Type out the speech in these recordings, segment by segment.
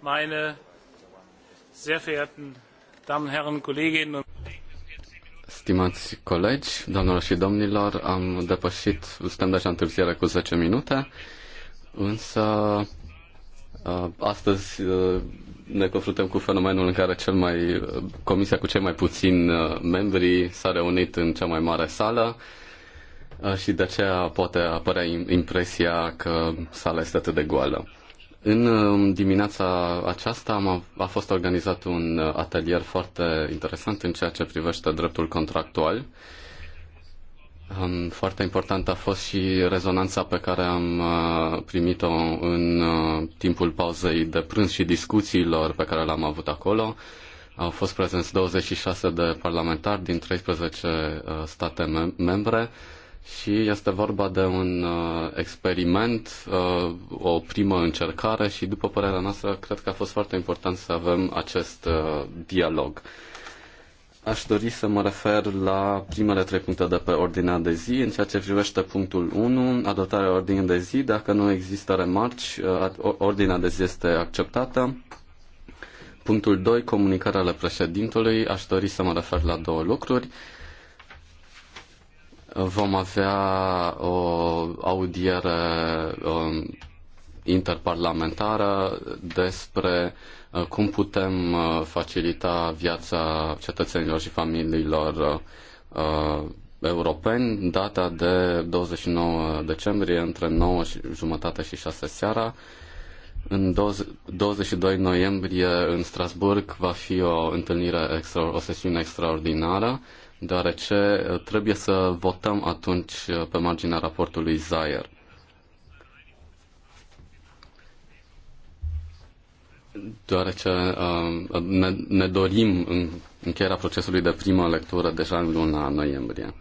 Meine sehr verehrten Damen und Herren, Kolleginnen und Stimați colegi, doamnelor și domnilor, am depășit, suntem deja întârziere cu 10 minute, însă uh, astăzi uh, ne confruntăm cu fenomenul în care cel mai, uh, comisia cu cei mai puțini membri s-a reunit în cea mai mare sală, și de aceea poate apărea impresia că sala este atât de goală. În um, dimineața aceasta a fost organizat un uh, atelier foarte interesant în ceea ce privește dreptul contractual. Um, foarte important a fost și rezonanța pe care am uh, primit-o în uh, timpul pauzei de prânz și discuțiilor pe care le-am avut acolo. Au fost prezenți 26 de parlamentari din 13 state mem membre și este vorba de un uh, experiment, uh, o primă încercare și după părerea noastră cred că a fost foarte important să avem acest uh, dialog. Aș dori să mă refer la primele trei puncte de pe ordinea de zi. În ceea ce privește punctul 1, adoptarea ordinii de zi, dacă nu există remarci, ordinea de zi este acceptată. Punctul 2, comunicarea ale președintului. Aș dori să mă refer la două lucruri. Uh, vom avea o audiere um, interparlamentară despre uh, cum putem uh, facilita viața cetățenilor și familiilor uh, europeni. Data de 29 decembrie, între 9 și jumătate și 6 seara. În 22 noiembrie, în Strasburg, va fi o întâlnire, extra, o sesiune extraordinară. Uh, deoarece uh, trebuie să votăm atunci uh, pe marginea raportului Zayer. Deoarece uh, ne, ne dorim în încheierea procesului de primă lectură deja în luna noiembrie.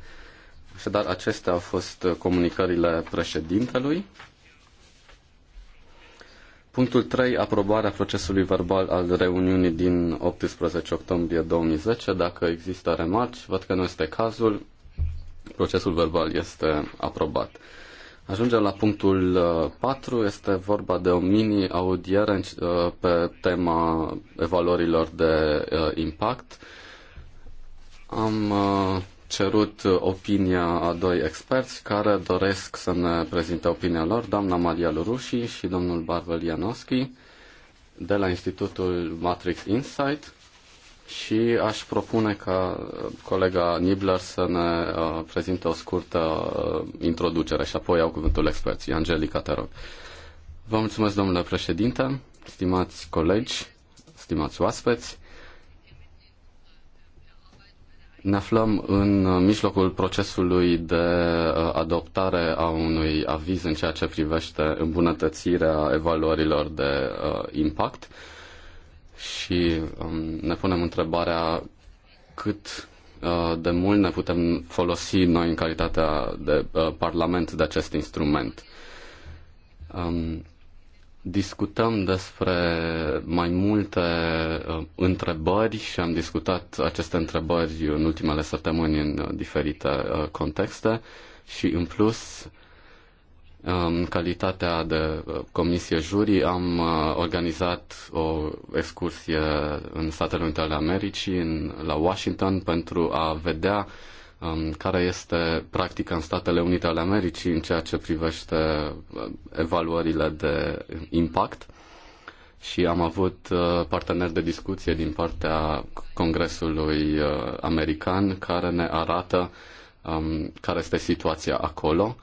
Așadar, acestea au fost comunicările președintelui. Punctul 3. Aprobarea procesului verbal al reuniunii din 18 octombrie 2010. Dacă există remarci, văd că nu este cazul. Procesul verbal este aprobat. Ajungem la punctul 4. Uh, este vorba de o mini-audiere uh, pe tema evaluărilor de uh, impact. Am cerut opinia a doi experți care doresc să ne prezinte opinia lor, doamna Maria Luruși și domnul Barbel Ianoschi de la Institutul Matrix Insight și aș propune ca colega Nibler să ne uh, prezinte o scurtă uh, introducere și apoi au cuvântul experții. Angelica, te rog. Vă mulțumesc, domnule președinte, stimați colegi, stimați oaspeți. Ne aflăm în mijlocul procesului de uh, adoptare a unui aviz în ceea ce privește îmbunătățirea evaluărilor de uh, impact și um, ne punem întrebarea cât uh, de mult ne putem folosi noi în calitatea de Parlament de acest instrument. Um, discutăm despre mai multe uh, întrebări și am discutat aceste întrebări în ultimele săptămâni în uh, diferite uh, contexte și în plus um, în calitatea de comisie jurii am organizat o excursie în Statele Unite ale Americii, în, la Washington, pentru a vedea uh, Um, care este practica în Statele Unite ale Americii în ceea ce privește uh, evaluările de impact și am avut uh, parteneri de discuție din partea Congresului uh, American care ne arată um, care este situația acolo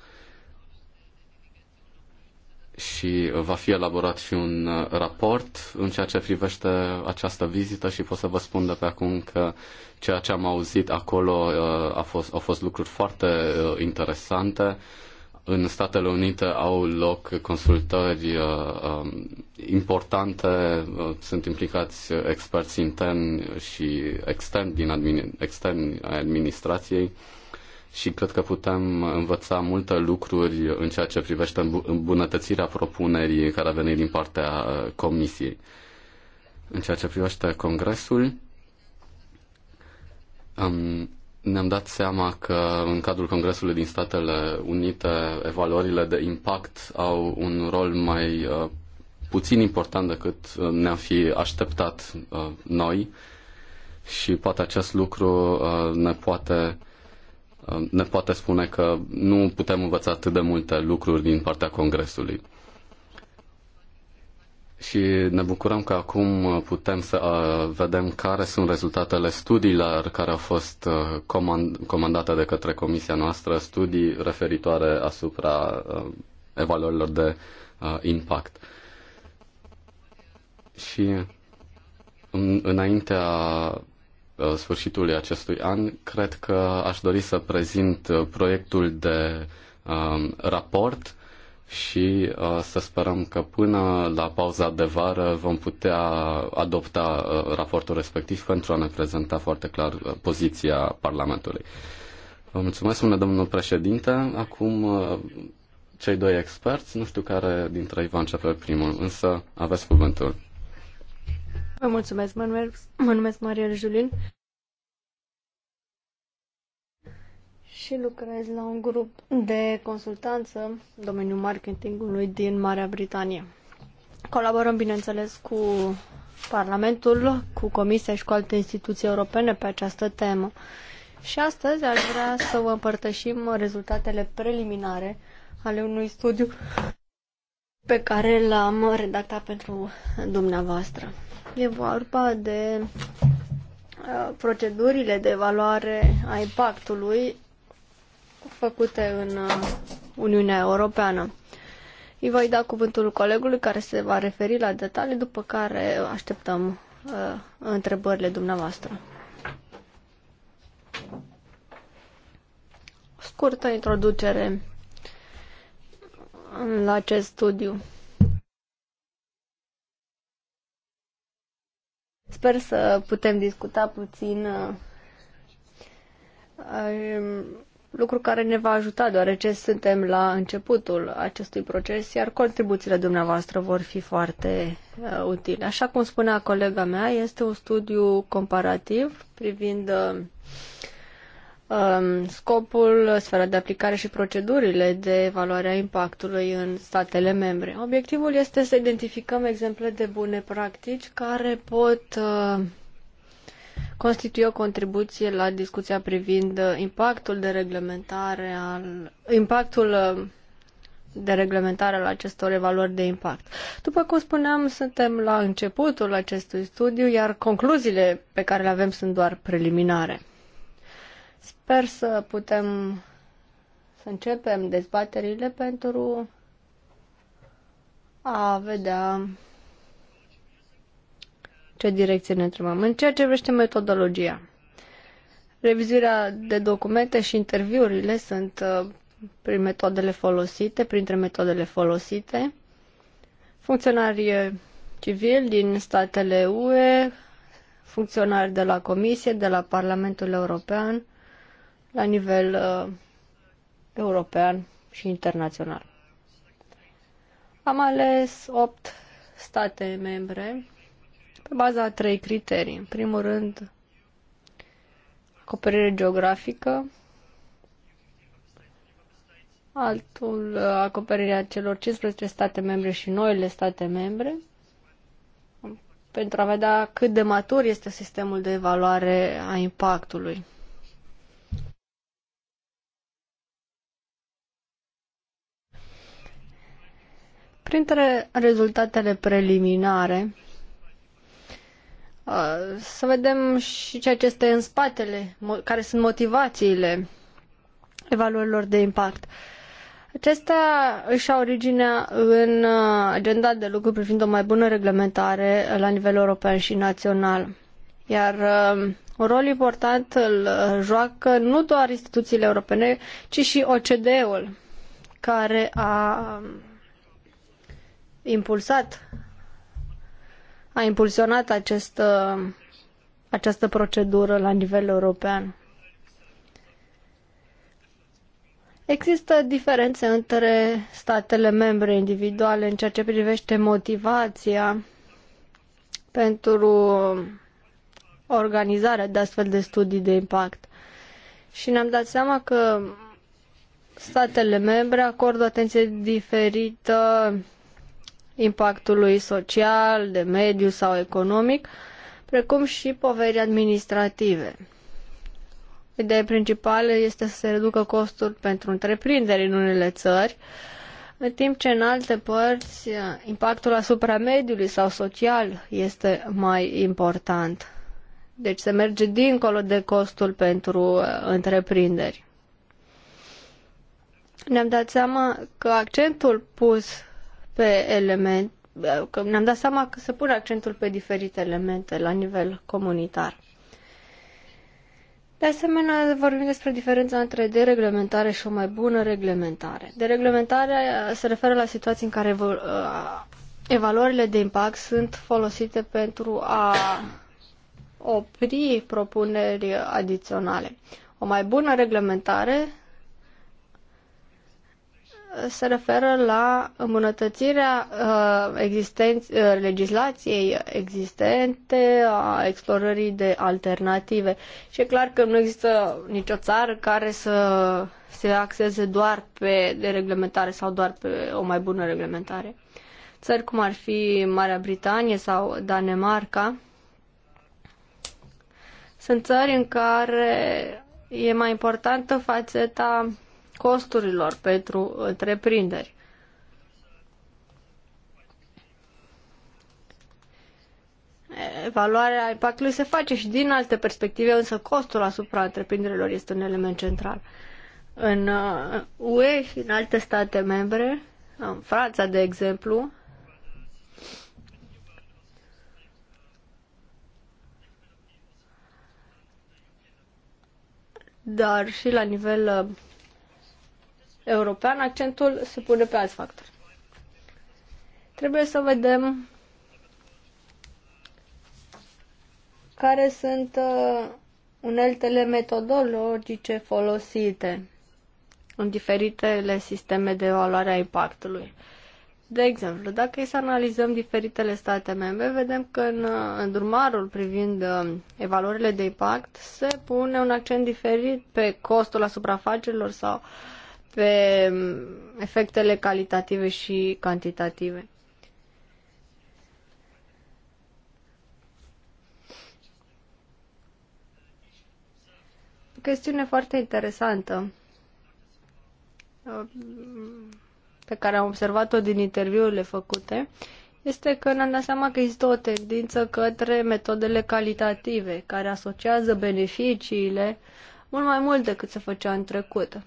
și va fi elaborat și un uh, raport în ceea ce privește această vizită și pot să vă spun de pe acum că ceea ce am auzit acolo uh, a fost, au fost lucruri foarte uh, interesante. În Statele Unite au loc consultări um, importante, sunt implicați experți interni și externi din administ- externi administrației și cred că putem învăța multe lucruri în ceea ce privește îmbunătățirea propunerii care a venit din partea uh, Comisiei. În ceea ce privește Congresul, ne-am dat seama că în cadrul Congresului din Statele Unite evaluările de impact au un rol mai uh, puțin important decât uh, ne-am fi așteptat noi și poate acest lucru ne poate ne poate spune că nu putem învăța atât de multe lucruri din partea Congresului. Și ne bucurăm că acum putem să vedem care sunt rezultatele studiilor care au fost comandate de către comisia noastră, studii referitoare asupra evaluărilor de impact. Și înaintea sfârșitului acestui an, cred că aș dori să prezint uh, proiectul de um, raport și uh, să sperăm că până la pauza de vară vom putea adopta uh, raportul respectiv pentru a ne prezenta foarte clar poziția Parlamentului. Vă mulțumesc, mână, domnul președinte. Acum cei doi experți, nu știu care dintre ei va începe primul, însă aveți cuvântul. Vă mulțumesc, mă numesc, mă numesc Julin și lucrez la un grup de consultanță în domeniul marketingului din Marea Britanie. Colaborăm, bineînțeles, cu Parlamentul, cu Comisia și cu alte instituții europene pe această temă. Și astăzi aș vrea să vă împărtășim rezultatele preliminare ale unui studiu pe care l-am redactat pentru dumneavoastră. E vorba de uh, procedurile de evaluare a impactului făcute în uh, Uniunea Europeană. Îi voi da cuvântul colegului care se va referi la detalii, după care așteptăm uh, întrebările dumneavoastră. Scurtă introducere la acest studiu. Sper să putem discuta puțin uh, um, lucru care ne va ajuta, deoarece suntem la începutul acestui proces, iar contribuțiile dumneavoastră vor fi foarte uh, utile. Așa cum spunea colega mea, este un studiu comparativ privind uh, Um, scopul, sfera de aplicare și procedurile de evaluare a impactului în statele membre. Obiectivul este să identificăm exemple de bune practici care pot uh, constitui o contribuție la discuția privind impactul de reglementare al impactul uh, de reglementare al acestor evaluări de impact. După cum spuneam, suntem la începutul acestui studiu, iar concluziile pe care le avem sunt doar preliminare. Sper să putem să începem dezbaterile pentru a vedea ce direcție ne întrebăm. În ceea ce vrește metodologia, revizuirea de documente și interviurile sunt uh, prin metodele folosite, printre metodele folosite. Funcționari uh, civili din statele UE, funcționari de la Comisie, de la Parlamentul European, la nivel uh, european și internațional. Am ales 8 state membre pe baza a trei criterii. În primul rând, acoperire geografică, altul acoperirea celor 15 state membre și noile state membre, pentru a vedea cât de matur este sistemul de evaluare a impactului. Printre rezultatele preliminare, uh, să vedem și ceea ce este în spatele, care sunt motivațiile evaluărilor de impact. Acestea își au originea în uh, agenda de lucru privind o mai bună reglementare la nivel european și național. Iar uh, un rol important îl joacă nu doar instituțiile europene, ci și OCDE-ul, care a um, impulsat, a impulsionat acest, uh, această procedură la nivel european. Există diferențe între statele membre individuale în ceea ce privește motivația pentru organizarea de astfel de studii de impact. Și ne-am dat seama că statele membre acordă atenție diferită impactului social, de mediu sau economic, precum și poveri administrative. Ideea principală este să se reducă costuri pentru întreprinderi în unele țări, în timp ce în alte părți impactul asupra mediului sau social este mai important. Deci se merge dincolo de costul pentru uh, întreprinderi. Ne-am dat seama că accentul pus pe element, că ne-am dat seama că se pune accentul pe diferite elemente la nivel comunitar. De asemenea, vorbim despre diferența între dereglementare și o mai bună reglementare. Dereglementarea uh, se referă la situații în care uh, evaluările de impact sunt folosite pentru a opri propuneri adiționale. O mai bună reglementare se referă la îmbunătățirea uh, uh, legislației existente, a explorării de alternative. Și e clar că nu există nicio țară care să se axeze doar pe dereglementare sau doar pe o mai bună reglementare. Țări cum ar fi Marea Britanie sau Danemarca sunt țări în care e mai importantă fațeta costurilor pentru întreprinderi. Evaluarea impactului se face și din alte perspective, însă costul asupra întreprinderilor este un element central. În UE uh, și în alte state membre, în Franța, de exemplu, dar și la nivel uh, european, accentul se pune pe alți factori. Trebuie să vedem care sunt uh, uneltele metodologice folosite în diferitele sisteme de evaluare a impactului. De exemplu, dacă e să analizăm diferitele state membre, vedem că în, uh, în urmarul privind uh, evaluările de impact se pune un accent diferit pe costul asupra afacerilor sau uh, pe efectele calitative și cantitative. chestiune foarte interesantă uh, pe care am observat-o din interviurile făcute este că ne-am dat seama că există o tendință către metodele calitative care asociază beneficiile mult mai mult decât se făcea în trecut.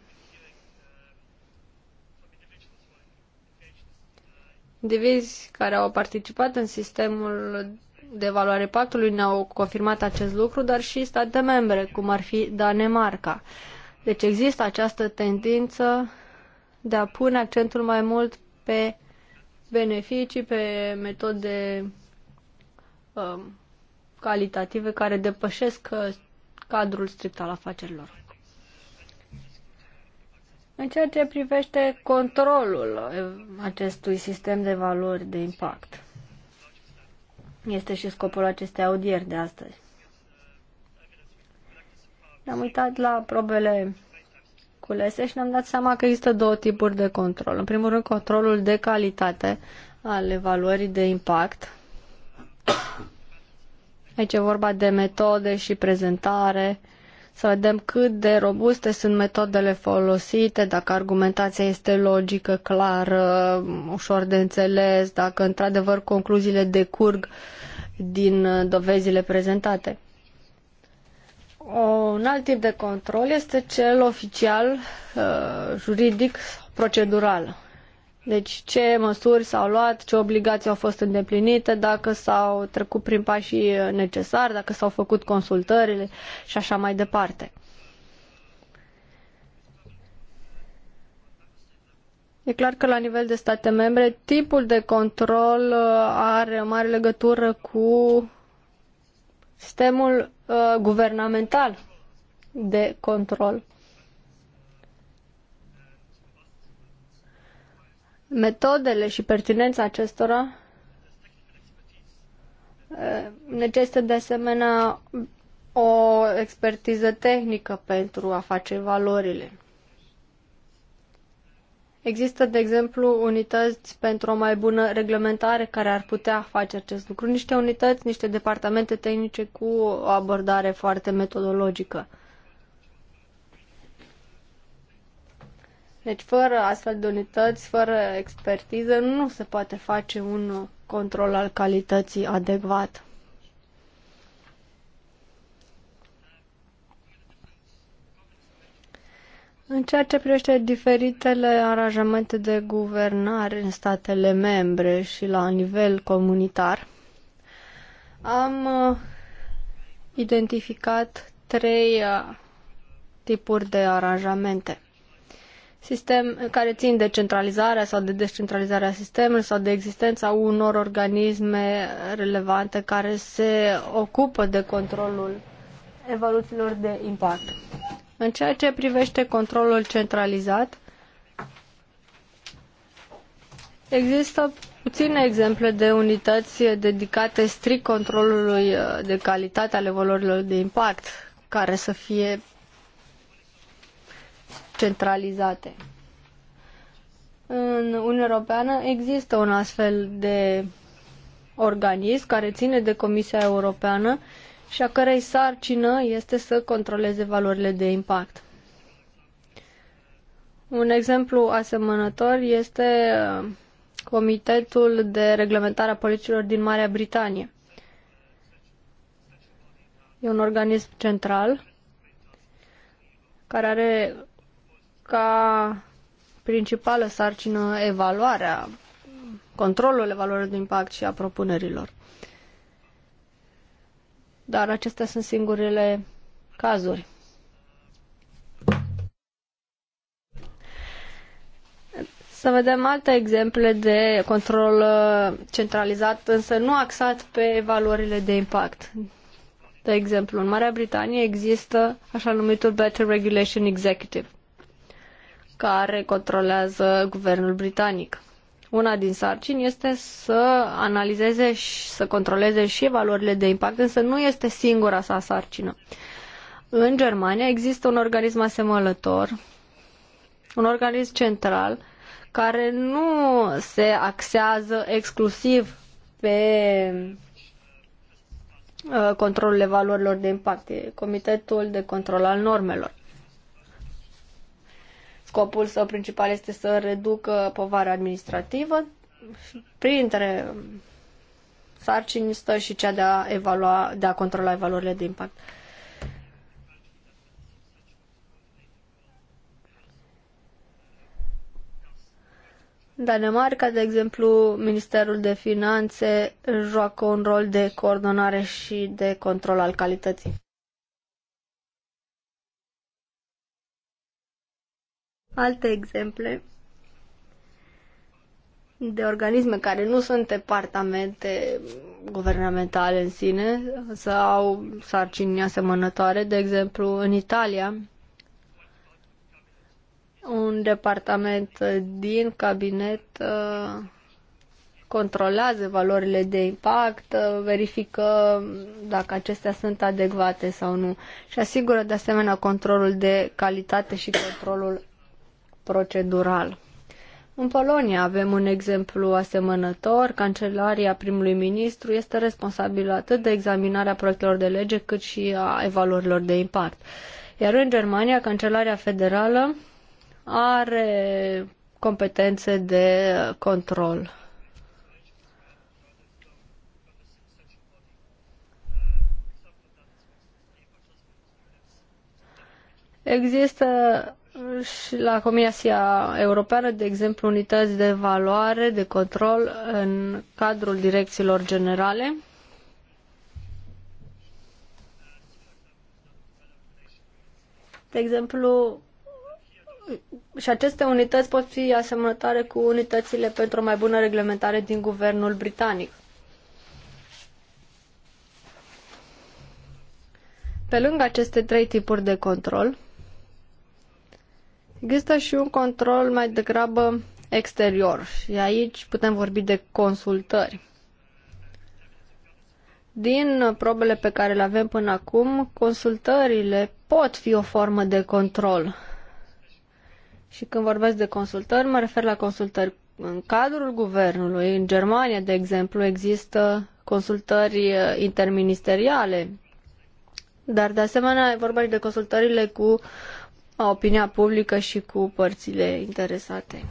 Indivizi care au participat în sistemul de evaluare pactului ne-au confirmat acest lucru, dar și state membre, cum ar fi Danemarca. Deci există această tendință de a pune accentul mai mult pe beneficii, pe metode um, calitative care depășesc uh, cadrul strict al afacerilor. În ceea ce privește controlul acestui sistem de valori de impact, este și scopul acestei audieri de astăzi. Ne-am uitat la probele culese și ne-am dat seama că există două tipuri de control. În primul rând, controlul de calitate al evaluării de impact. Aici e vorba de metode și prezentare să vedem cât de robuste sunt metodele folosite, dacă argumentația este logică, clară, ușor de înțeles, dacă într-adevăr concluziile decurg din dovezile prezentate. O, un alt tip de control este cel oficial, uh, juridic, procedural. Deci ce măsuri s-au luat, ce obligații au fost îndeplinite, dacă s-au trecut prin pașii necesari, dacă s-au făcut consultările și așa mai departe. E clar că la nivel de state membre, tipul de control uh, are o mare legătură cu sistemul uh, guvernamental de control. metodele și pertinența acestora eh, necesită de asemenea o expertiză tehnică pentru a face valorile. Există, de exemplu, unități pentru o mai bună reglementare care ar putea face acest lucru. Niște unități, niște departamente tehnice cu o abordare foarte metodologică. Deci, fără astfel de unități, fără expertiză, nu se poate face un control al calității adecvat. În ceea ce privește diferitele aranjamente de guvernare în statele membre și la nivel comunitar, am uh, identificat trei uh, tipuri de aranjamente sistem care țin de centralizarea sau de descentralizarea sistemului sau de existența unor organisme relevante care se ocupă de controlul evoluțiilor de impact. În ceea ce privește controlul centralizat, există puține exemple de unități dedicate strict controlului de calitate ale valorilor de impact, care să fie centralizate. În Uniunea Europeană există un astfel de organism care ține de Comisia Europeană și a cărei sarcină este să controleze valorile de impact. Un exemplu asemănător este uh, Comitetul de Reglementare a Politicilor din Marea Britanie. E un organism central care are ca principală sarcină evaluarea, controlul evaluării de impact și a propunerilor. Dar acestea sunt singurele cazuri. Să vedem alte exemple de control uh, centralizat, însă nu axat pe evaluările de impact. De exemplu, în Marea Britanie există așa numitul Better Regulation Executive, care controlează guvernul britanic. Una din sarcini este să analizeze și să controleze și valorile de impact, însă nu este singura sa sarcină. În Germania există un organism asemănător, un organism central, care nu se axează exclusiv pe uh, controlul valorilor de impact, e Comitetul de Control al Normelor. Scopul său principal este să reducă povara administrativă. Printre sarcini stă și cea de a, evalua, de a controla evaluările de impact. Danemarca, de exemplu, Ministerul de Finanțe joacă un rol de coordonare și de control al calității. alte exemple de organisme care nu sunt departamente guvernamentale în sine sau sarcini asemănătoare. De exemplu, în Italia, un departament din cabinet uh, controlează valorile de impact, uh, verifică dacă acestea sunt adecvate sau nu și asigură de asemenea controlul de calitate și controlul procedural. În Polonia avem un exemplu asemănător. Cancelaria primului ministru este responsabilă atât de examinarea proiectelor de lege cât și a evaluărilor de impact. Iar în Germania, Cancelaria Federală are competențe de control. Există și la Comisia Europeană, de exemplu, unități de evaluare, de control în cadrul direcțiilor generale. De exemplu, și aceste unități pot fi asemănătoare cu unitățile pentru o mai bună reglementare din guvernul britanic. Pe lângă aceste trei tipuri de control, Există și un control mai degrabă exterior și aici putem vorbi de consultări. Din probele pe care le avem până acum, consultările pot fi o formă de control. Și când vorbesc de consultări, mă refer la consultări în cadrul guvernului. În Germania, de exemplu, există consultări eh, interministeriale, dar de asemenea e vorba și de consultările cu uh, opinia publică și cu părțile interesate.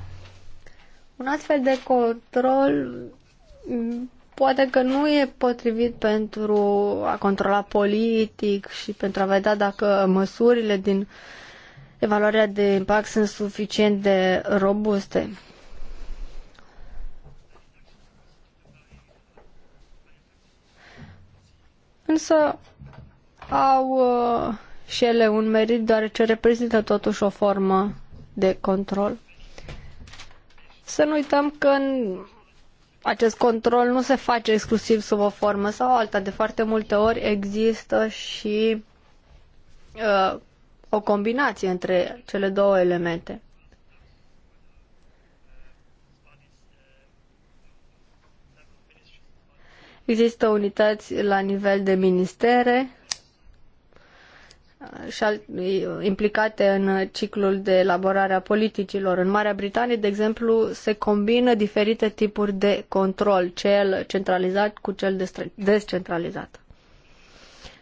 Un astfel de control mm, poate că nu e potrivit pentru a controla politic și pentru a vedea dacă măsurile din evaluarea de impact sunt suficient de robuste. Însă au uh, și ele un merit deoarece reprezintă totuși o formă de control. Să nu uităm că în acest control nu se face exclusiv sub o formă sau alta. De foarte multe ori există și uh, o combinație între cele două elemente. Există unități la nivel de ministere, și al, implicate în ciclul de elaborare a politicilor. În Marea Britanie, de exemplu, se combină diferite tipuri de control, cel centralizat cu cel descentralizat.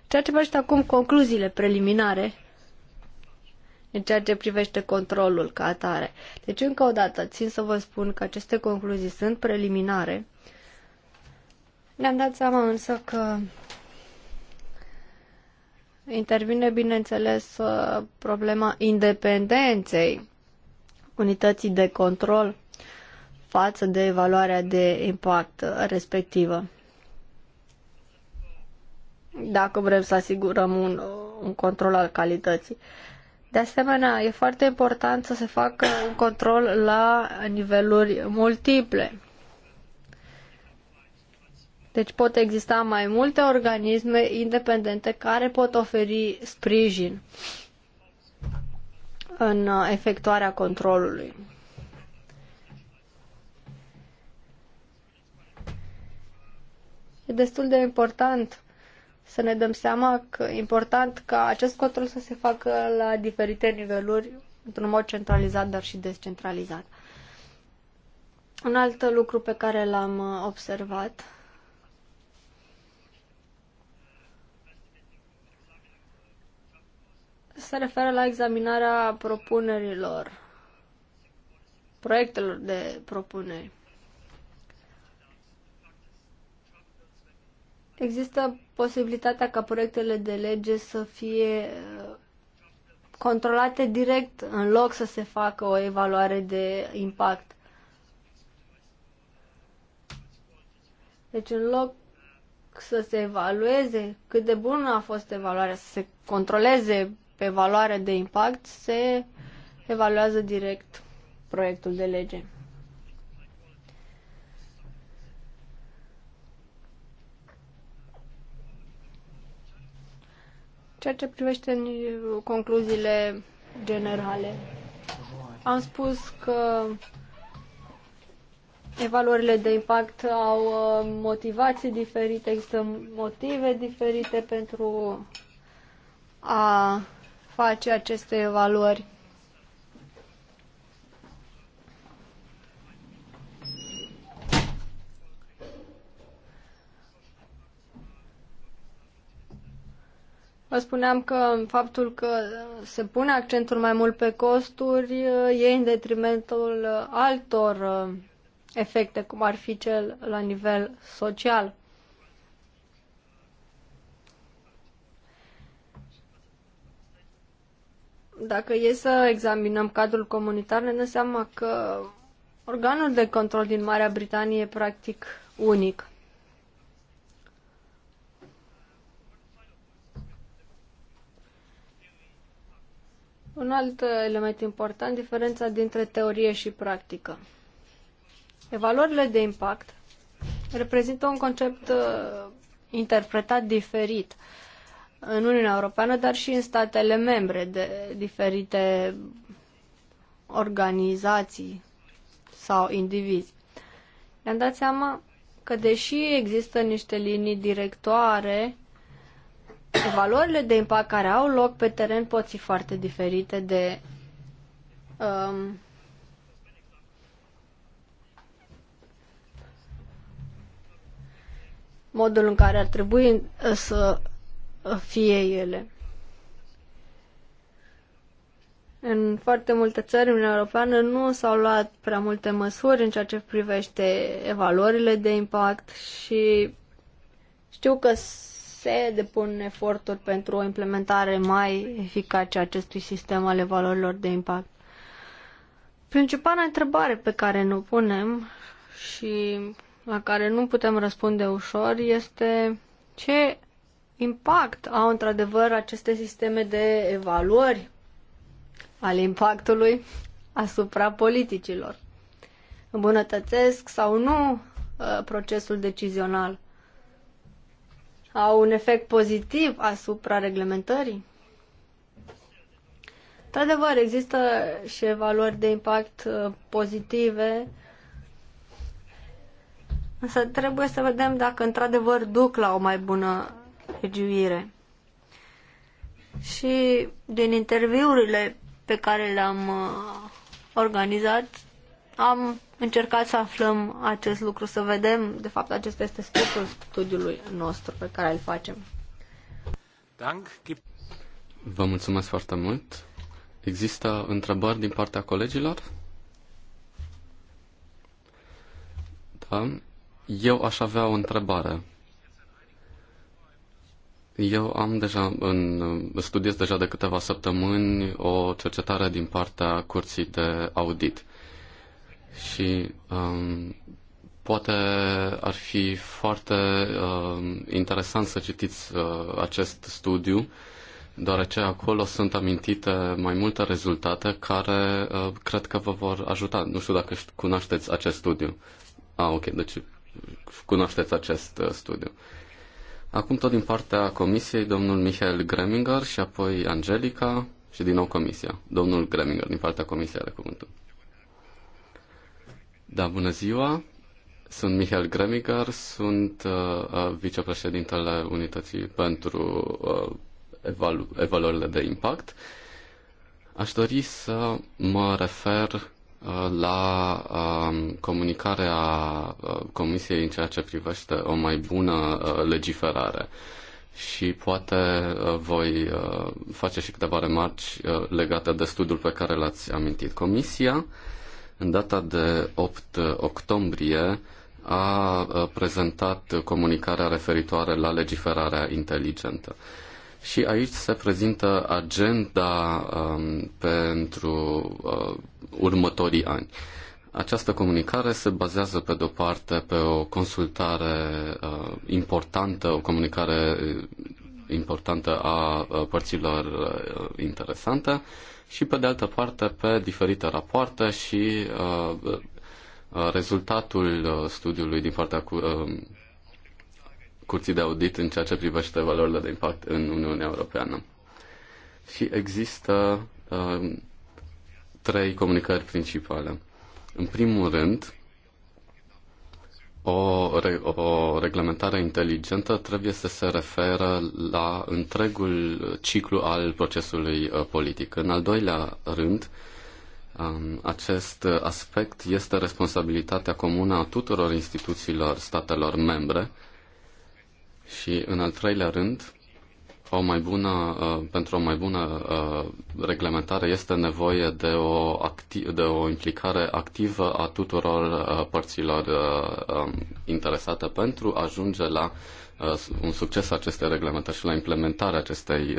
Ceea ce privește acum concluziile preliminare în ceea ce privește controlul ca atare. Deci, încă o dată, țin să vă spun că aceste concluzii sunt preliminare. Ne-am dat seama însă că intervine, bineînțeles, uh, problema independenței unității de control față de evaluarea de impact respectivă. Dacă vrem să asigurăm un, un control al calității. De asemenea, e foarte important să se facă un control la niveluri multiple. Deci pot exista mai multe organisme independente care pot oferi sprijin în uh, efectuarea controlului. E destul de important să ne dăm seama că e important ca acest control să se facă la diferite niveluri, într-un mod centralizat, dar și descentralizat. Un alt lucru pe care l-am uh, observat se referă la examinarea propunerilor, proiectelor de propuneri. Există posibilitatea ca proiectele de lege să fie uh, controlate direct în loc să se facă o evaluare de impact. Deci în loc să se evalueze cât de bună a fost evaluarea, să se controleze pe valoare de impact, se evaluează direct proiectul de lege. Ceea ce privește în concluziile generale, am spus că evaluările de impact au uh, motivații diferite, există motive diferite pentru a face aceste evaluări? Vă spuneam că faptul că se pune accentul mai mult pe costuri uh, e în detrimentul uh, altor uh, efecte, cum ar fi cel la nivel social. Dacă e să examinăm cadrul comunitar, ne dăm seama că organul de control din Marea Britanie e practic unic. Un alt element important, diferența dintre teorie și practică. Evaluările de impact reprezintă un concept uh, interpretat diferit uh, în Uniunea Europeană, dar și în statele membre de diferite organizații sau indivizi. Ne-am dat seama că deși există niște linii directoare, evaluările de impact care au loc pe teren pot fi foarte diferite de um, modul în care ar trebui uh, să fie ele. În foarte multe țări, Uniunea Europeană nu s-au luat prea multe măsuri în ceea ce privește evaluările de impact și știu că se depun eforturi pentru o implementare mai eficace a acestui sistem al evaluărilor de impact. Principala întrebare pe care ne punem și la care nu putem răspunde ușor este ce impact au într-adevăr aceste sisteme de evaluări ale impactului asupra politicilor. Îmbunătățesc sau nu uh, procesul decizional? Au un efect pozitiv asupra reglementării? Într-adevăr, există și evaluări de impact uh, pozitive, însă trebuie să vedem dacă într-adevăr duc la o mai bună legiuire. Și din interviurile pe care le-am uh, organizat, am încercat să aflăm acest lucru, să vedem, de fapt acesta este scopul studiului nostru pe care îl facem. Vă mulțumesc foarte mult. Există întrebări din partea colegilor? Da. Eu aș avea o întrebare. Eu am deja în, studiez deja de câteva săptămâni o cercetare din partea curții de audit. Și um, poate ar fi foarte um, interesant să citiți uh, acest studiu, deoarece acolo sunt amintite mai multe rezultate care uh, cred că vă vor ajuta. Nu știu dacă cunoașteți acest studiu. Ah, ok, deci cunoașteți acest uh, studiu. Uh, Acum tot din partea comisiei, domnul Michael Greminger și apoi Angelica și din nou comisia. Domnul Greminger din partea comisiei are cuvântul. Da, bună ziua. Sunt Michael Greminger, sunt uh, uh vicepreședintele Unității pentru uh, evalu- evaluările de impact. Aș dori să mă refer la um, comunicarea uh, Comisiei în ceea ce privește o mai bună uh, legiferare. Și poate uh, voi face și câteva remarci legate de studiul pe care l-ați amintit. Comisia, în data de 8 octombrie, a prezentat comunicarea referitoare la legiferarea inteligentă. Și aici se prezintă agenda um, pentru uh, următorii ani. Această comunicare se bazează, pe de-o parte, pe o consultare uh, importantă, o comunicare uh, importantă a uh, părților uh, interesante și, pe de altă parte, pe diferite rapoarte și uh, uh rezultatul uh, studiului din partea cu curții de audit în ceea ce privește valorile de impact în Uniunea Europeană. Și există uh, trei comunicări principale. În primul rând, o, o reglementare inteligentă trebuie să se referă la întregul ciclu al procesului uh, politic. În al doilea rând, um, acest aspect este responsabilitatea comună a tuturor instituțiilor statelor membre și în al treilea rând, o mai bună, uh, pentru o mai bună uh, reglementare este nevoie de o, acti- de o implicare activă a tuturor uh, părților um, interesate pentru a ajunge la un succes acestei reglementări și la implementarea acestei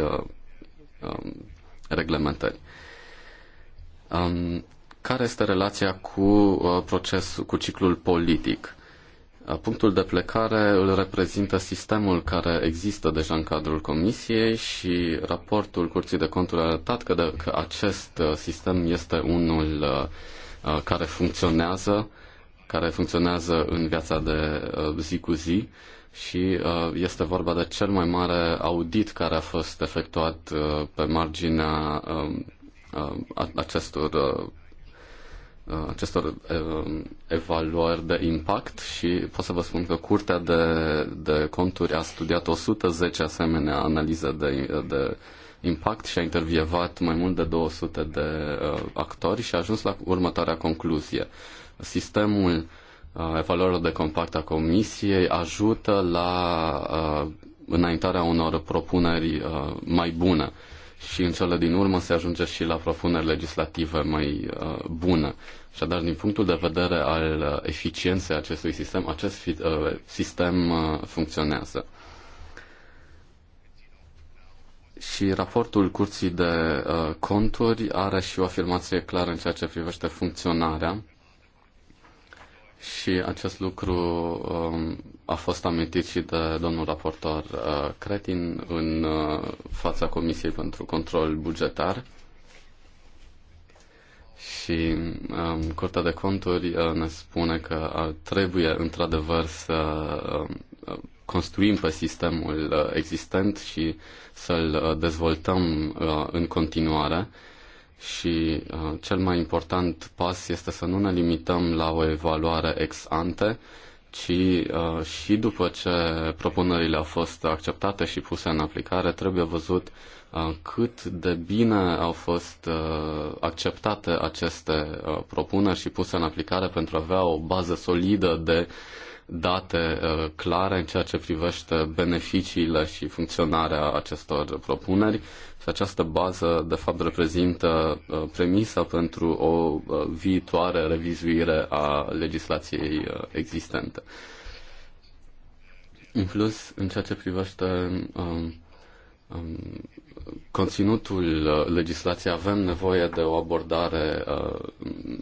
um, reglementări. Um, care este relația cu procesul, cu ciclul politic? Punctul de plecare îl reprezintă sistemul care există deja în cadrul Comisiei și raportul Curții de Conturi a arătat că, de, că acest uh, sistem este unul uh, uh, care funcționează, care funcționează în viața de zi cu zi și este vorba de cel mai mare audit care a fost efectuat pe marginea um, acestor acestor ehm, evaluări de impact și pot să vă spun că Curtea de, de Conturi a studiat 110 asemenea analize de, de impact și a intervievat mai mult de 200 de uh, actori și a ajuns la următoarea concluzie. Sistemul uh, evaluărilor de compact a Comisiei ajută la uh, înaintarea unor propuneri uh, mai bune și în cele din urmă se ajunge și la propuneri legislative mai uh, bune. Așadar, din punctul de vedere al uh, eficienței acestui sistem, acest fi, uh, sistem uh, funcționează. Și raportul Curții de uh, Conturi are și o afirmație clară în ceea ce privește funcționarea și acest lucru um, a fost amintit și de domnul raportor uh, Cretin în uh, fața Comisiei pentru Control Bugetar și um, Curtea de Conturi uh, ne spune că uh, trebuie într-adevăr să uh, construim pe sistemul uh, existent și să-l uh, dezvoltăm uh, în continuare și uh, cel mai important pas este să nu ne limităm la o evaluare ex ante, ci uh, și după ce propunerile au fost acceptate și puse în aplicare, trebuie văzut uh, Uh, cât de bine au fost uh, acceptate aceste uh, propuneri și puse în aplicare pentru a avea o bază solidă de date clare în ceea ce privește beneficiile și funcționarea acestor propuneri și această bază de fapt reprezintă premisa pentru o viitoare revizuire a legislației existente. În plus, în ceea ce privește um, um, conținutul uh, legislației avem nevoie de o abordare uh,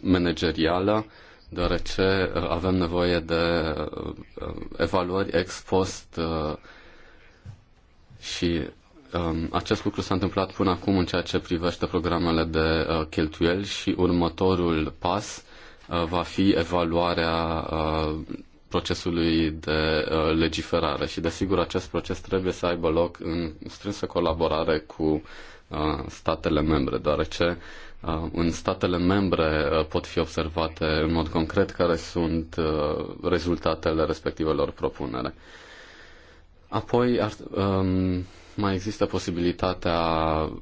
managerială, deoarece uh, avem nevoie de evaluări ex post și um, acest lucru s-a întâmplat până acum în ceea ce privește programele de cheltuieli și următorul pas va fi evaluarea procesului de uh, legiferare și, desigur, acest proces trebuie să aibă loc în strânsă colaborare cu uh, statele membre, deoarece uh, în statele membre pot fi observate în mod concret care sunt rezultatele respectivelor propunere. Apoi ar, um, mai există posibilitatea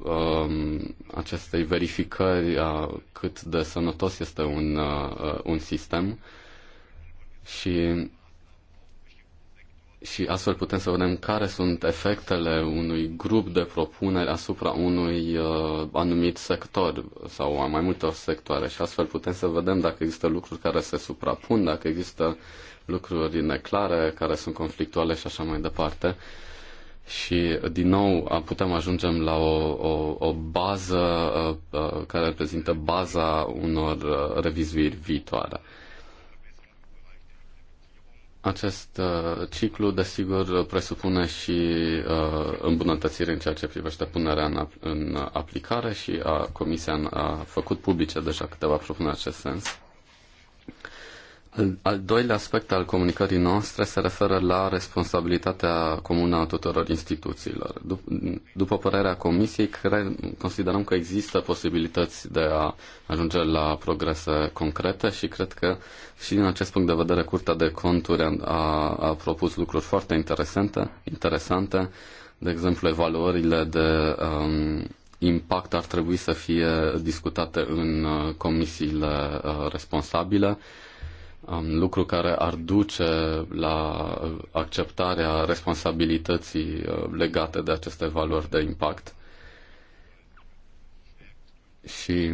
um, acestei verificări a cât de sănătos este un, uh, un sistem uh, și și astfel putem să vedem care sunt efectele unui grup de propuneri asupra unui uh, anumit sector sau a mai multor sectoare și astfel putem să vedem dacă există lucruri care se suprapun, dacă există lucruri neclare, care sunt conflictuale și așa mai departe. Și, din nou, putem ajungem la o, o, o bază uh, uh, care reprezintă baza unor uh, revizuiri viitoare. Uh, acest uh, ciclu, desigur, presupune și uh, îmbunătățiri în ceea ce privește punerea în, în aplicare și a, Comisia a făcut publice deja câteva propuneri în acest sens. Al doilea aspect al comunicării noastre se referă la responsabilitatea comună a tuturor instituțiilor. După părerea Comisiei, considerăm că există posibilități de a ajunge la progrese concrete și cred că și din acest punct de vedere Curtea de Conturi a, a propus lucruri foarte interesante, interesante, de exemplu evaluările de um, impact ar trebui să fie discutate în uh, comisiile uh, responsabile Um, lucru care ar duce la uh, acceptarea responsabilității uh, legate de aceste valori de impact. Și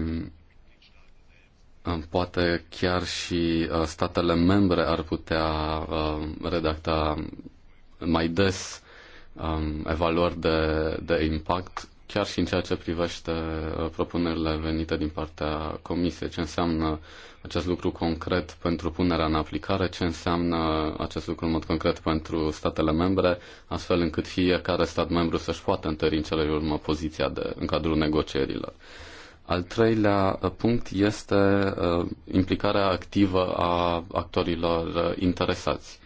um, poate chiar și uh, statele membre ar putea redacta mai des um, evaluări de, de impact, chiar și în ceea ce privește propunerile venite din partea Comisiei, ce înseamnă uh, acest lucru concret pentru punerea în aplicare, ce înseamnă acest lucru în mod concret pentru statele membre, astfel încât fiecare stat membru să-și poată întări în cele urmă poziția de, în cadrul negocierilor. Al treilea uh, punct este uh, implicarea activă a actorilor uh, interesați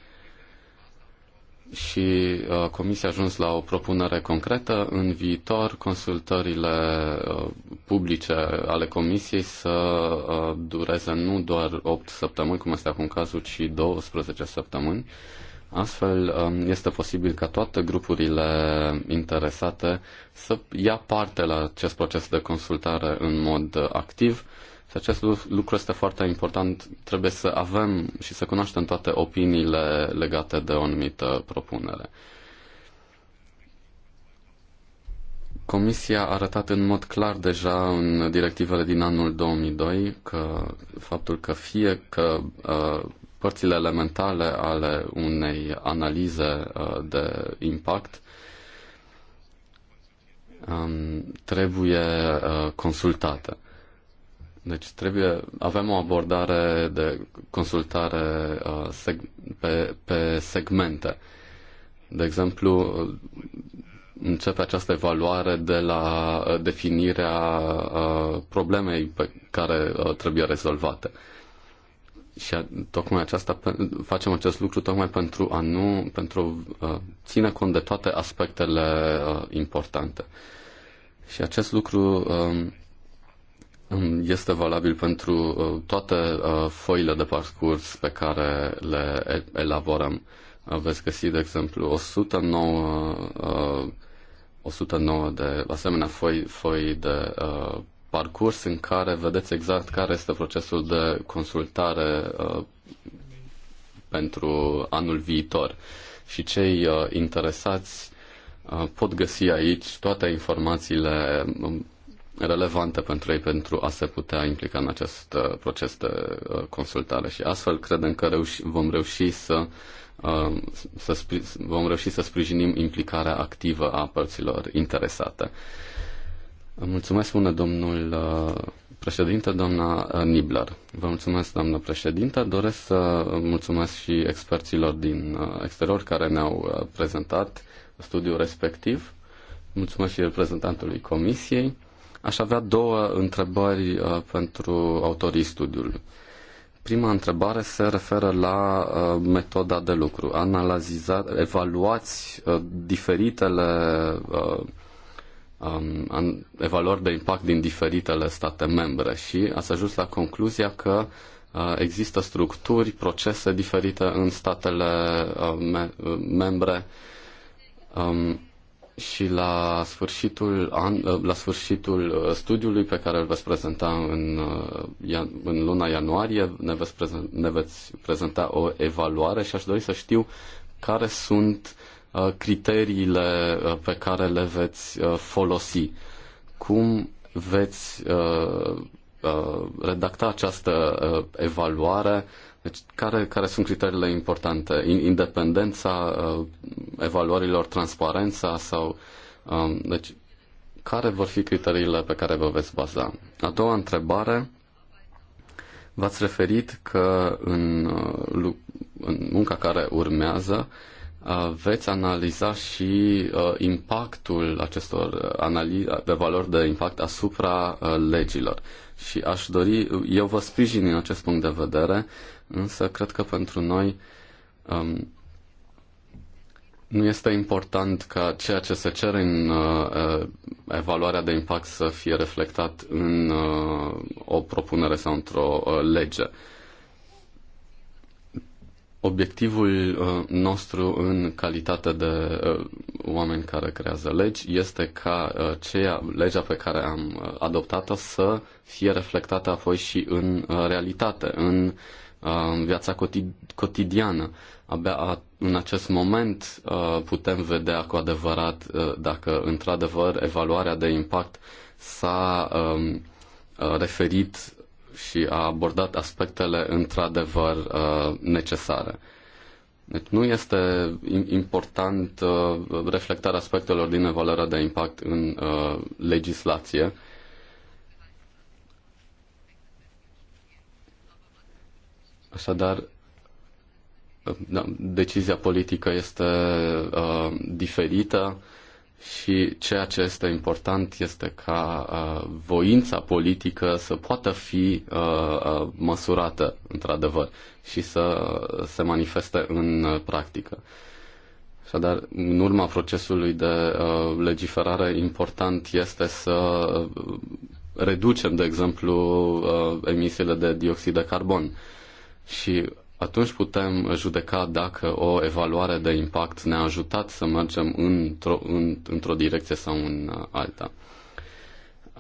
și uh, Comisia a ajuns la o propunere concretă. În viitor, consultările uh, publice ale Comisiei să uh, dureze nu doar 8 săptămâni, cum este acum cazul, ci 12 săptămâni. Astfel, um, este posibil ca toate grupurile interesate să ia parte la acest proces de consultare în mod activ și acest lucru este foarte important. Trebuie să avem și să cunoaștem toate opiniile legate de o anumită propunere. Comisia a arătat în mod clar deja în directivele din anul 2002 că faptul că fie că uh, părțile elementale ale unei analize uh, de impact um, trebuie uh, consultate. Deci trebuie, avem o abordare de consultare uh, seg, pe, pe segmente. De exemplu, uh, începe această evaluare de la uh, definirea uh, problemei pe care uh, trebuie rezolvate. Și a, tocmai aceasta facem acest lucru tocmai pentru a nu pentru a uh, ține cont de toate aspectele uh, importante. Și acest lucru uh, este valabil pentru uh, toate uh, foile de parcurs pe care le elaborăm. Veți găsi, de exemplu, 109, 109 uh, de asemenea foi, foi de parcurs în care vedeți exact care este procesul de consultare pentru anul viitor. Și cei interesați pot găsi aici toate informațiile um, relevante pentru ei pentru a se putea implica în acest uh, proces de uh, consultare și astfel credem că reuși, vom reuși să, uh, să vom reuși să sprijinim implicarea activă a părților interesate. Mulțumesc, spune domnul președinte, doamna Nibler. Vă mulțumesc, doamna președinte. Doresc să mulțumesc și experților din exterior care ne-au prezentat studiul respectiv. Mulțumesc și reprezentantului Comisiei. Aș avea două întrebări uh, pentru autorii studiului. Prima întrebare se referă la uh, metoda de lucru. Analizați, evaluați uh, diferitele um, evaluări de impact din diferitele state membre și ați ajuns la concluzia că există structuri, procese diferite în statele membre. Um, și la sfârșitul, an, la sfârșitul uh, studiului pe care îl veți prezenta în, uh, în luna ianuarie, ne veți, prezenta, ne veți prezenta o evaluare și aș dori să știu care sunt uh, criteriile pe care le veți folosi. Cum veți redacta această evaluare deci, care, care sunt criteriile importante? Independența uh, evaluărilor, transparența sau. Um, deci, care vor fi criteriile pe care vă veți baza? A doua întrebare. V-ați referit că în, uh, în munca care urmează Uh, veți analiza și uh, impactul acestor uh, analize de valori de impact asupra legilor. Și aș dori, eu vă sprijin din acest punct de vedere, însă cred că pentru noi um, nu este important ca ceea ce se cere în uh, evaluarea de impact să fie reflectat în uh, o propunere sau într-o uh, lege. Uh, Obiectivul uh, nostru în calitate de uh, oameni care creează legi este ca uh, ceea, legea pe care am adoptat-o să fie reflectată apoi și în realitate, în viața cotidiană. Abia în acest moment putem vedea cu adevărat dacă într-adevăr evaluarea de impact s-a um, referit și a abordat aspectele într-adevăr uh, necesare. Deci nu este important uh, reflectarea aspectelor din evaluarea de impact în uh, legislație. Așadar, da, decizia politică este diferită și ceea ce este important este ca uh, voința politică să poată fi uh, uh măsurată, într-adevăr, și să se manifeste în uh, practică. Așadar, în urma procesului de uh, legiferare, important este să uh, reducem, de exemplu, emisiile de dioxid de carbon. Și atunci putem judeca dacă o evaluare de impact ne-a ajutat să mergem într-o, în, într-o direcție sau în uh, alta.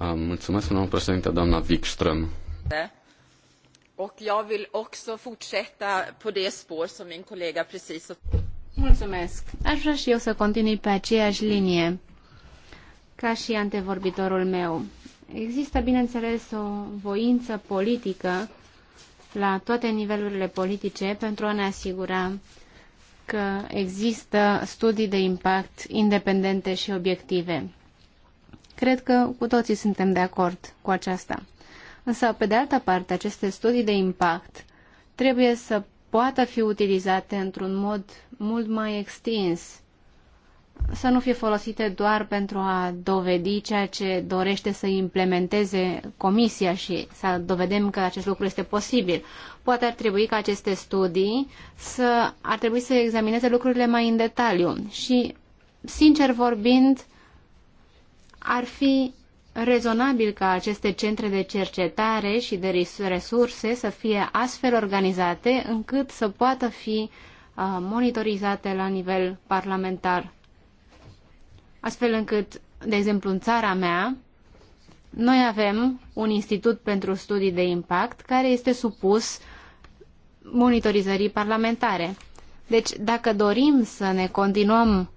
Uh, mulțumesc, domnul președinte, doamna Wikström. Mulțumesc. Aș vrea și eu să continui pe aceeași linie ca și antevorbitorul meu. Există, bineînțeles, o voință politică la toate nivelurile politice pentru a ne asigura că există studii de impact independente și obiective. Cred că cu toții suntem de acord cu aceasta. Însă, pe de altă parte, aceste studii de impact trebuie să poată fi utilizate într-un mod mult mai extins să nu fie folosite doar pentru a dovedi ceea ce dorește să implementeze Comisia și să dovedem că acest lucru este posibil. Poate ar trebui ca aceste studii să ar trebui să examineze lucrurile mai în detaliu și, sincer vorbind, ar fi rezonabil ca aceste centre de cercetare și de resurse să fie astfel organizate încât să poată fi uh, monitorizate la nivel parlamentar astfel încât, de exemplu, în țara mea, noi avem un institut pentru studii de impact care este supus monitorizării parlamentare. Deci, dacă dorim să ne continuăm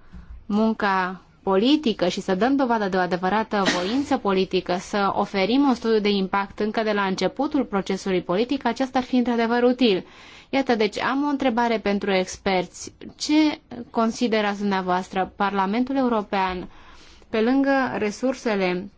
munca politică și să dăm dovadă de o adevărată voință politică, să oferim un studiu de impact încă de la începutul procesului politic, acesta ar fi într-adevăr util. Iată, deci am o întrebare pentru experți. Ce considerați dumneavoastră? Parlamentul European, pe lângă resursele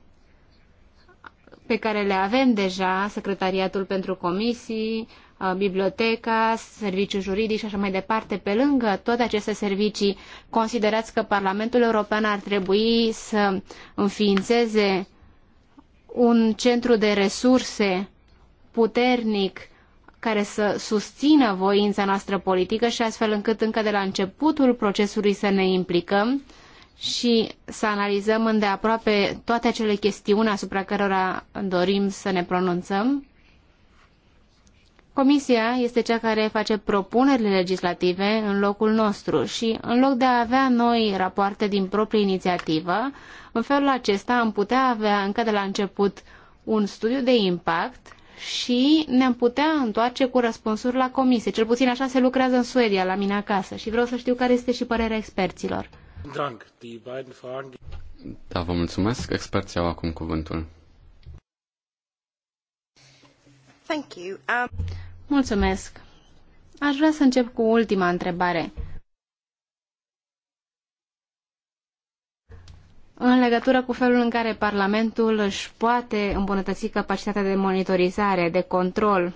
pe care le avem deja, Secretariatul pentru Comisii, uh, biblioteca, serviciul juridic și așa mai departe, pe lângă toate aceste servicii, considerați că Parlamentul European ar trebui să înființeze un centru de resurse puternic care să susțină voința noastră politică și astfel încât încă de la începutul procesului să ne implicăm și să analizăm îndeaproape toate acele chestiuni asupra cărora dorim să ne pronunțăm. Comisia este cea care face propunerile legislative în locul nostru și în loc de a avea noi rapoarte din proprie inițiativă, în felul acesta am putea avea încă de la început un studiu de impact și ne-am putea întoarce cu răspunsuri la comisie. Cel puțin așa se lucrează în Suedia, la mine acasă. Și vreau să știu care este și părerea experților. Da, vă mulțumesc. Experții au acum cuvântul. Thank you. Um... Mulțumesc. Aș vrea să încep cu ultima întrebare. în legătură cu felul în care Parlamentul își poate îmbunătăți capacitatea de monitorizare, de control.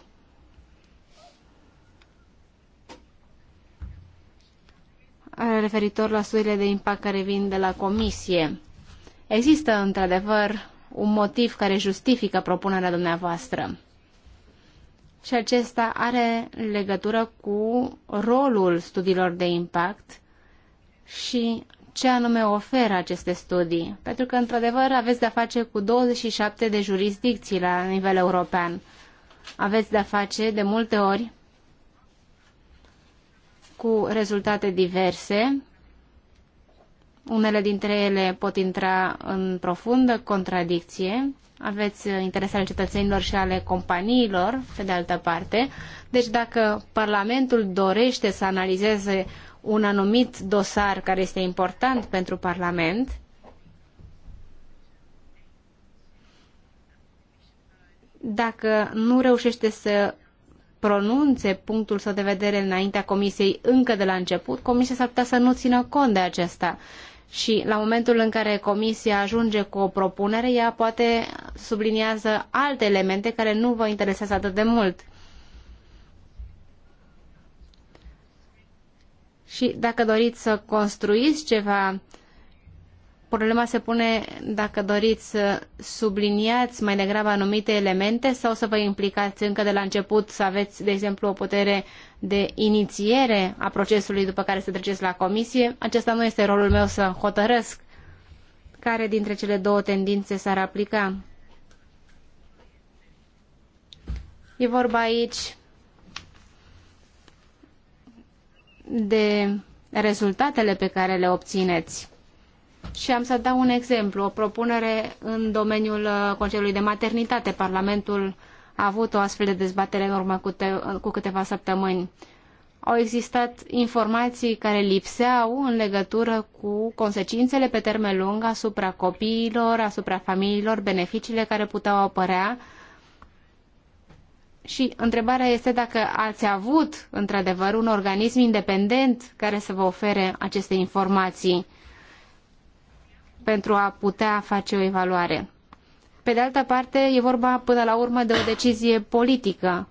referitor la studiile de impact care vin de la Comisie. Există, într-adevăr, un motiv care justifică propunerea dumneavoastră. Și acesta are legătură cu rolul studiilor de impact și ce anume oferă aceste studii, pentru că, într-adevăr, aveți de-a face cu 27 de jurisdicții la nivel european. Aveți de-a face, de multe ori, cu rezultate diverse. Unele dintre ele pot intra în profundă contradicție. Aveți interesele cetățenilor și ale companiilor, pe de altă parte. Deci dacă Parlamentul dorește să analizeze un anumit dosar care este important pentru Parlament, dacă nu reușește să pronunțe punctul său de vedere înaintea comisiei încă de la început, comisia s-ar putea să nu țină cont de acesta. Și la momentul în care comisia ajunge cu o propunere, ea poate subliniază alte elemente care nu vă interesează atât de mult. Și dacă doriți să construiți ceva, problema se pune dacă doriți să subliniați mai degrabă anumite elemente sau să vă implicați încă de la început, să aveți, de exemplu, o putere de inițiere a procesului după care să treceți la comisie. Acesta nu este rolul meu să hotărăsc care dintre cele două tendințe s-ar aplica. E vorba aici de rezultatele pe care le obțineți. Și am să dau un exemplu, o propunere în domeniul uh, Consiliului de Maternitate. Parlamentul a avut o astfel de dezbatere în urmă cu, te, uh, cu câteva săptămâni. Au existat informații care lipseau în legătură cu consecințele pe termen lung asupra copiilor, asupra familiilor, beneficiile care puteau apărea uh, și întrebarea este dacă ați avut, într-adevăr, un organism independent care să vă ofere aceste informații pentru a putea face o evaluare. Pe de altă parte, e vorba până la urmă de o decizie politică.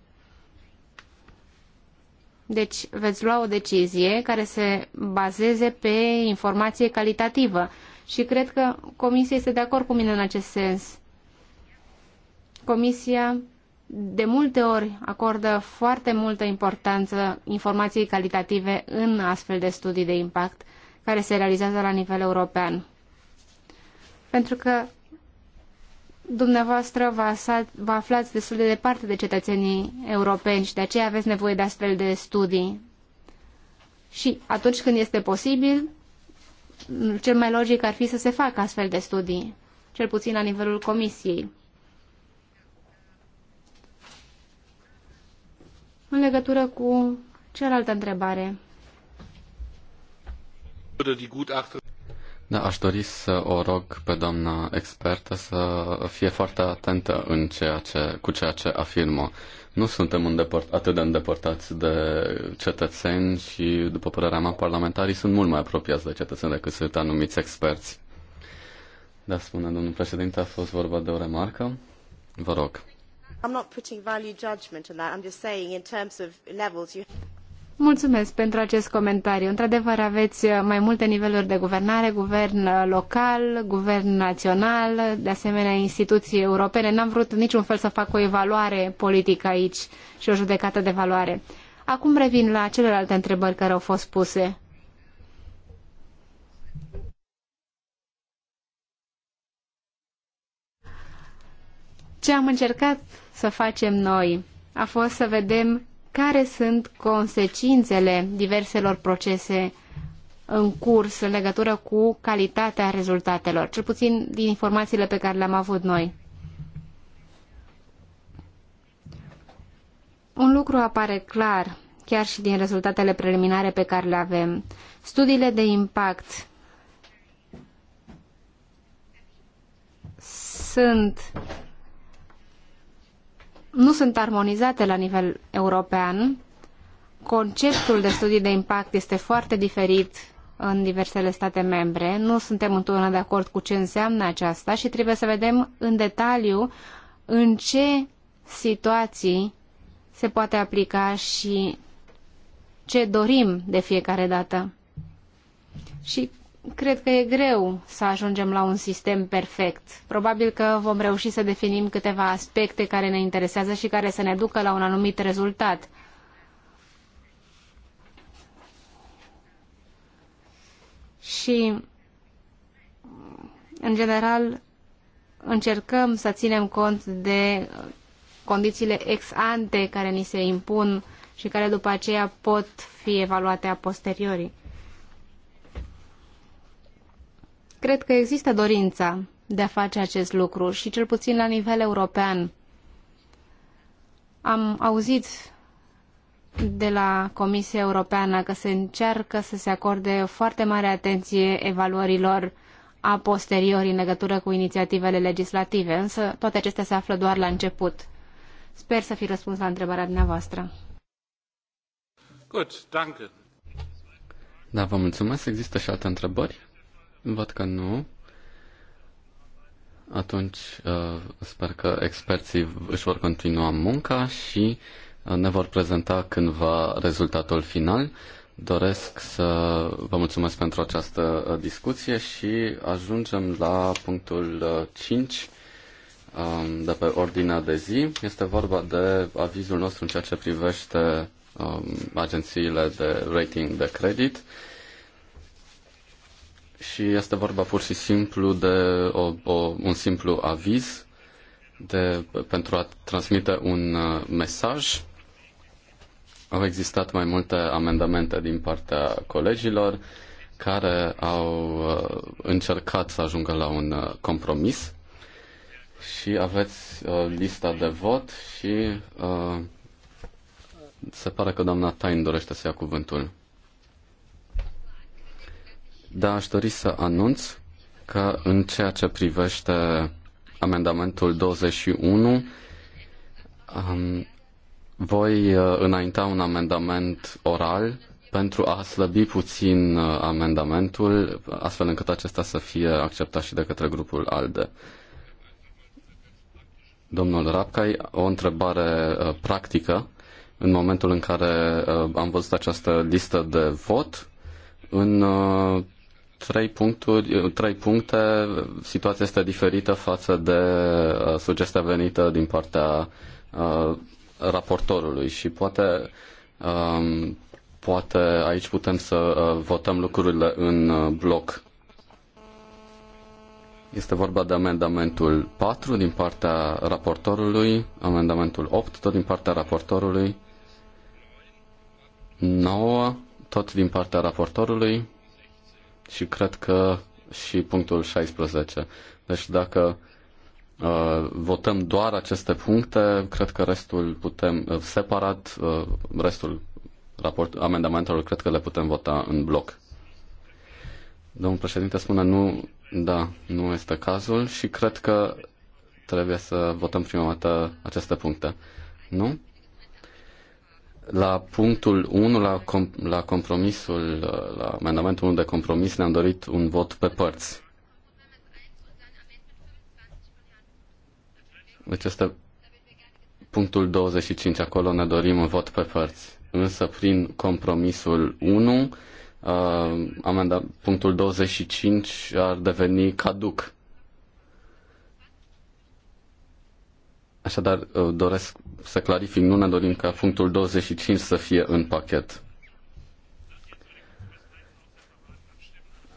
Deci veți lua o decizie care se bazeze pe informație calitativă. Și cred că Comisia este de acord cu mine în acest sens. Comisia de multe ori acordă foarte multă importanță informației calitative în astfel de studii de impact care se realizează la nivel european. Pentru că dumneavoastră vă, asat, vă aflați destul de departe de cetățenii europeni și de aceea aveți nevoie de astfel de studii. Și atunci când este posibil, cel mai logic ar fi să se facă astfel de studii, cel puțin la nivelul comisiei. În legătură cu cealaltă întrebare. Da, aș dori să o rog pe doamna expertă să fie foarte atentă în ceea ce, cu ceea ce afirmă. Nu suntem îndepărt, atât de îndepărtați de cetățeni și, după părerea mea, parlamentarii sunt mult mai apropiați de cetățeni decât sunt anumiți experți. Da, spune domnul președinte, a fost vorba de o remarcă. Vă rog. I'm not putting value judgment on that. I'm just saying in terms of levels you Mulțumesc pentru acest comentariu. Într-adevăr, aveți uh, mai multe niveluri de guvernare, guvern uh, local, guvern național, de asemenea instituții europene. N-am vrut niciun fel să fac o evaluare politică aici și o judecată de valoare. Acum revin la celelalte întrebări care au fost puse. Ce am încercat să facem noi a fost să vedem care sunt consecințele diverselor procese în curs în legătură cu calitatea rezultatelor, cel puțin din informațiile pe care le-am avut noi. Un lucru apare clar, chiar și din rezultatele preliminare pe care le avem. Studiile de impact sunt nu sunt armonizate la nivel european. Conceptul de studii de impact este foarte diferit în diversele state membre. Nu suntem întotdeauna de acord cu ce înseamnă aceasta și trebuie să vedem în detaliu în ce situații se poate aplica și ce dorim de fiecare dată. Și cred că e greu să ajungem la un sistem perfect. Probabil că vom reuși să definim câteva aspecte care ne interesează și care să ne ducă la un anumit rezultat. Și, în general, încercăm să ținem cont de condițiile ex ante care ni se impun și care după aceea pot fi evaluate a posteriori. cred că există dorința de a face acest lucru și cel puțin la nivel european. Am auzit de la Comisia Europeană că se încearcă să se acorde foarte mare atenție evaluărilor a posteriori în legătură cu inițiativele legislative, însă toate acestea se află doar la început. Sper să fi răspuns la întrebarea dumneavoastră. Good, danke. Da, vă mulțumesc. Există și alte întrebări? Văd că nu. Atunci uh, sper că experții își vor continua munca și uh, ne vor prezenta cândva rezultatul final. Doresc să vă mulțumesc pentru această uh, discuție și ajungem la punctul 5 um, de pe ordinea de zi. Este vorba de avizul nostru în ceea ce privește um, agențiile de rating de credit și este vorba pur și simplu de o, o, un simplu aviz de, pentru a transmite un uh, mesaj. Au existat mai multe amendamente din partea colegilor care au uh, încercat să ajungă la un uh, compromis și aveți lista de vot și uh, se pare că doamna Tain dorește să ia cuvântul. Da, aș dori să anunț că în ceea ce privește amendamentul 21, um, voi uh, înainta un amendament oral pentru a slăbi puțin uh, amendamentul, astfel încât acesta să fie acceptat și de către grupul ALDE. Domnul Rapcai, o întrebare uh, practică. În momentul în care am văzut această listă de vot, în trei, puncturi, eh, trei puncte, situația este diferită față de eh, sugestia venită din partea uh, raportorului și poate, ehm, poate aici putem să votăm lucrurile în bloc. Este vorba de amendamentul 4 din partea raportorului, amendamentul 8 tot din partea raportorului, 9 tot din partea raportorului, și cred că și punctul 16. Deci dacă uh, votăm doar aceste puncte, cred că restul putem uh, separat, uh, restul raport, amendamentelor cred că le putem vota în bloc. Domnul președinte spune nu, da, nu este cazul și cred că trebuie să votăm prima dată aceste puncte. Nu? La punctul 1, la, com- la compromisul, uh, la amendamentul 1 de compromis, ne-am dorit un vot pe părți. Deci este punctul 25, acolo ne dorim un vot pe părți. Însă prin compromisul 1, uh, amenda, punctul 25 ar deveni caduc. Așadar, uh, doresc să clarific, nu ne dorim ca punctul 25 să fie în pachet.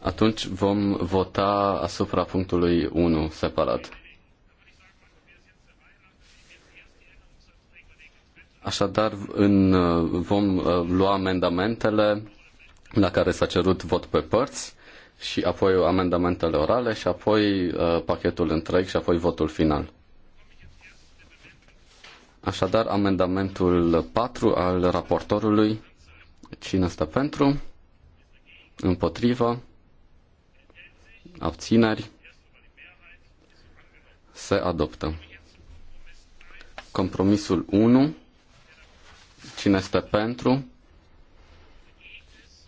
Atunci vom vota asupra punctului 1 separat. Așadar, în, vom uh, lua amendamentele la care s-a cerut vot pe părți și apoi amendamentele orale și apoi uh, pachetul întreg și apoi votul final. Așadar, amendamentul 4 al raportorului. Cine stă pentru? Împotrivă? Abțineri? Se adoptă. Compromisul 1. Cine este pentru?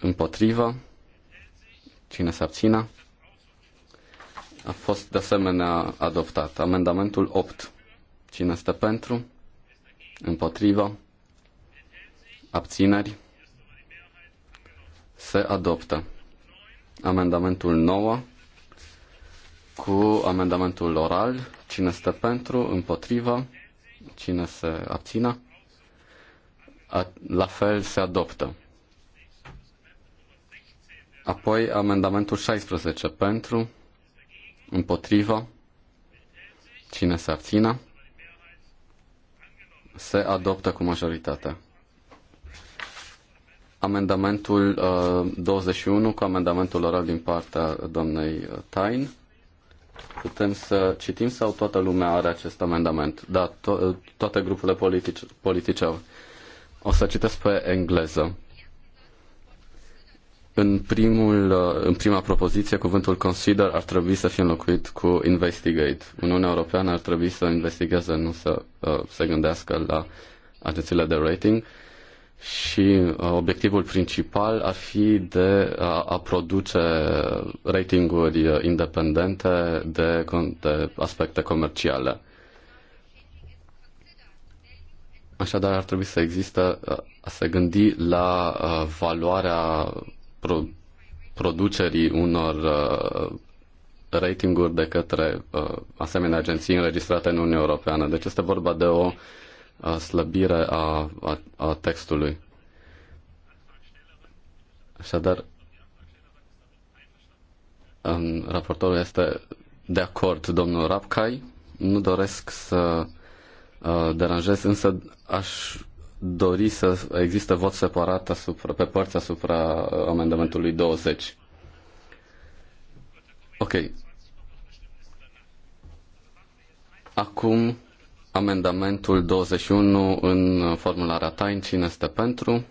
Împotrivă? Cine se abține? A fost de asemenea adoptat. Amendamentul 8. Cine este pentru? Împotrivă. Abțineri. Se adoptă. Amendamentul 9 cu amendamentul oral. Cine stă pentru? Împotrivă. Cine se abțină? La fel se adoptă. Apoi amendamentul 16 pentru, împotrivă, cine se abțină, se adoptă cu majoritate. Amendamentul uh, 21 cu amendamentul oral din partea doamnei uh, Tain. Putem să citim sau toată lumea are acest amendament? Da, to- uh, toate grupurile politice, politice au. O să citesc pe engleză. În, primul, uh, în prima propoziție, cuvântul consider ar trebui să fie înlocuit cu investigate. Uniunea Europeană ar trebui să investigeze, nu să uh, se gândească la agențiile de rating și uh, obiectivul principal ar fi de a, a produce ratinguri uh, independente de, de aspecte comerciale. Așadar, ar trebui să există, uh, să gândi la valoarea pro- producerii unor uh, ratinguri de către uh, asemenea agenții înregistrate în Uniunea Europeană. Deci este vorba de o uh, slăbire a, a, a textului. Așadar, um, raportorul este de acord, domnul Rapcai. Nu doresc să uh, deranjez, însă aș dori să existe vot separat asupra, pe părți asupra uh, amendamentului 20. Ok. Acum amendamentul 21 în formularea Tain. Cine este pentru?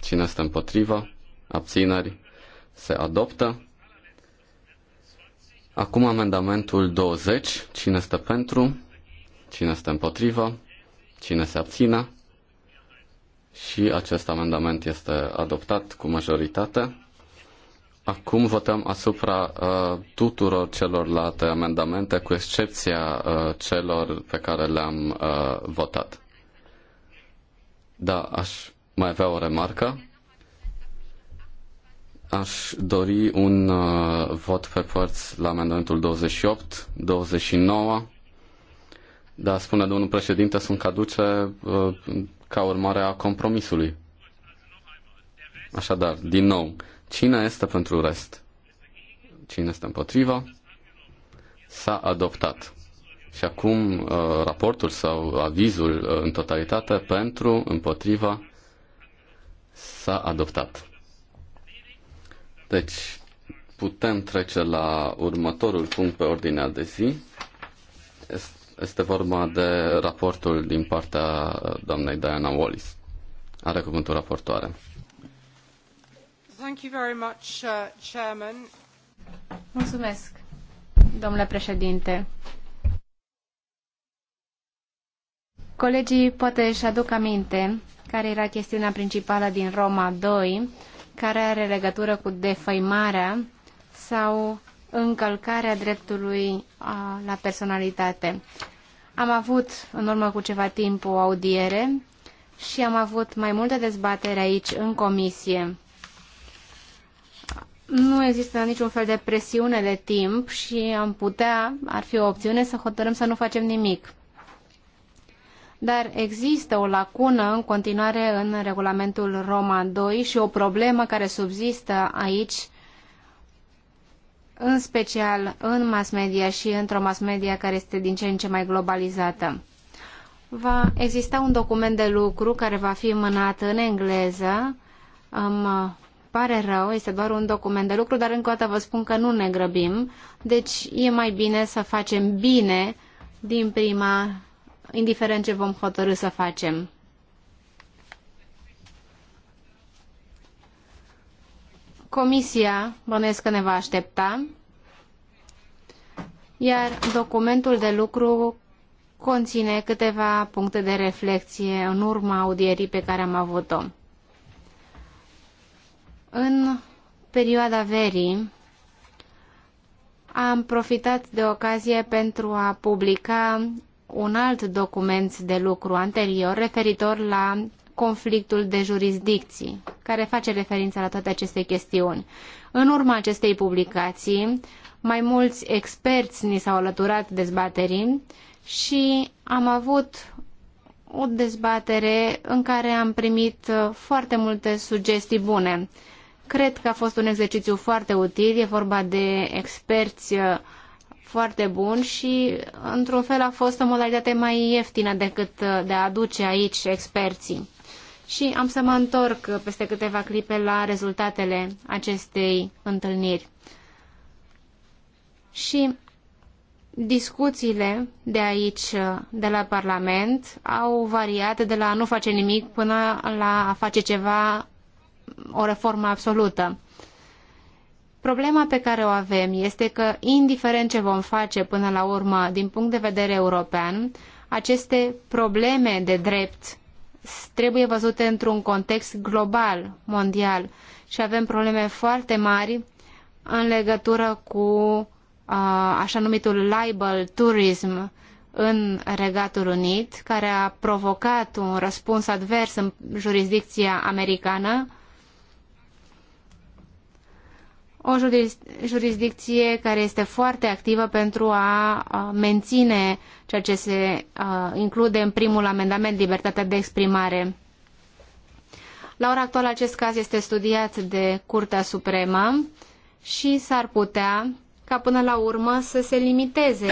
Cine este împotriva? Abțineri? Se adoptă. Acum amendamentul 20. Cine este pentru? Cine este împotriva? Cine se abține? și acest amendament este adoptat cu majoritate. Acum votăm asupra uh, tuturor celorlalte amendamente, cu excepția uh, celor pe care le-am uh, votat. Da, aș mai avea o remarcă. Aș dori un uh, vot pe părți la amendamentul 28, 29. Da, spune domnul președinte, sunt caduce uh, ca urmare a compromisului. Așadar, din nou, cine este pentru rest? Cine este împotriva? S-a adoptat. Și acum uh, raportul sau avizul uh, în totalitate pentru, împotriva, s-a adoptat. Deci, putem trece la următorul punct pe ordinea de zi. Este este vorba de raportul din partea doamnei Diana Wallis. Are cuvântul raportoare. Thank you very much, uh, Chairman. Mulțumesc, domnule președinte. Colegii poate își aduc aminte care era chestiunea principală din Roma 2, care are legătură cu defăimarea sau încălcarea dreptului la personalitate. Am avut în urmă cu ceva timp o audiere și am avut mai multe dezbatere aici în comisie. Nu există niciun fel de presiune de timp și am putea, ar fi o opțiune să hotărâm să nu facem nimic. Dar există o lacună în continuare în regulamentul Roma 2 și o problemă care subzistă aici în special în mass media și într-o mass media care este din ce în ce mai globalizată. Va exista un document de lucru care va fi mânat în engleză. Îmi pare rău, este doar un document de lucru, dar încă o dată vă spun că nu ne grăbim, deci e mai bine să facem bine din prima, indiferent ce vom hotărâ să facem. Comisia bănuiesc că ne va aștepta, iar documentul de lucru conține câteva puncte de reflexie în urma audierii pe care am avut-o. În perioada verii am profitat de ocazie pentru a publica un alt document de lucru anterior referitor la conflictul de jurisdicții, care face referință la toate aceste chestiuni. În urma acestei publicații, mai mulți experți ni s-au alăturat dezbaterii și am avut o dezbatere în care am primit foarte multe sugestii bune. Cred că a fost un exercițiu foarte util, e vorba de experți foarte bun și, într-un fel, a fost o modalitate mai ieftină decât de a aduce aici experții și am să mă întorc peste câteva clipe la rezultatele acestei întâlniri. Și discuțiile de aici, de la Parlament, au variat de la a nu face nimic până la a face ceva, o reformă absolută. Problema pe care o avem este că, indiferent ce vom face până la urmă din punct de vedere european, aceste probleme de drept trebuie văzute într-un context global, mondial și avem probleme foarte mari în legătură cu așa numitul libel tourism în Regatul Unit, care a provocat un răspuns advers în jurisdicția americană o jurisdicție care este foarte activă pentru a menține ceea ce se include în primul amendament, libertatea de exprimare. La ora actuală acest caz este studiat de Curtea Supremă și s-ar putea ca până la urmă să se limiteze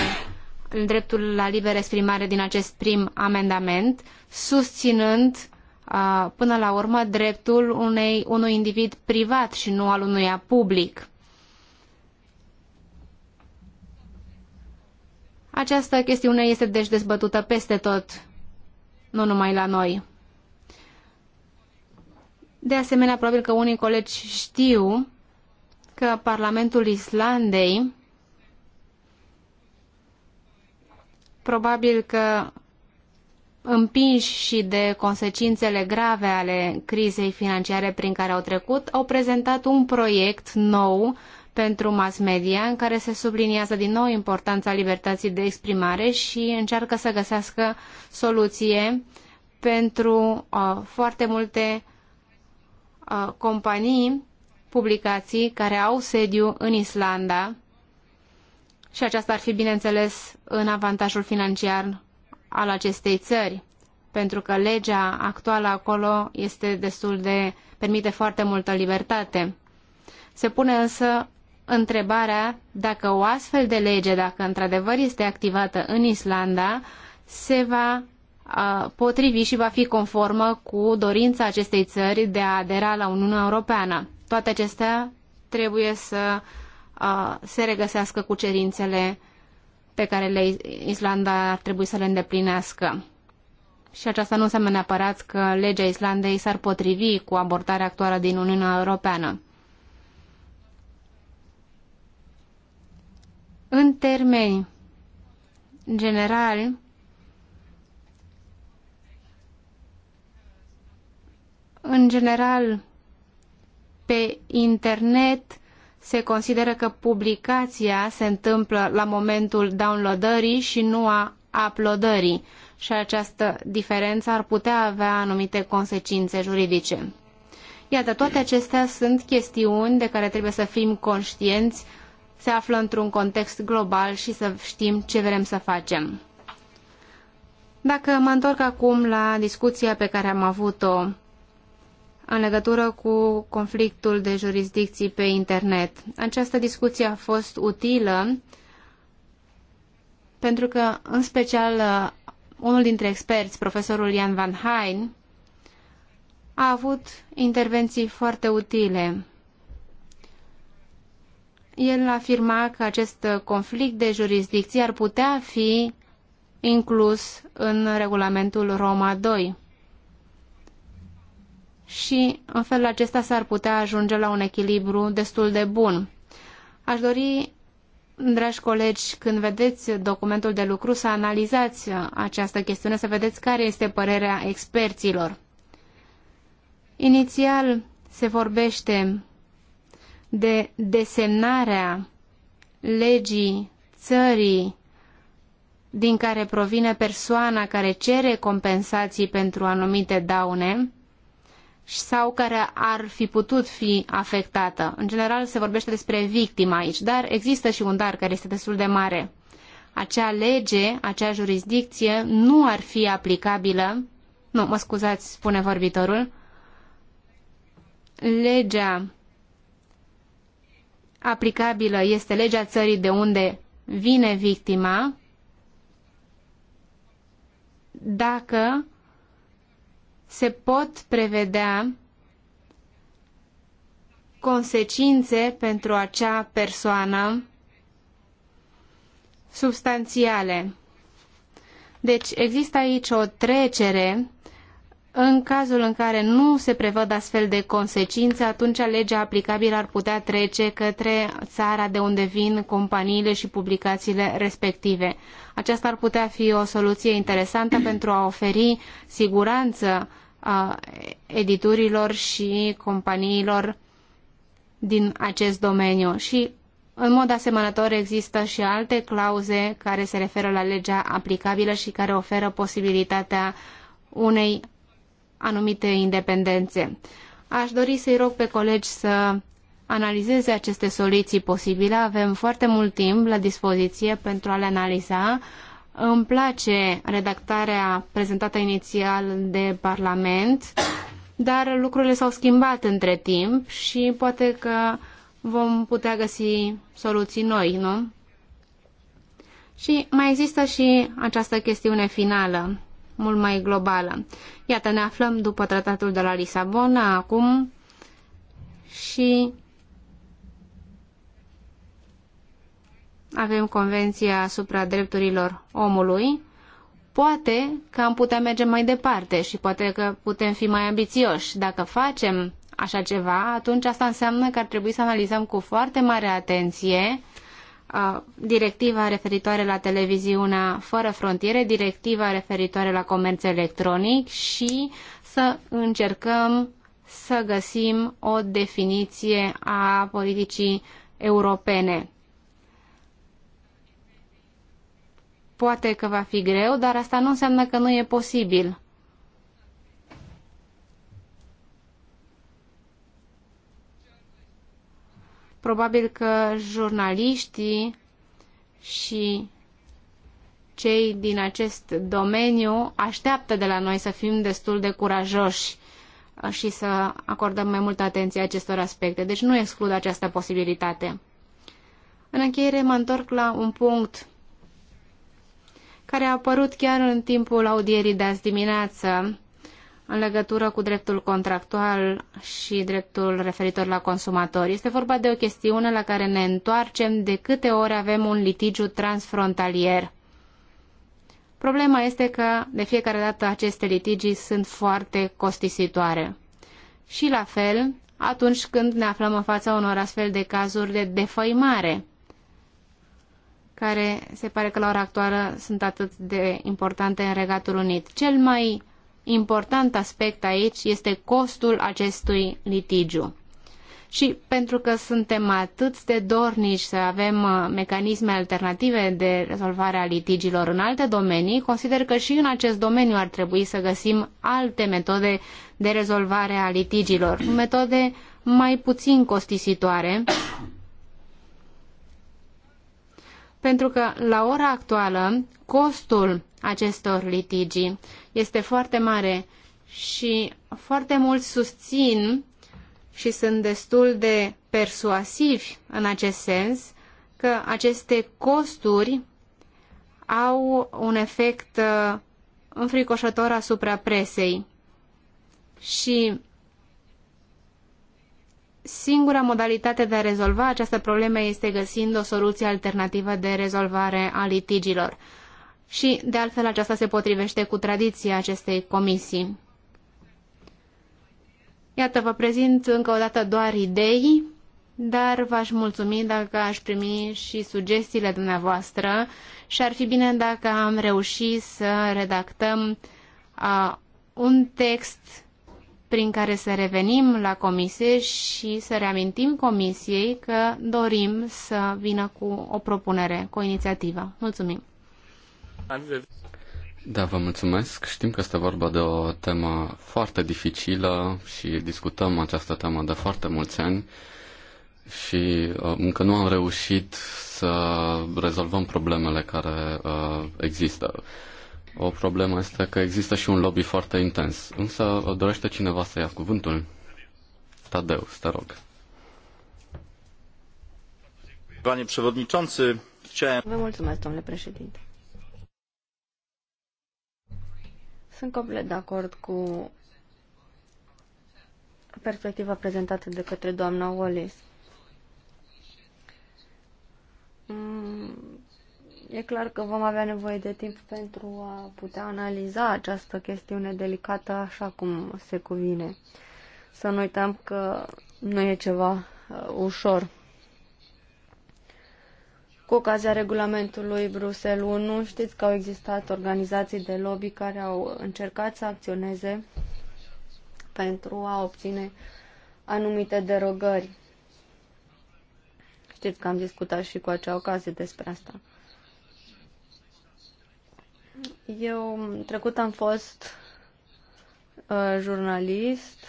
dreptul la liberă exprimare din acest prim amendament, susținând până la urmă dreptul unei, unui individ privat și nu al unuia public. Această chestiune este deci dezbătută peste tot, nu numai la noi. De asemenea, probabil că unii colegi știu că Parlamentul Islandei probabil că împinși și de consecințele grave ale crizei financiare prin care au trecut, au prezentat un proiect nou pentru mass media în care se subliniază din nou importanța libertății de exprimare și încearcă să găsească soluție pentru uh, foarte multe uh, companii, publicații care au sediu în Islanda și aceasta ar fi, bineînțeles, în avantajul financiar al acestei țări, pentru că legea actuală acolo este destul de permite foarte multă libertate. Se pune însă întrebarea dacă o astfel de lege, dacă într-adevăr este activată în Islanda, se va a, potrivi și va fi conformă cu dorința acestei țări de a adera la Uniunea Europeană. Toate acestea trebuie să a, se regăsească cu cerințele pe care le, Islanda ar trebui să le îndeplinească. Și aceasta nu înseamnă neapărat că legea Islandei s-ar potrivi cu abordarea actuală din Uniunea Europeană. În termeni generali, în general, pe internet se consideră că publicația se întâmplă la momentul downloadării și nu a uploadării și această diferență ar putea avea anumite consecințe juridice. Iată, toate acestea sunt chestiuni de care trebuie să fim conștienți, se află într-un context global și să știm ce vrem să facem. Dacă mă întorc acum la discuția pe care am avut-o în legătură cu conflictul de jurisdicții pe internet. Această discuție a fost utilă pentru că, în special, unul dintre experți, profesorul Jan Van Hein, a avut intervenții foarte utile. El afirma că acest conflict de jurisdicție ar putea fi inclus în regulamentul Roma 2 și în felul acesta s-ar putea ajunge la un echilibru destul de bun. Aș dori, dragi colegi, când vedeți documentul de lucru, să analizați această chestiune, să vedeți care este părerea experților. Inițial se vorbește de desemnarea legii țării din care provine persoana care cere compensații pentru anumite daune, sau care ar fi putut fi afectată. În general se vorbește despre victimă aici, dar există și un dar care este destul de mare. Acea lege, acea jurisdicție nu ar fi aplicabilă, nu, mă scuzați, spune vorbitorul, legea aplicabilă este legea țării de unde vine victima, dacă se pot prevedea consecințe pentru acea persoană substanțiale. Deci există aici o trecere în cazul în care nu se prevăd astfel de consecințe, atunci legea aplicabilă ar putea trece către țara de unde vin companiile și publicațiile respective. Aceasta ar putea fi o soluție interesantă pentru a oferi siguranță a editurilor și companiilor din acest domeniu. Și în mod asemănător există și alte clauze care se referă la legea aplicabilă și care oferă posibilitatea unei anumite independențe. Aș dori să-i rog pe colegi să analizeze aceste soluții posibile. Avem foarte mult timp la dispoziție pentru a le analiza. Îmi place redactarea prezentată inițial de Parlament, dar lucrurile s-au schimbat între timp și poate că vom putea găsi soluții noi, nu? Și mai există și această chestiune finală mult mai globală. Iată, ne aflăm după tratatul de la Lisabona acum și avem Convenția asupra drepturilor omului. Poate că am putea merge mai departe și poate că putem fi mai ambițioși. Dacă facem așa ceva, atunci asta înseamnă că ar trebui să analizăm cu foarte mare atenție directiva referitoare la televiziunea fără frontiere, directiva referitoare la comerț electronic și să încercăm să găsim o definiție a politicii europene. Poate că va fi greu, dar asta nu înseamnă că nu e posibil. probabil că jurnaliștii și cei din acest domeniu așteaptă de la noi să fim destul de curajoși uh, și să acordăm mai multă atenție acestor aspecte. Deci nu exclud această posibilitate. În încheiere mă întorc la un punct care a apărut chiar în timpul audierii de azi dimineață în legătură cu dreptul contractual și dreptul referitor la consumatori. Este vorba de o chestiune la care ne întoarcem de câte ori avem un litigiu transfrontalier. Problema este că de fiecare dată aceste litigii sunt foarte costisitoare. Și la fel, atunci când ne aflăm în fața unor astfel de cazuri de defăimare, care se pare că la ora actuală sunt atât de importante în Regatul Unit. Cel mai important aspect aici este costul acestui litigiu. Și pentru că suntem atât de dornici să avem uh, mecanisme alternative de rezolvare a litigilor în alte domenii, consider că și în acest domeniu ar trebui să găsim alte metode de rezolvare a litigilor, metode mai puțin costisitoare pentru că la ora actuală costul acestor litigi este foarte mare și foarte mult susțin și sunt destul de persuasivi în acest sens că aceste costuri au un efect uh, înfricoșător asupra presei. Și singura modalitate de a rezolva această problemă este găsind o soluție alternativă de rezolvare a litigilor. Și, de altfel, aceasta se potrivește cu tradiția acestei comisii. Iată, vă prezint încă o dată doar idei, dar v-aș mulțumi dacă aș primi și sugestiile dumneavoastră și ar fi bine dacă am reușit să redactăm uh, un text prin care să revenim la comisie și să reamintim comisiei că dorim să vină cu o propunere, cu o inițiativă. Mulțumim! Da, vă mulțumesc. Știm că este vorba de o temă foarte dificilă și discutăm această temă de foarte mulți ani și uh, încă nu am reușit să rezolvăm problemele care uh, există. O problemă este că există și un lobby foarte intens. Însă dorește cineva să ia cuvântul? Tadeu, te rog. Panie Przewodniczący, chciałem... Vă mulțumesc, domnule președinte. Sunt complet de acord cu perspectiva prezentată de către doamna Wallis. Mm, E clar că vom avea nevoie de timp pentru a putea analiza această chestiune delicată așa cum se cuvine. Să nu uităm că nu e ceva uh, ușor. Cu ocazia regulamentului Bruxelles 1, știți că au existat organizații de lobby care au încercat să acționeze pentru a obține anumite derogări. Știți că am discutat și cu acea ocazie despre asta. Eu trecut am fost uh, jurnalist,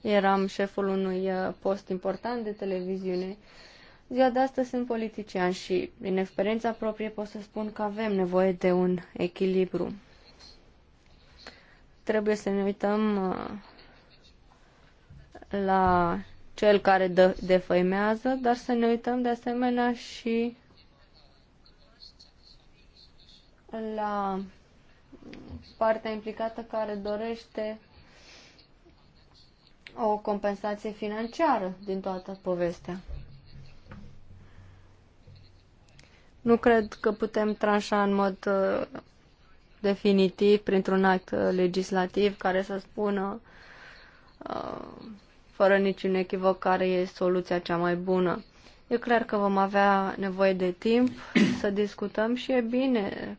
eram șeful unui uh, post important de televiziune. Ziua de astăzi sunt politician și, în experiența proprie, pot să spun că avem nevoie de un echilibru. Trebuie să ne uităm uh, la cel care defăimează, dar să ne uităm de asemenea și la partea implicată care dorește o compensație financiară din toată povestea. Nu cred că putem tranșa în mod uh, definitiv printr-un act uh, legislativ care să spună uh, fără niciun echivoc care e soluția cea mai bună. E clar că vom avea nevoie de timp să discutăm și e bine,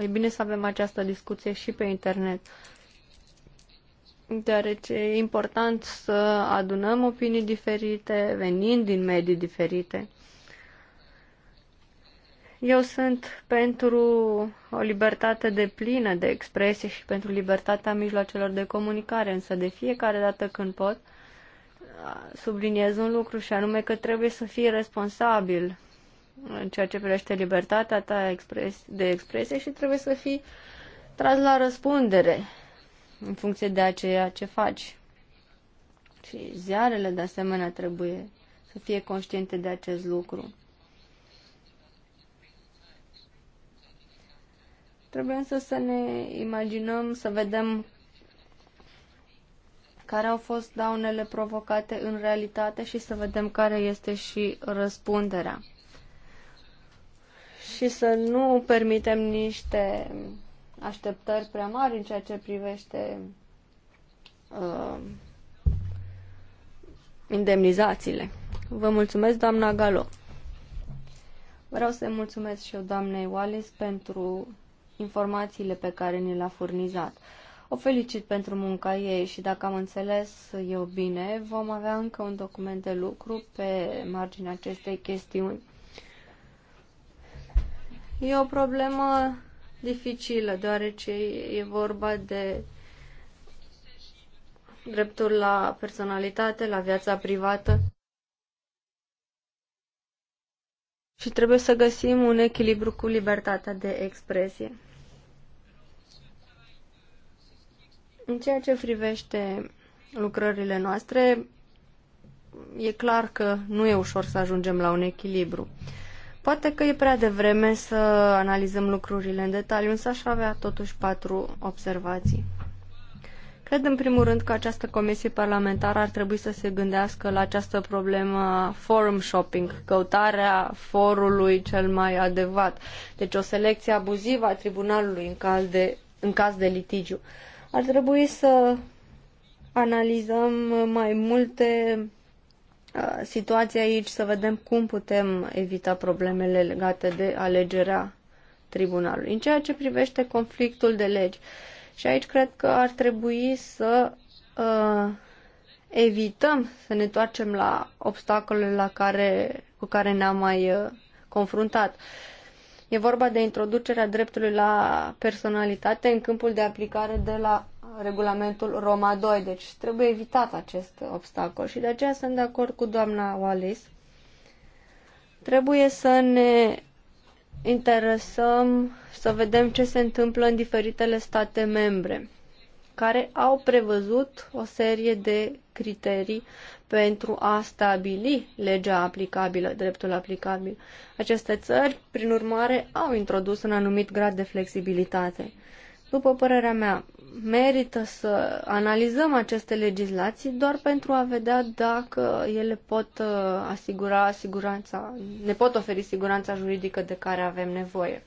e bine să avem această discuție și pe internet. Deoarece e important să adunăm opinii diferite, venind din medii diferite. Eu sunt pentru o libertate de plină de expresie și pentru libertatea mijloacelor de comunicare, însă de fiecare dată când pot, subliniez un lucru și anume că trebuie să fii responsabil în ceea ce privește libertatea ta de expresie și trebuie să fii tras la răspundere în funcție de ceea ce faci. Și ziarele, de asemenea, trebuie să fie conștiente de acest lucru. Trebuie însă să ne imaginăm, să vedem care au fost daunele provocate în realitate și să vedem care este și răspunderea. Și să nu permitem niște așteptări prea mari în ceea ce privește uh, indemnizațiile. Vă mulțumesc, doamna Galo. Vreau să-i mulțumesc și eu doamnei Wallis pentru informațiile pe care ni le-a furnizat. O felicit pentru munca ei și dacă am înțeles eu bine, vom avea încă un document de lucru pe marginea acestei chestiuni. E o problemă dificilă, deoarece e vorba de dreptul la personalitate, la viața privată. Și trebuie să găsim un echilibru cu libertatea de expresie. În ceea ce privește lucrările noastre, e clar că nu e ușor să ajungem la un echilibru. Poate că e prea devreme să analizăm lucrurile în detaliu, însă aș avea totuși patru observații. Cred în primul rând că această comisie parlamentară ar trebui să se gândească la această problemă a forum shopping, căutarea forului cel mai adevat, deci o selecție abuzivă a tribunalului în caz de, în caz de litigiu. Uh, ar trebui să analizăm mai multe situații aici, să vedem cum putem evita problemele legate de alegerea tribunalului. În ceea ce privește conflictul de legi, și aici cred că ar trebui să uh, evităm să ne toarcem la obstacolele la care, cu care ne-am mai uh, confruntat. Uh, E vorba de introducerea dreptului la personalitate în câmpul de aplicare de la regulamentul Roma 2, deci trebuie evitat acest obstacol și de aceea sunt de acord cu doamna Wallis. Trebuie să ne interesăm să vedem ce se întâmplă în diferitele state membre care au prevăzut o serie de criterii pentru a stabili legea aplicabilă, dreptul aplicabil. Aceste țări, prin urmare, au introdus un anumit grad de flexibilitate. După părerea mea, merită să analizăm aceste legislații doar pentru a vedea dacă ele pot uh, asigura siguranța, ne pot oferi siguranța juridică de care avem nevoie.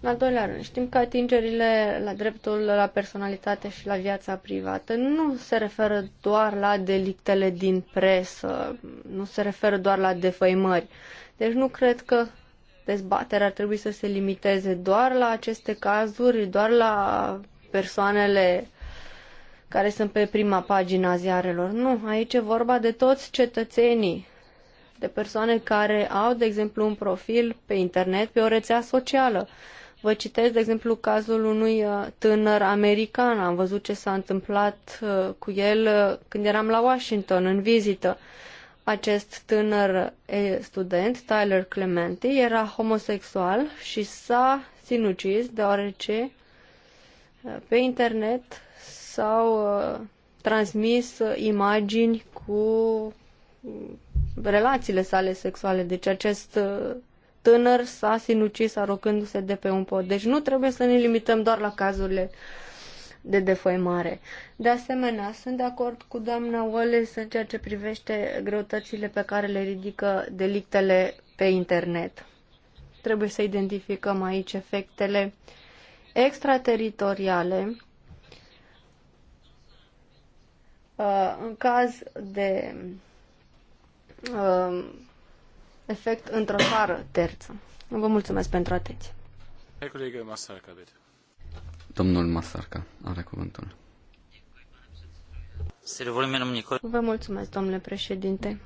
În al doilea rând, știm că atingerile la dreptul la personalitate și la viața privată nu se referă doar la delictele din presă, nu se referă doar la defăimări. Deci nu cred că dezbaterea ar trebui să se limiteze doar la aceste cazuri, doar la persoanele care sunt pe prima pagina ziarelor. Nu, aici e vorba de toți cetățenii, de persoane care au, de exemplu, un profil pe internet, pe o rețea socială. Vă citesc, de exemplu, cazul unui uh, tânăr american. Am văzut ce s-a întâmplat uh, cu el uh, când eram la Washington în vizită. Acest tânăr student, Tyler Clementi, era homosexual și s-a sinucis deoarece pe internet s-au transmis imagini cu mm, relațiile sale sexuale. Deci acest tânăr s-a sinucis aruncându-se de pe un pod. Deci nu trebuie să ne limităm doar la cazurile de defăimare. De asemenea, sunt de acord cu doamna Wallace în ceea ce privește greutățile pe care le ridică delictele pe internet. Trebuie să identificăm aici efectele extrateritoriale uh, în caz de uh, efect într-o țară terță. Vă mulțumesc pentru atenție. Domnul Masarca are cuvântul. Vă mulțumesc, domnule președinte.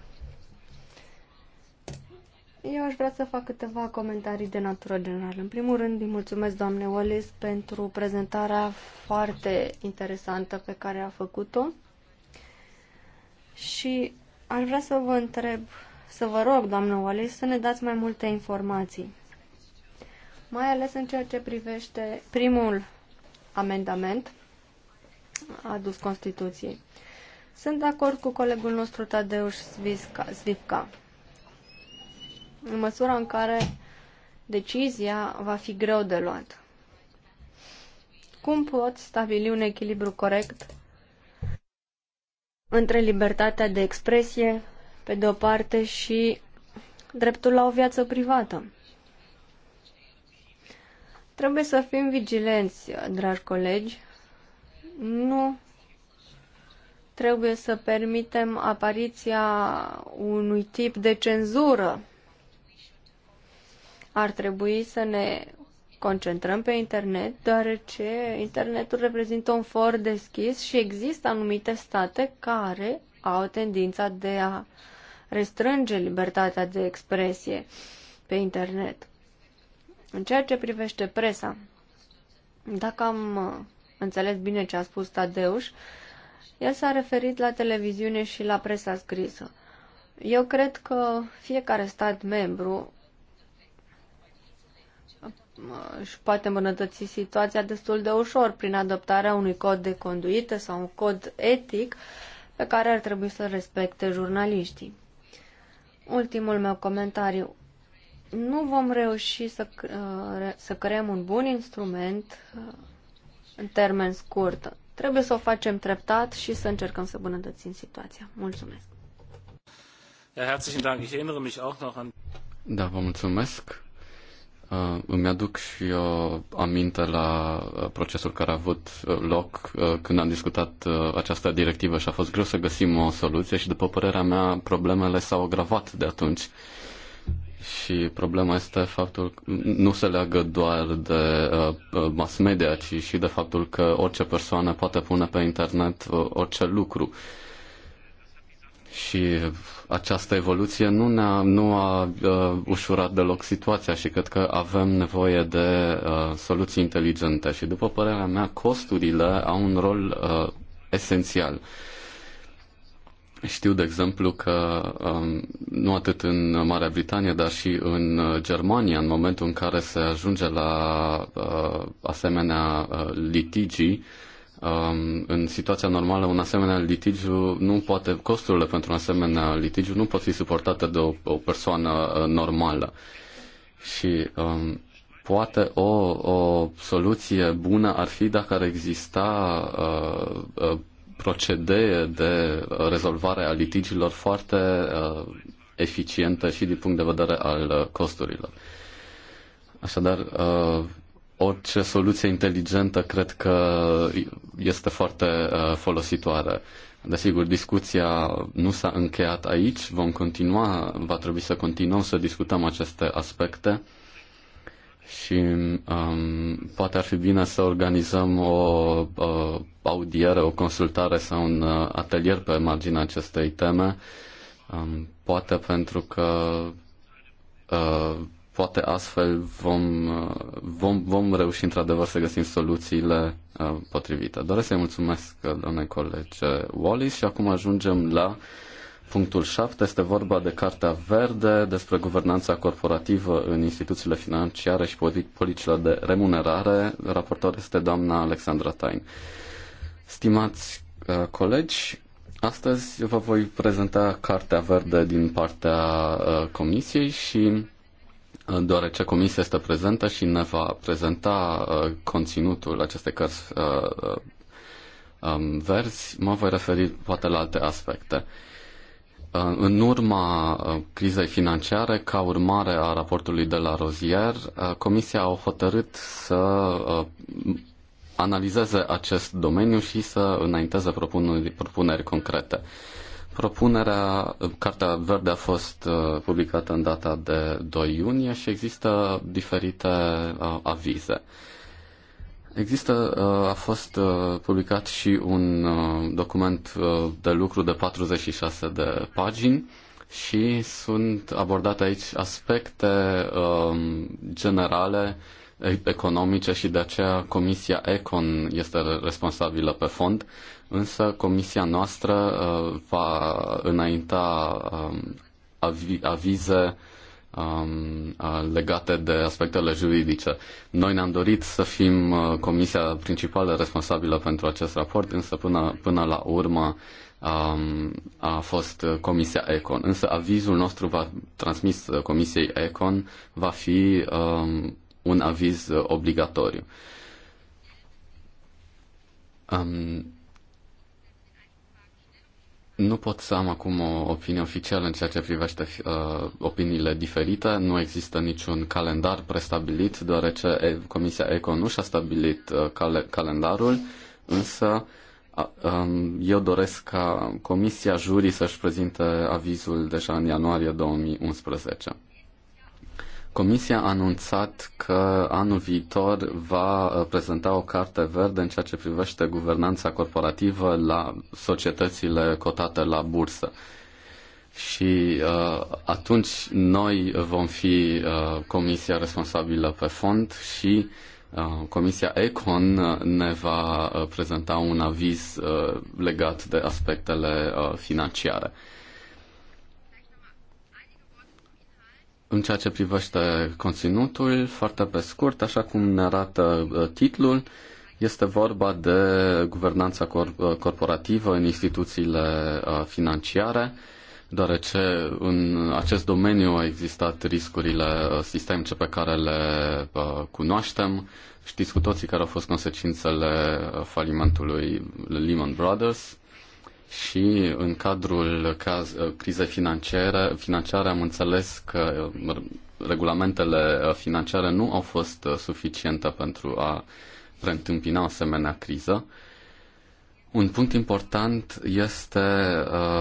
Eu aș vrea să fac câteva comentarii de natură generală. În primul rând, îi mulțumesc, doamne Wallis, pentru prezentarea foarte interesantă pe care a făcut-o. Și aș vrea să vă întreb să vă rog, doamnă Wallis, să ne dați mai multe informații. Mai ales în ceea ce privește primul amendament adus Constituției. Sunt de acord cu colegul nostru Tadeuș Zvivka. În măsura în care decizia va fi greu de luat. Cum pot stabili un echilibru corect între libertatea de expresie, pe de o parte, și dreptul la o viață privată. Trebuie să fim vigilenți, dragi colegi. Nu trebuie să permitem apariția unui tip de cenzură. Ar trebui să ne concentrăm pe internet, deoarece internetul reprezintă un for deschis și există anumite state care au tendința de a restrânge libertatea de expresie pe internet. În ceea ce privește presa, dacă am uh, înțeles bine ce a spus Tadeuș, el s-a referit la televiziune și la presa scrisă. Eu cred că fiecare stat membru uh, își poate îmbunătăți situația destul de ușor prin adoptarea unui cod de conduită sau un cod etic pe care ar trebui să respecte jurnaliștii. Ultimul meu comentariu. Nu vom reuși să, uh, să creăm un bun instrument uh, în termen scurt. Trebuie să o facem treptat și să încercăm să bunătățim situația. Mulțumesc! Da, vă mulțumesc. Uh, îmi aduc și eu aminte la uh, procesul care a avut uh, loc când am discutat această directivă și a fost greu să găsim o soluție și, după părerea mea, problemele s-au agravat de atunci. Și problema este faptul că nu se leagă doar de mass media, ci și de faptul că orice persoană poate pune pe internet orice lucru și această evoluție nu, ne-a, nu a uh, ușurat deloc situația și cred că avem nevoie de uh, soluții inteligente. Și după părerea mea, costurile au un rol uh, esențial. Știu, de exemplu, că um, nu atât în Marea Britanie, dar și în uh, Germania, în momentul în care se ajunge la uh, asemenea uh, litigii, uh, Um, în situația normală un asemenea litigiu nu poate, costurile pentru un asemenea litigiu nu pot fi suportate de o, o persoană uh, normală. Și um, poate o, o soluție bună ar fi dacă ar exista uh, uh procedee de rezolvare a litigiilor foarte uh, eficientă și din punct de vedere al uh, costurilor. Așadar, orice soluție inteligentă cred că este foarte uh, folositoare. Desigur, discuția nu s-a încheiat aici, vom continua, va trebui să continuăm să discutăm aceste aspecte și um, poate ar fi bine să organizăm o uh, audiere, o consultare sau un uh, atelier pe marginea acestei teme, um, poate pentru că uh, Poate astfel vom, vom, vom reuși într-adevăr să găsim soluțiile uh, potrivite. Doresc să-i mulțumesc, uh, doamne colege uh, Wallis, și acum ajungem la punctul 7. Este vorba de Cartea Verde despre guvernanța corporativă în instituțiile financiare și politicile de remunerare. Raportor este doamna Alexandra Tain. Stimați colegi, astăzi vă voi prezenta Cartea Verde din partea Comisiei și deoarece comisia este prezentă și ne va prezenta uh, conținutul acestei cărți uh, uh, um, verzi, mă voi referi poate la alte aspecte. În urma crizei financiare, ca urmare a raportului de la Rozier, Comisia a hotărât să analizeze acest domeniu și să înainteze propuneri, propuneri concrete. Propunerea, Cartea Verde a fost uh, publicată în data de 2 iunie și există diferite uh, avize. Există, uh, a fost publicat și un document de lucru de 46 de pagini și sunt abordate aici aspecte um, generale economice și de aceea Comisia Econ este responsabilă pe fond însă comisia noastră uh, va înainta um, avi- avize um, uh, legate de aspectele juridice. Noi ne-am dorit să fim uh, comisia principală responsabilă pentru acest raport, însă până, până la urmă um, a fost Comisia Econ. Însă avizul nostru va transmis uh, Comisiei Econ va fi um, un aviz obligatoriu. Um, nu pot să am acum o opinie oficială în ceea ce privește uh, opiniile diferite. Nu există niciun calendar prestabilit, deoarece Comisia ECO nu și-a stabilit uh, cal- calendarul, însă um, eu doresc ca Comisia Jurii să-și prezinte avizul deja în ianuarie 2011. Comisia a anunțat că anul viitor va uh, prezenta o carte verde în ceea ce privește guvernanța corporativă la societățile cotate la bursă. Și uh, atunci noi vom fi uh, comisia responsabilă pe fond și uh, comisia Econ ne va uh, prezenta un aviz uh, legat de aspectele uh, financiare. În ceea ce privește conținutul, foarte pe scurt, așa cum ne arată uh, titlul, este vorba de guvernanța cor- uh, corporativă în instituțiile uh, financiare, deoarece în acest domeniu au existat riscurile sistemice pe care le cunoaștem. Știți cu toții care au fost consecințele falimentului Lehman Brothers și în cadrul caz, uh, crizei financiare, financiare am înțeles că uh, regulamentele uh, financiare nu au fost suficiente pentru a preîntâmpina o asemenea criză. Un punct important este,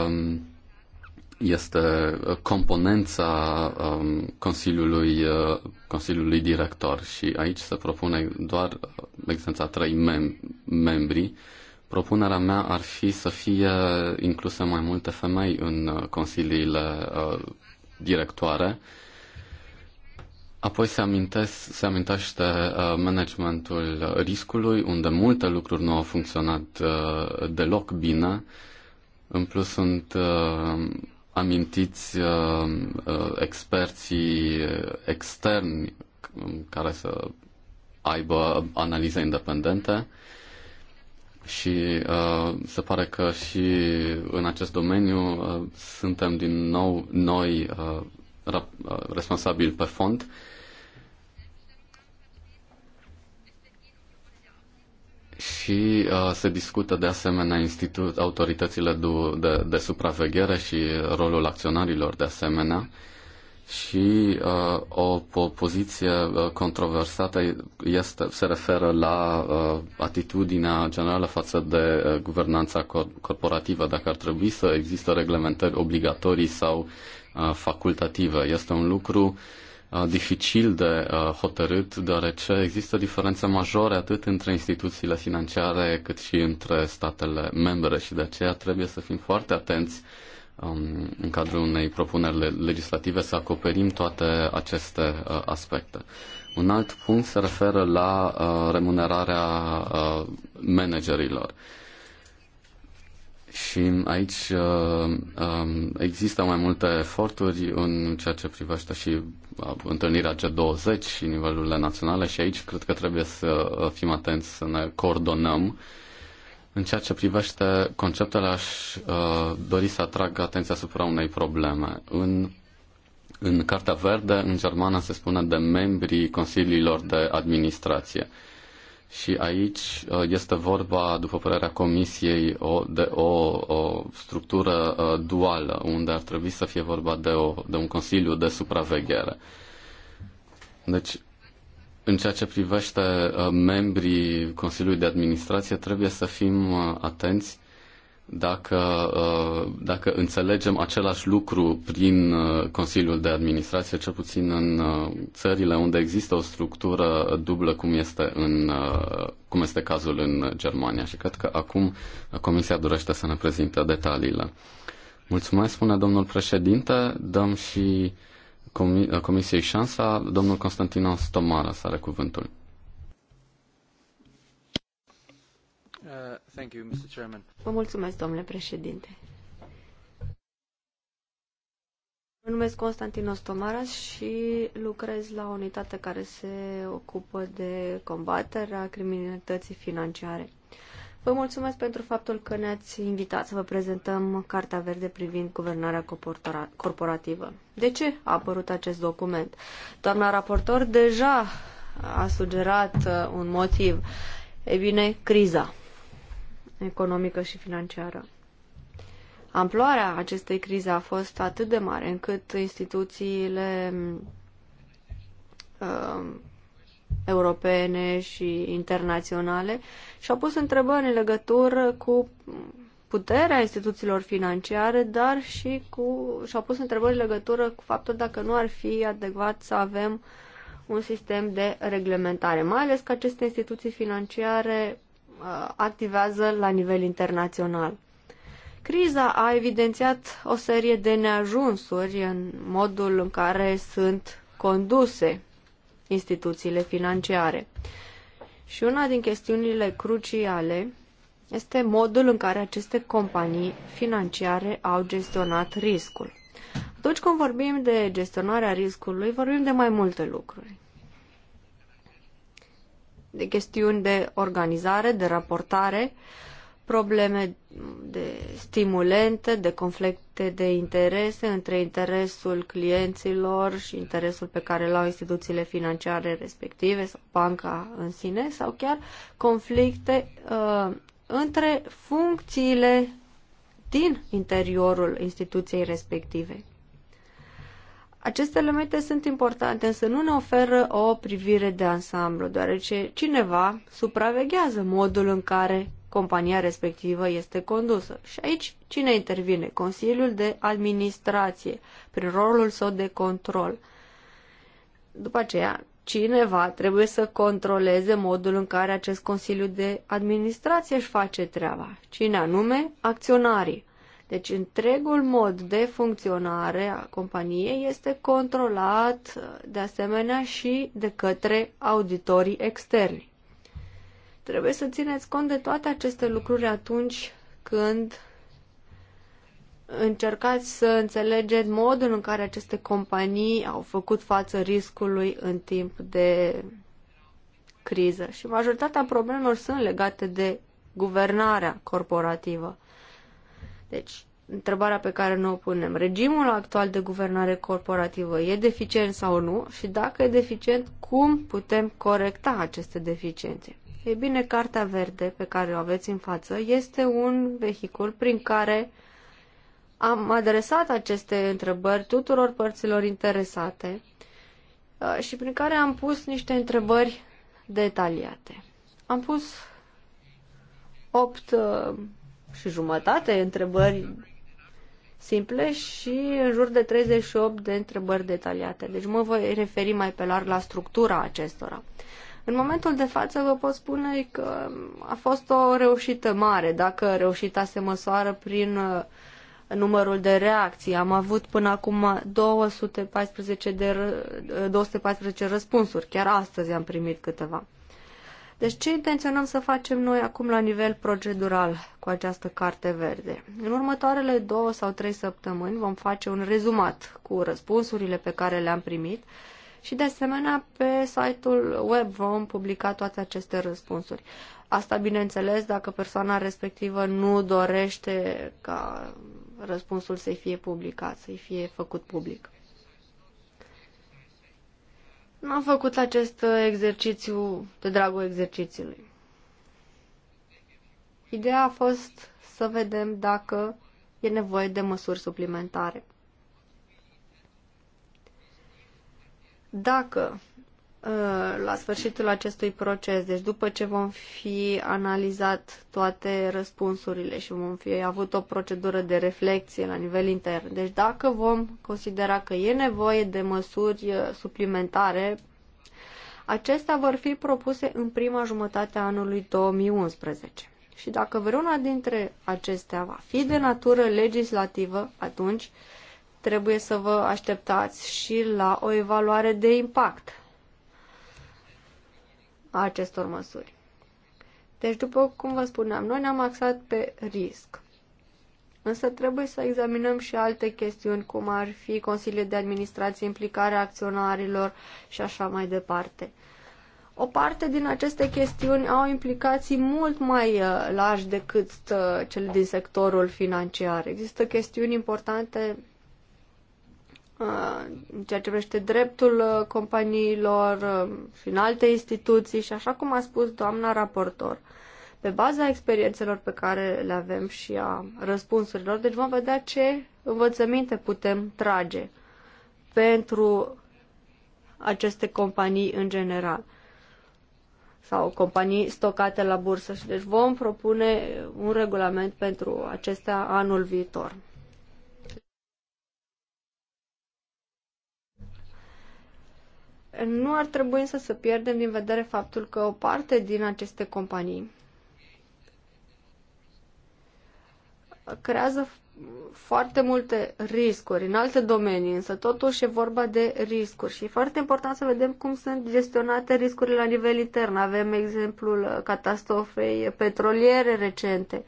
um, este componența um, Consiliului, Consiliului Director și aici se propune doar existența trei mem- membri Propunerea mea ar fi să fie incluse mai multe femei în uh, consiliile uh, directoare. Apoi se, amintesc, se amintește uh, managementul riscului, unde multe lucruri nu au funcționat deloc bine. În plus sunt amintiți experții externi um, care să aibă analize independente și uh, se pare că și în acest domeniu uh, suntem din nou noi uh, uh responsabili pe fond. Și uh, se discută de asemenea institut, autoritățile de, de, de supraveghere și rolul acționarilor de asemenea. Uh, și uh, o, o poziție uh, controversată este, se referă la uh, atitudinea generală față de uh, guvernanța cor- corporativă, dacă ar trebui să există reglementări obligatorii sau uh, facultative. Este un lucru uh, dificil de uh, hotărât, deoarece există diferențe majore atât între instituțiile financiare cât și între statele membre și de aceea trebuie să fim foarte atenți uh, Um, în cadrul unei propuneri legislative să acoperim toate aceste uh, aspecte. Un alt punct se referă la uh, remunerarea uh, managerilor. Și aici um, există mai multe eforturi în ceea ce privește și întâlnirea G20 și nivelurile naționale și aici cred că trebuie să fim atenți să ne coordonăm în ceea ce privește conceptele, aș uh, dori să atrag atenția asupra unei probleme. În, în Cartea Verde, în germană, se spune de membrii consiliilor de administrație. Și aici uh, este vorba, după părerea Comisiei, o, de o, o structură uh, duală, unde ar trebui să fie vorba de, o, de un consiliu de supraveghere. Deci, în ceea ce privește uh, membrii Consiliului de Administrație, trebuie să fim uh, atenți dacă, uh, dacă înțelegem același lucru prin Consiliul de Administrație, cel puțin în țările unde există o structură dublă, cum este, în, cum este cazul în Germania. Și cred că acum Comisia dorește să ne prezinte detaliile. Mulțumesc, spune domnul președinte. Dăm și Comisiei Șansa, domnul Constantinos Stomara, să are cuvântul. Uh, you, Vă mulțumesc, domnule președinte. Mă numesc Constantinos Tomaras și lucrez la o unitate care se ocupă de combaterea criminalității financiare. Vă mulțumesc pentru faptul că ne-ați invitat să vă prezentăm Carta Verde privind guvernarea corporativă. De ce a apărut acest document? Doamna raportor deja a sugerat uh, un motiv. E bine, criza economică și financiară. Amploarea acestei crize a fost atât de mare încât instituțiile uh, europene și internaționale și au pus întrebări în legătură cu puterea instituțiilor financiare, dar și cu și-au pus întrebări în legătură cu faptul dacă nu ar fi adecvat să avem un sistem de reglementare, mai ales că aceste instituții financiare uh, activează la nivel internațional. Criza a evidențiat o serie de neajunsuri în modul în care sunt conduse instituțiile financiare. Și una din chestiunile cruciale este modul în care aceste companii financiare au gestionat riscul. Atunci când vorbim de gestionarea riscului, vorbim de mai multe lucruri. De chestiuni de organizare, de raportare, uh, probleme de stimulente, de conflicte de interese între interesul clienților și interesul pe care îl au instituțiile financiare respective sau banca în sine sau chiar conflicte uh, între funcțiile din interiorul instituției respective. Aceste elemente sunt importante, însă nu ne oferă o privire de ansamblu, deoarece cineva supraveghează modul în care compania respectivă este condusă. Și aici cine intervine? Consiliul de administrație, prin rolul său de control. După aceea, cineva trebuie să controleze modul în care acest Consiliu de Administrație își face treaba. Cine anume? Acționarii. Deci întregul mod de funcționare a companiei este controlat de asemenea și de către auditorii externi. Trebuie să țineți cont de toate aceste lucruri atunci când încercați să înțelegeți modul în care aceste companii au făcut față riscului în timp de criză. Și majoritatea problemelor sunt legate de guvernarea corporativă. Deci, întrebarea pe care ne o punem, regimul actual de guvernare corporativă e deficient sau nu? Și dacă e deficient, cum putem corecta aceste deficiențe? Ei bine, Cartea Verde pe care o aveți în față este un vehicul prin care am adresat aceste întrebări tuturor părților interesate uh, și prin care am pus niște întrebări detaliate. Am pus opt uh, și jumătate întrebări simple și în jur de 38 de întrebări detaliate. Deci mă voi referi mai pe larg la structura acestora. În momentul de față vă pot spune că a fost o reușită mare, dacă reușita se măsoară prin uh, numărul de reacții. Am avut până acum 214, de, 214 uh, răspunsuri, chiar astăzi am primit câteva. Deci ce intenționăm să facem noi acum la nivel procedural cu această carte verde? În următoarele două sau trei săptămâni vom face un rezumat cu răspunsurile pe care le-am primit și de asemenea pe site-ul web vom publica toate aceste răspunsuri. Asta, bineînțeles, dacă persoana respectivă nu dorește ca răspunsul să-i fie publicat, să-i fie făcut public. Nu am făcut acest exercițiu de dragul exercițiului. Ideea a fost să vedem dacă e nevoie de măsuri suplimentare. Dacă ă, la sfârșitul acestui proces, deci după ce vom fi analizat toate răspunsurile și vom fi avut o procedură de reflexie la nivel intern, deci dacă vom considera că e nevoie de măsuri ă, suplimentare, acestea vor fi propuse în prima jumătate a anului 2011. Și dacă vreuna dintre acestea va fi de natură legislativă, atunci uh, trebuie să vă așteptați și la o evaluare de impact a acestor măsuri. Deci, după cum vă spuneam, noi ne-am axat pe risc. Însă trebuie să examinăm și alte chestiuni, cum ar fi consiliile de administrație, implicarea acționarilor și așa mai departe. O parte din aceste chestiuni au implicații mult mai uh, largi decât uh, cele din sectorul financiar. Există chestiuni importante Uh, în ceea ce privește dreptul uh, companiilor uh, și în alte instituții și așa cum a spus doamna raportor, pe baza experiențelor pe care le avem și a răspunsurilor, deci vom vedea ce învățăminte putem trage pentru aceste companii în general sau companii stocate la bursă și deci vom propune un regulament pentru acestea anul viitor. Nu ar trebui însă să pierdem din vedere faptul că o parte din aceste companii creează foarte multe riscuri în alte domenii, însă totuși e vorba de riscuri și e foarte important să vedem cum sunt gestionate riscurile la nivel intern. Avem exemplul catastrofei petroliere recente.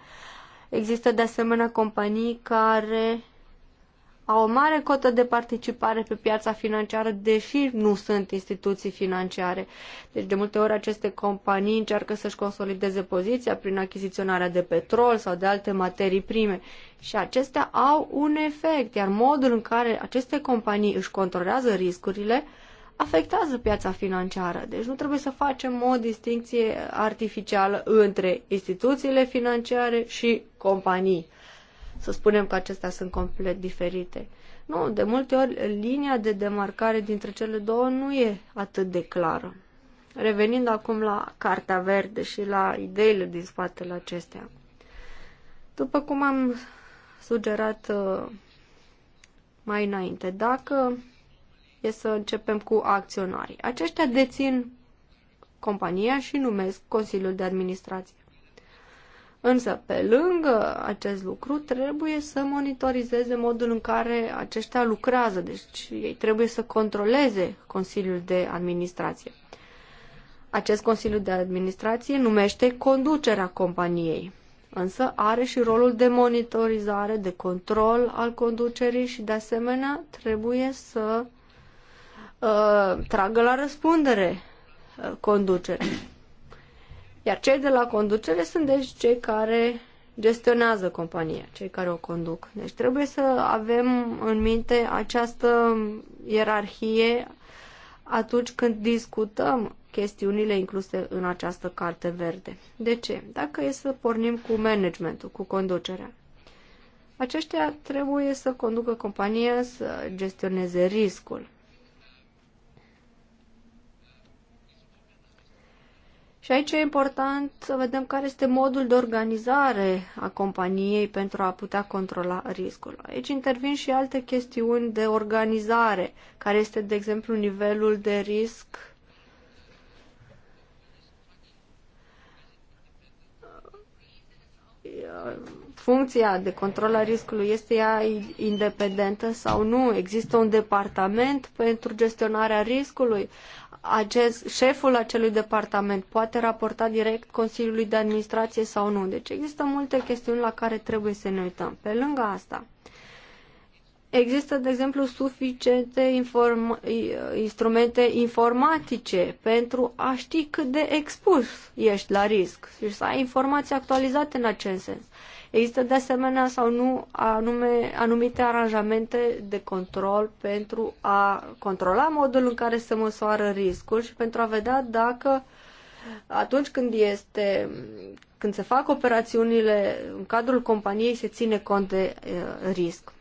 Există de asemenea companii care au o mare cotă de participare pe piața financiară, deși nu sunt instituții financiare. Deci, de multe ori, aceste companii încearcă să-și consolideze poziția prin achiziționarea de petrol sau de alte materii prime. Și acestea au un efect, iar modul în care aceste companii își controlează riscurile afectează piața financiară. Deci nu trebuie să facem o distinție artificială între instituțiile financiare și companii să spunem că acestea sunt complet diferite. Nu, de multe ori linia de demarcare dintre cele două nu e atât de clară. Revenind acum la Cartea Verde și la ideile din spatele acestea. După cum am sugerat uh, mai înainte, dacă e să începem cu acționarii. Aceștia dețin compania și numesc Consiliul de Administrație. Însă, pe lângă acest lucru, trebuie să monitorizeze modul în care aceștia lucrează, deci ei trebuie să controleze Consiliul de Administrație. Acest Consiliu de Administrație numește conducerea companiei, însă are și rolul de monitorizare, de control al conducerii și, de asemenea, trebuie să uh, tragă la răspundere uh, conducerea. Iar cei de la conducere sunt deci cei care gestionează compania, cei care o conduc. Deci trebuie să avem în minte această ierarhie atunci când discutăm chestiunile incluse în această carte verde. De ce? Dacă e să pornim cu managementul, cu conducerea. Aceștia trebuie să conducă compania, să gestioneze riscul. Și aici e important să vedem care este modul de organizare a companiei pentru a putea controla riscul. Aici intervin și alte chestiuni de organizare, care este, de exemplu, nivelul de risc funcția de control a riscului este ea independentă sau nu? Există un departament pentru gestionarea riscului? acest, șeful acelui departament poate raporta direct Consiliului de Administrație sau nu. Deci există multe chestiuni la care trebuie să ne uităm. Pe lângă asta, există, de exemplu, suficiente inform- instrumente informatice pentru a ști cât de expus ești la risc și să ai informații actualizate în acest sens. Există de asemenea sau nu anume, anumite aranjamente de control pentru a controla modul în care se măsoară riscul și pentru a vedea dacă atunci când este când se fac operațiunile în cadrul companiei se ține cont de e, risc.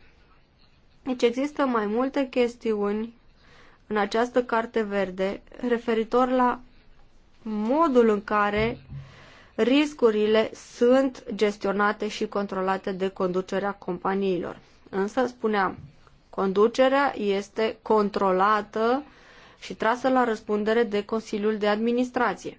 Deci există mai multe chestiuni în această carte verde referitor la modul în care uh, riscurile sunt gestionate și controlate de conducerea companiilor. Însă, spuneam, conducerea este controlată și trasă la răspundere de Consiliul de Administrație.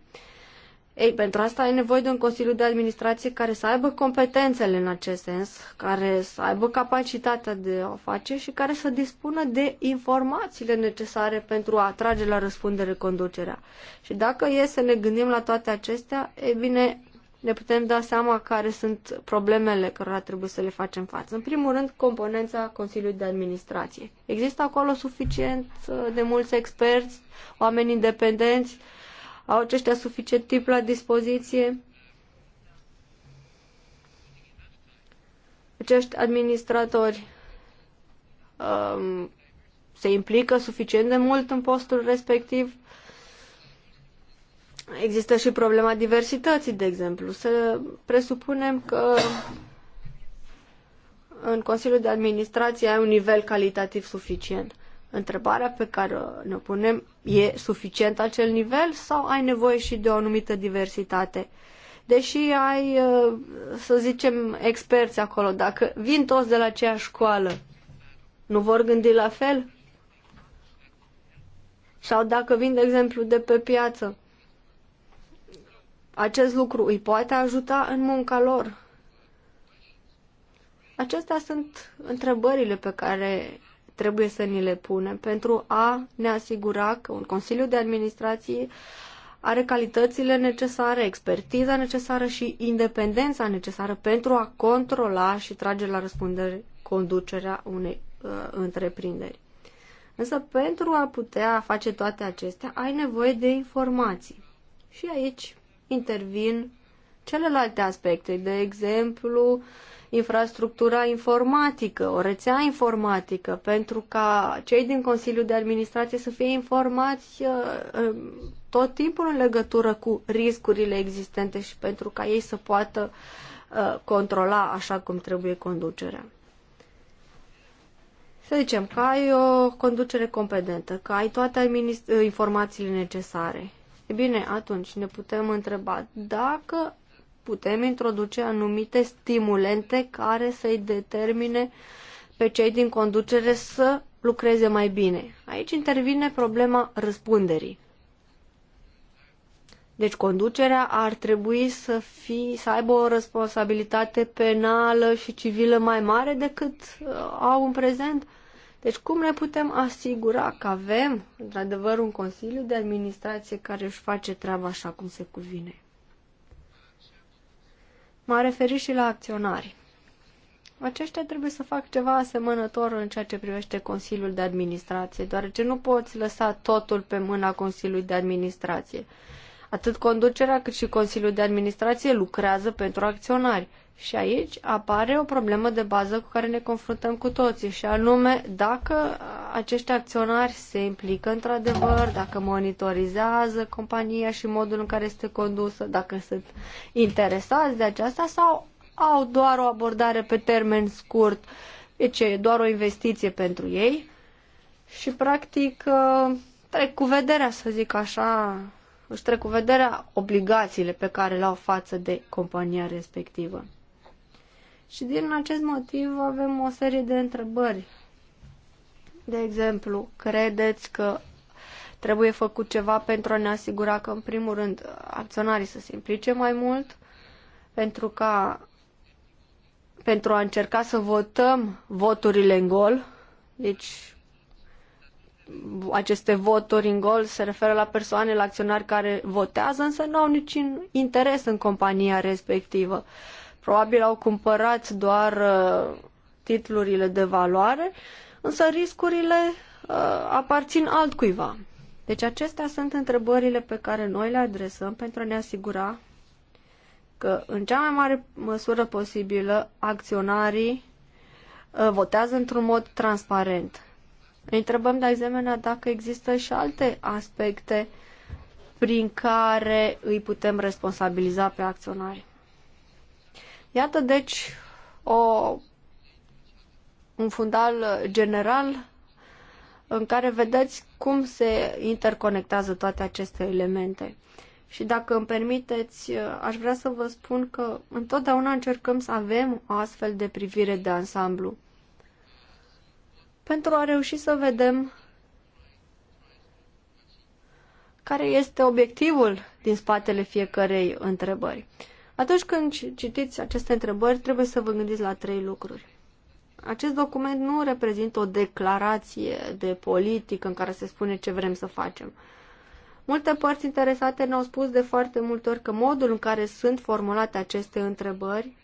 Ei, pentru asta e nevoie de un Consiliu de Administrație care să aibă competențele în acest sens, care să aibă capacitatea de a face și care să dispună de informațiile necesare pentru a atrage la răspundere conducerea. Și dacă e să ne gândim la toate acestea, e bine, ne putem da seama care sunt problemele cărora trebuie să le facem față. În primul rând, componența Consiliului de Administrație. Există acolo suficient uh, de mulți experți, oameni independenți, au aceștia suficient timp la dispoziție? Acești administratori um, se implică suficient de mult în postul respectiv? Există și problema diversității, de exemplu. Să presupunem că în Consiliul de Administrație ai un nivel calitativ suficient. Întrebarea pe care ne punem, e suficient acel nivel sau ai nevoie și de o anumită diversitate? Deși ai, uh, să zicem, experți acolo, dacă vin toți de la aceeași școală, nu vor gândi la fel? Sau dacă vin, de exemplu, de pe piață, acest lucru îi poate ajuta în munca lor? Acestea sunt întrebările pe care trebuie să ni le punem pentru a ne asigura că un Consiliu de Administrație are calitățile necesare, expertiza necesară și independența necesară pentru a controla și trage la răspundere conducerea unei uh, întreprinderi. Însă pentru a putea face toate acestea ai nevoie de informații. Și aici intervin celelalte aspecte, de exemplu, infrastructura informatică, o rețea informatică, pentru ca cei din Consiliul de Administrație să fie informați uh, uh, tot timpul în legătură cu riscurile existente și pentru ca ei să poată uh, controla așa cum trebuie conducerea. Să zicem că ai o conducere competentă, că ai toate informațiile necesare. E bine, atunci ne putem întreba dacă putem introduce anumite stimulente care să-i determine pe cei din conducere să lucreze mai bine. Aici intervine problema răspunderii. Deci conducerea ar trebui să, fi, să aibă o responsabilitate penală și civilă mai mare decât uh, au în prezent. Deci cum ne putem asigura că avem, într-adevăr, un Consiliu de Administrație care își face treaba așa cum se cuvine? M-a referit și la acționari. Aceștia trebuie să fac ceva asemănător în ceea ce privește Consiliul de Administrație, deoarece nu poți lăsa totul pe mâna Consiliului de Administrație. Atât conducerea cât și Consiliul de Administrație lucrează pentru acționari. Și aici apare o problemă de bază cu care ne confruntăm cu toții, și anume dacă acești acționari se implică într-adevăr, dacă monitorizează compania și modul în care este condusă, dacă sunt interesați de aceasta sau au doar o abordare pe termen scurt, deci e doar o investiție pentru ei și practic trec cu vederea, să zic așa, își trec cu vederea obligațiile pe care le au față de compania respectivă. Și din acest motiv avem o serie de întrebări. De exemplu, credeți că trebuie făcut ceva pentru a ne asigura că, în primul rând, acționarii să se implice mai mult, pentru ca pentru a încerca să votăm voturile în gol. Deci aceste voturi în gol se referă la persoane, la acționari care votează, însă nu au niciun interes în compania respectivă. Uh, Probabil au cumpărat doar uh, titlurile de valoare, însă riscurile uh, aparțin altcuiva. Deci acestea sunt întrebările pe care noi le adresăm pentru a ne asigura că în cea mai mare măsură posibilă acționarii uh, votează într-un mod transparent. Îi întrebăm de asemenea dacă există și alte aspecte prin care îi putem responsabiliza pe acționari. Iată, deci, o, un fundal general în care vedeți cum se interconectează toate aceste elemente. Și dacă îmi permiteți, aș vrea să vă spun că întotdeauna încercăm să avem o astfel de privire de ansamblu. Pentru a reuși să vedem care este obiectivul din spatele fiecărei întrebări. Atunci când citiți aceste întrebări, trebuie să vă gândiți la trei lucruri. Acest document nu reprezintă o declarație de politică în care se spune ce vrem să facem. Multe părți interesate ne-au spus de foarte multe ori că modul în care sunt formulate aceste întrebări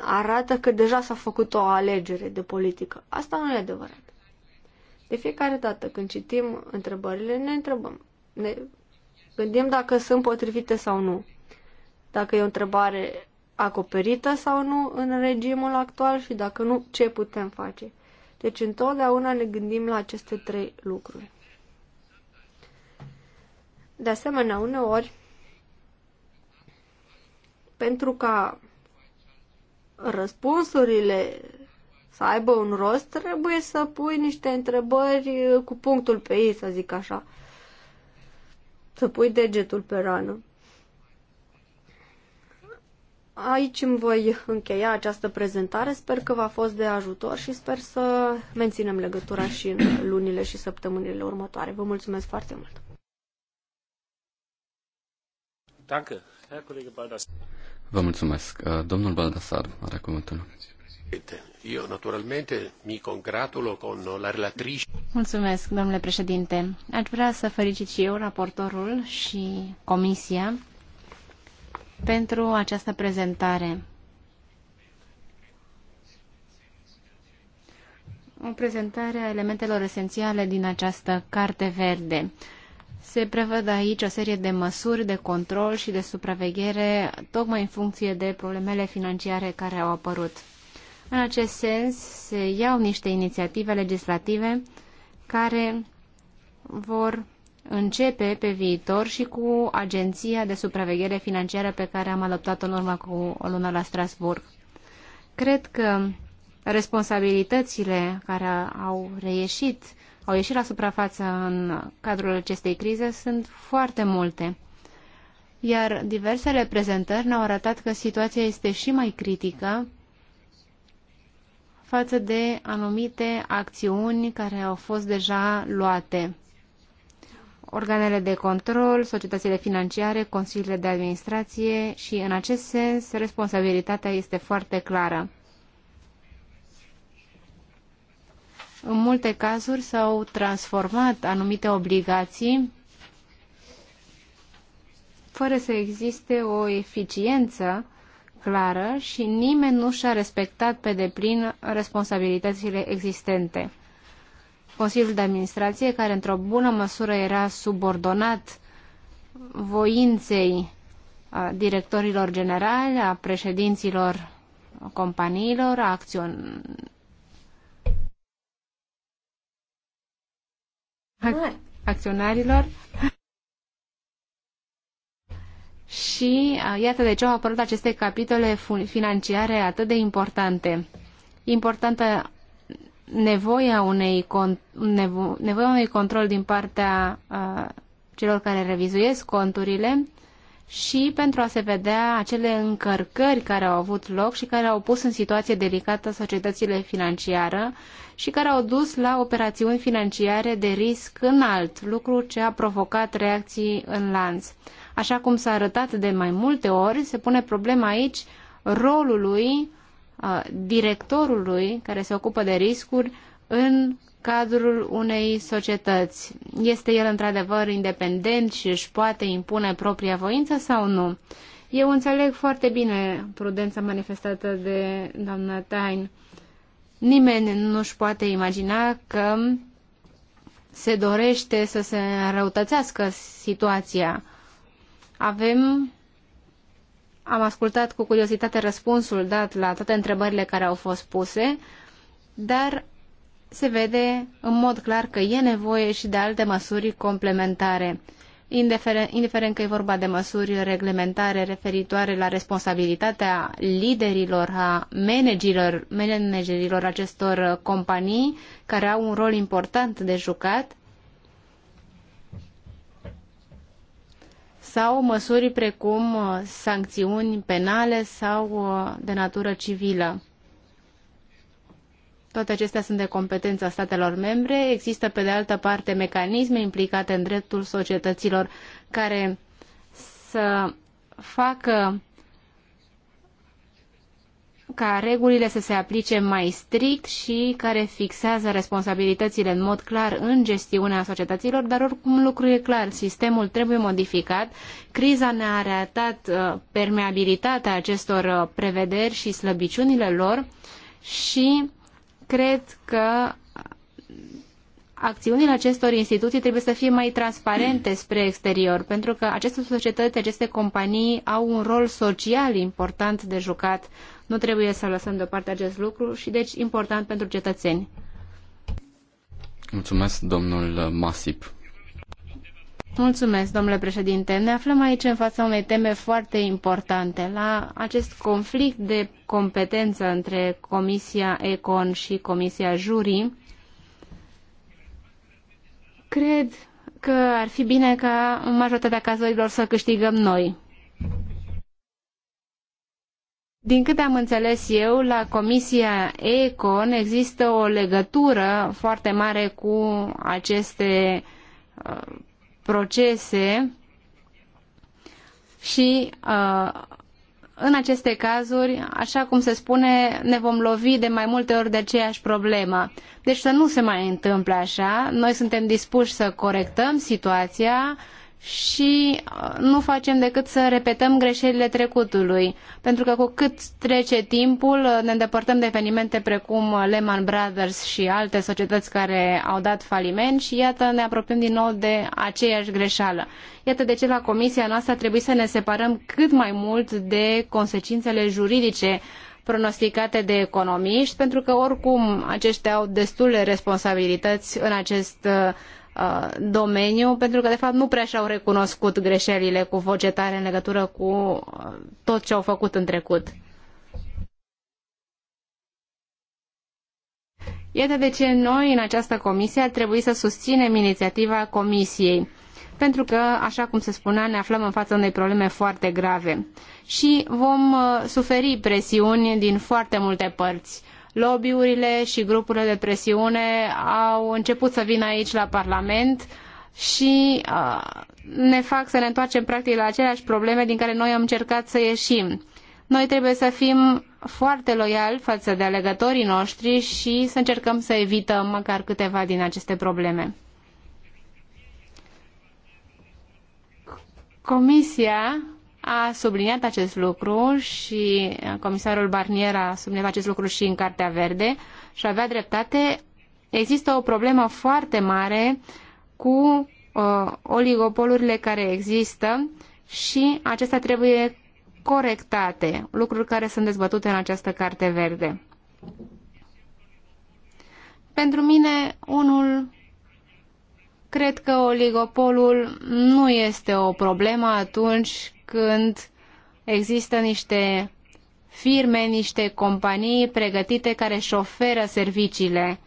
arată că deja s-a făcut o alegere de politică. Asta nu e adevărat. De fiecare dată când citim întrebările, ne întrebăm, ne gândim dacă sunt potrivite sau nu dacă e o întrebare acoperită sau nu în regimul actual și dacă nu, ce putem face. Deci întotdeauna ne gândim la aceste trei lucruri. De asemenea, uneori, pentru ca răspunsurile să aibă un rost, trebuie să pui niște întrebări cu punctul pe ei, să zic așa. Să pui degetul pe rană. Aici îmi voi încheia această prezentare. Sper că v-a fost de ajutor și sper să menținem legătura și în lunile și săptămânile următoare. Vă mulțumesc foarte mult! Vă mulțumesc. Uh, domnul Baldassar are cuvântul. Eu, naturalmente, mi congratulo con la relatrice. Mulțumesc, domnule președinte. Aș vrea să felicit și eu raportorul și comisia pentru această prezentare. O prezentare a elementelor esențiale din această carte verde. Se prevăd aici o serie de măsuri de control și de supraveghere, tocmai în funcție de problemele financiare care au apărut. În acest sens, se iau niște inițiative legislative care vor începe pe viitor și cu Agenția de Supraveghere Financiară pe care am adoptat-o în urmă cu o lună la Strasburg. Cred că responsabilitățile care au reieșit, au ieșit la suprafață în cadrul acestei crize sunt foarte multe. Iar diversele prezentări ne-au arătat că situația este și mai critică față de anumite acțiuni care au fost deja luate organele de control, societățile financiare, consiliile de administrație și, în acest sens, responsabilitatea este foarte clară. În multe cazuri s-au transformat anumite obligații fără să existe o eficiență clară și nimeni nu și-a respectat pe deplin responsabilitățile existente. Consiliul de Administrație, care într-o bună măsură era subordonat voinței a directorilor generali, a președinților companiilor, a acțion... acționarilor. Și iată de ce au apărut aceste capitole financiare atât de importante. Importantă nevoia unei, nevo nevoia unui control din partea uh, celor care revizuiesc conturile și pentru a se vedea acele încărcări care au avut loc și care au pus în situație delicată societățile financiară și care au dus la operațiuni financiare de risc înalt, lucru ce a provocat reacții în lanț. Așa cum s-a arătat de mai multe ori, se pune problema aici rolului directorului care se ocupă de riscuri în cadrul unei societăți. Este el într-adevăr independent și își poate impune propria voință sau nu? Eu înțeleg foarte bine prudența manifestată de doamna Tain. Nimeni nu își poate imagina că se dorește să se înrăutățească situația. Avem am ascultat cu curiozitate răspunsul dat la toate întrebările care au fost puse, dar se vede în mod clar că e nevoie și de alte măsuri complementare, indiferent, indiferent că e vorba de măsuri reglementare referitoare la responsabilitatea liderilor, a managerilor, managerilor acestor companii care au un rol important de jucat, sau măsuri precum uh, sancțiuni penale sau uh, de natură civilă. Toate acestea sunt de competența statelor membre. Există, pe de altă parte, mecanisme implicate în dreptul societăților care să facă ca regulile să se aplice mai strict și care fixează responsabilitățile în mod clar în gestiunea societăților, dar oricum lucrul e clar, sistemul trebuie modificat, criza ne-a arătat uh, permeabilitatea acestor uh, prevederi și slăbiciunile lor și cred că acțiunile acestor instituții trebuie să fie mai transparente spre exterior, pentru că aceste societăți, aceste companii au un rol social important de jucat nu trebuie să lăsăm deoparte acest lucru și deci important pentru cetățeni. Mulțumesc, domnul Masip. Mulțumesc, domnule președinte. Ne aflăm aici în fața unei teme foarte importante. La acest conflict de competență între Comisia Econ și Comisia Juri, cred că ar fi bine ca în majoritatea cazurilor să câștigăm noi. Din câte am înțeles eu, la Comisia ECON există o legătură foarte mare cu aceste uh, procese și uh, în aceste cazuri, așa cum se spune, ne vom lovi de mai multe ori de aceeași problemă. Deci să nu se mai întâmple așa. Noi suntem dispuși să corectăm situația, uh, și uh, nu facem decât să repetăm greșelile trecutului. Pentru că cu cât trece timpul, uh, ne îndepărtăm de evenimente precum uh, Lehman Brothers și alte societăți care au dat faliment și iată ne apropiem din nou de aceeași greșeală. Iată de ce la comisia noastră trebuie să ne separăm cât mai mult de consecințele juridice pronosticate de economiști, pentru că oricum aceștia au destule responsabilități în acest uh, Uh, domeniu, pentru că de fapt nu prea și-au recunoscut greșelile cu voce tare în legătură cu uh, tot ce au făcut în trecut. Iată de ce noi în această comisie ar trebui să susținem inițiativa comisiei pentru că, așa cum se spunea, ne aflăm în fața unei probleme foarte grave și vom uh, suferi presiuni din foarte multe părți lobby-urile și grupurile de presiune au început să vină aici la Parlament și uh, ne fac să ne întoarcem practic la aceleași probleme din care noi am încercat să ieșim. Noi trebuie să fim foarte loiali față de alegătorii noștri și să încercăm să evităm măcar câteva din aceste probleme. Comisia a subliniat acest lucru și comisarul Barnier a subliniat acest lucru și în Cartea Verde și avea dreptate, există o problemă foarte mare cu uh, oligopolurile care există și acestea trebuie corectate, lucruri care sunt dezbătute în această Carte Verde. Pentru mine, unul Cred că oligopolul nu este o problemă atunci când există niște firme, niște companii pregătite care își oferă serviciile.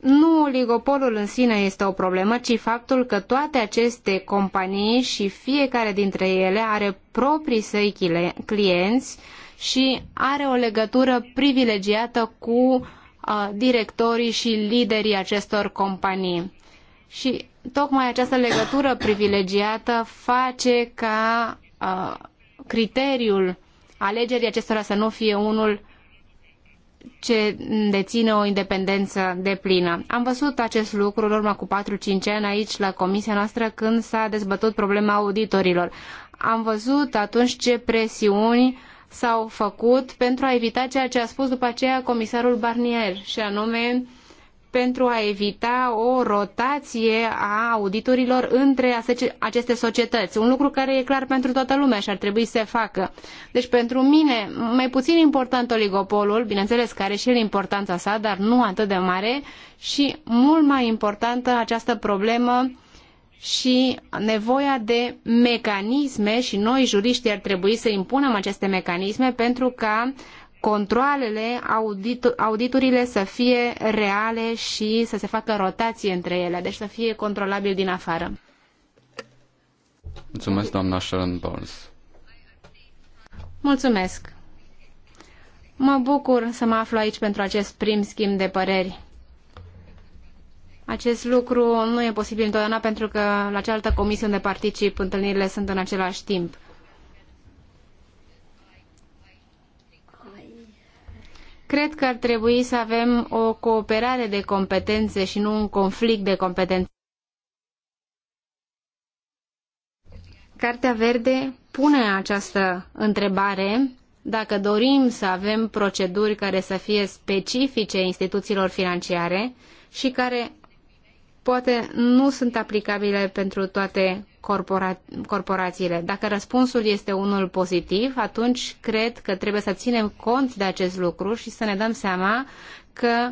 Nu oligopolul în sine este o problemă, ci faptul că toate aceste companii și fiecare dintre ele are proprii săi clienți și are o legătură privilegiată cu uh, directorii și liderii acestor companii. Și tocmai această legătură privilegiată face ca uh, criteriul alegerii acestora să nu fie unul ce deține o independență deplină. Am văzut acest lucru în urmă cu 4-5 ani aici la comisia noastră când s-a dezbătut problema auditorilor. Am văzut atunci ce presiuni s-au făcut pentru a evita ceea ce a spus după aceea comisarul Barnier și anume pentru a evita o rotație a auditorilor între aceste societăți. Un lucru care e clar pentru toată lumea și ar trebui să se facă. Deci pentru mine, mai puțin important oligopolul, bineînțeles că are și el importanța sa, dar nu atât de mare, și mult mai importantă această problemă și nevoia de mecanisme și noi juriștii ar trebui să impunem aceste mecanisme pentru ca controalele, audit, auditurile să fie reale și să se facă rotație între ele, deci să fie controlabil din afară. Mulțumesc, doamna Sharon Bowles. Mulțumesc. Mă bucur să mă aflu aici pentru acest prim schimb de păreri. Acest lucru nu e posibil întotdeauna pentru că la cealaltă comisie unde particip întâlnirile sunt în același timp. Cred că ar trebui să avem o cooperare de competențe și nu un conflict de competențe. Cartea Verde pune această întrebare dacă dorim să avem proceduri care să fie specifice instituțiilor financiare și care poate nu sunt aplicabile pentru toate corpora- corporațiile. Dacă răspunsul este unul pozitiv, atunci cred că trebuie să ținem cont de acest lucru și să ne dăm seama că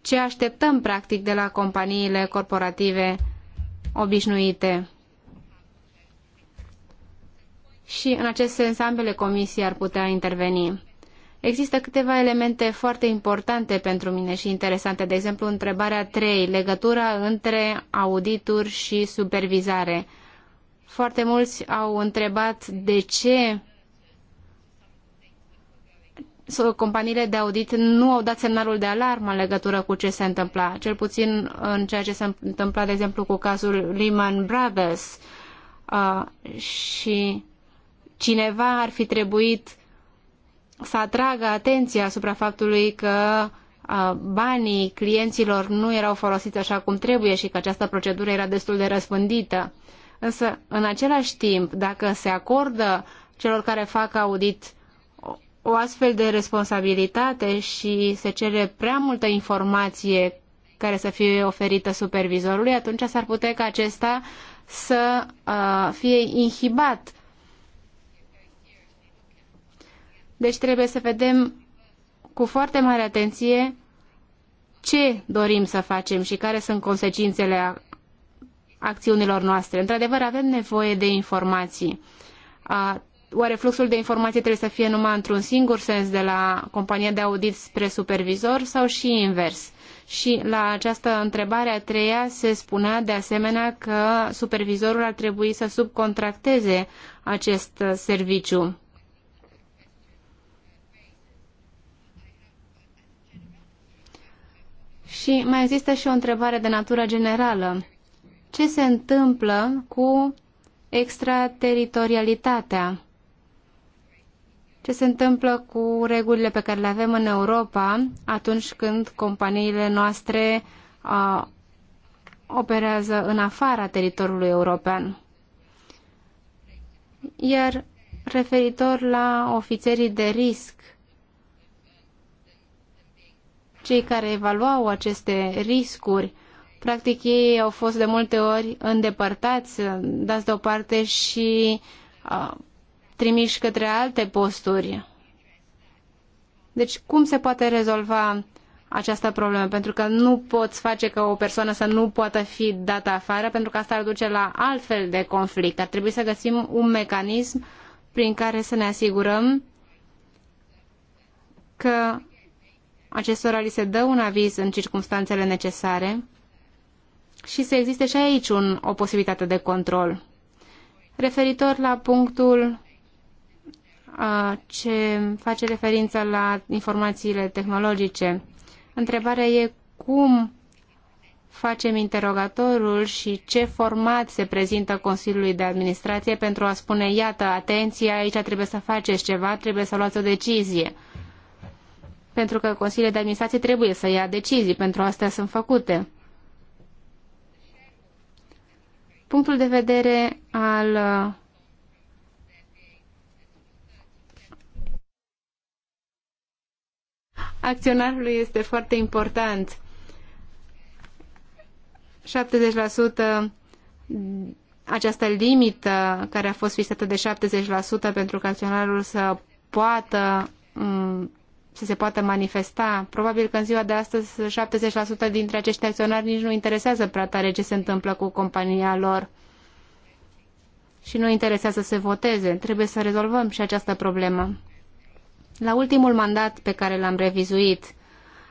ce așteptăm practic de la companiile corporative obișnuite. Și în acest sens ambele comisii ar putea interveni. Există câteva elemente foarte importante pentru mine și interesante. De exemplu, întrebarea 3, legătura între audituri și supervizare. Foarte mulți au întrebat de ce companiile de audit nu au dat semnalul de alarmă în legătură cu ce se întâmpla, cel puțin în ceea ce se întâmpla, de exemplu, cu cazul Lehman Brothers. Uh, și cineva ar fi trebuit să atragă atenția asupra faptului că banii clienților nu erau folosiți așa cum trebuie și că această procedură era destul de răspândită. Însă, în același timp, dacă se acordă celor care fac audit o astfel de responsabilitate și se cere prea multă informație care să fie oferită supervizorului, atunci s-ar putea ca acesta să fie inhibat Deci trebuie să vedem cu foarte mare atenție ce dorim să facem și care sunt consecințele acțiunilor noastre. Într-adevăr, avem nevoie de informații. Oare fluxul de informații trebuie să fie numai într-un singur sens de la compania de audit spre supervizor sau și invers? Și la această întrebare a treia se spunea de asemenea că supervizorul ar trebui să subcontracteze acest uh, serviciu. Și mai există și o întrebare de natură generală. Ce se întâmplă cu extrateritorialitatea? Ce se întâmplă cu regulile pe care le avem în Europa atunci când companiile noastre a, operează în afara teritoriului european? Iar referitor la ofițerii de risc, cei care evaluau aceste riscuri. Practic ei au fost de multe ori îndepărtați, dați deoparte și uh, trimiși către alte posturi. Deci cum se poate rezolva această problemă? Pentru că nu poți face ca o persoană să nu poată fi dată afară, pentru că asta ar duce la altfel de conflict. Ar trebui să găsim un mecanism prin care să ne asigurăm că acestora li se dă un aviz în circumstanțele necesare și să existe și aici un, o posibilitate de control. Referitor la punctul a, ce face referință la informațiile tehnologice, întrebarea e cum facem interogatorul și ce format se prezintă Consiliului de Administrație pentru a spune, iată, atenție, aici trebuie să faceți ceva, trebuie să luați o decizie pentru că consiliile de administrație trebuie să ia decizii, pentru astea sunt făcute. Punctul de vedere al uh, acționarului este foarte important. 70% această limită care a fost fixată de 70% pentru că acționarul să poată um, să se poată manifesta. Probabil că în ziua de astăzi 70% dintre acești acționari nici nu interesează prea tare ce se întâmplă cu compania lor și nu interesează să se voteze. Trebuie să rezolvăm și această problemă. La ultimul mandat pe care l-am revizuit,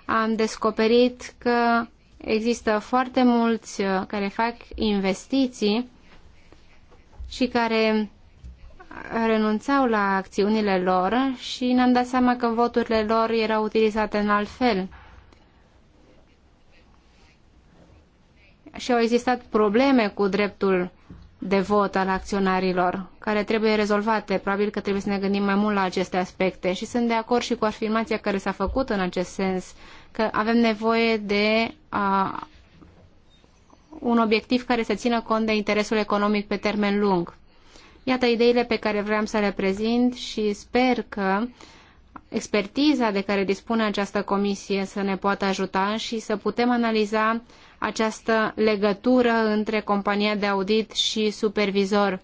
am descoperit că există foarte mulți uh, care fac investiții și care renunțau la acțiunile lor și ne-am dat seama că voturile lor erau utilizate în alt fel. Și au existat probleme cu dreptul de vot al acționarilor, care trebuie rezolvate. Probabil că trebuie să ne gândim mai mult la aceste aspecte și sunt de acord și cu afirmația care s-a făcut în acest sens, că avem nevoie de a, un obiectiv care să țină cont de interesul economic pe termen lung. Iată ideile pe care vreau să le prezint și sper că expertiza de care dispune această comisie să ne poată ajuta și să putem analiza această legătură între compania de audit și supervizor.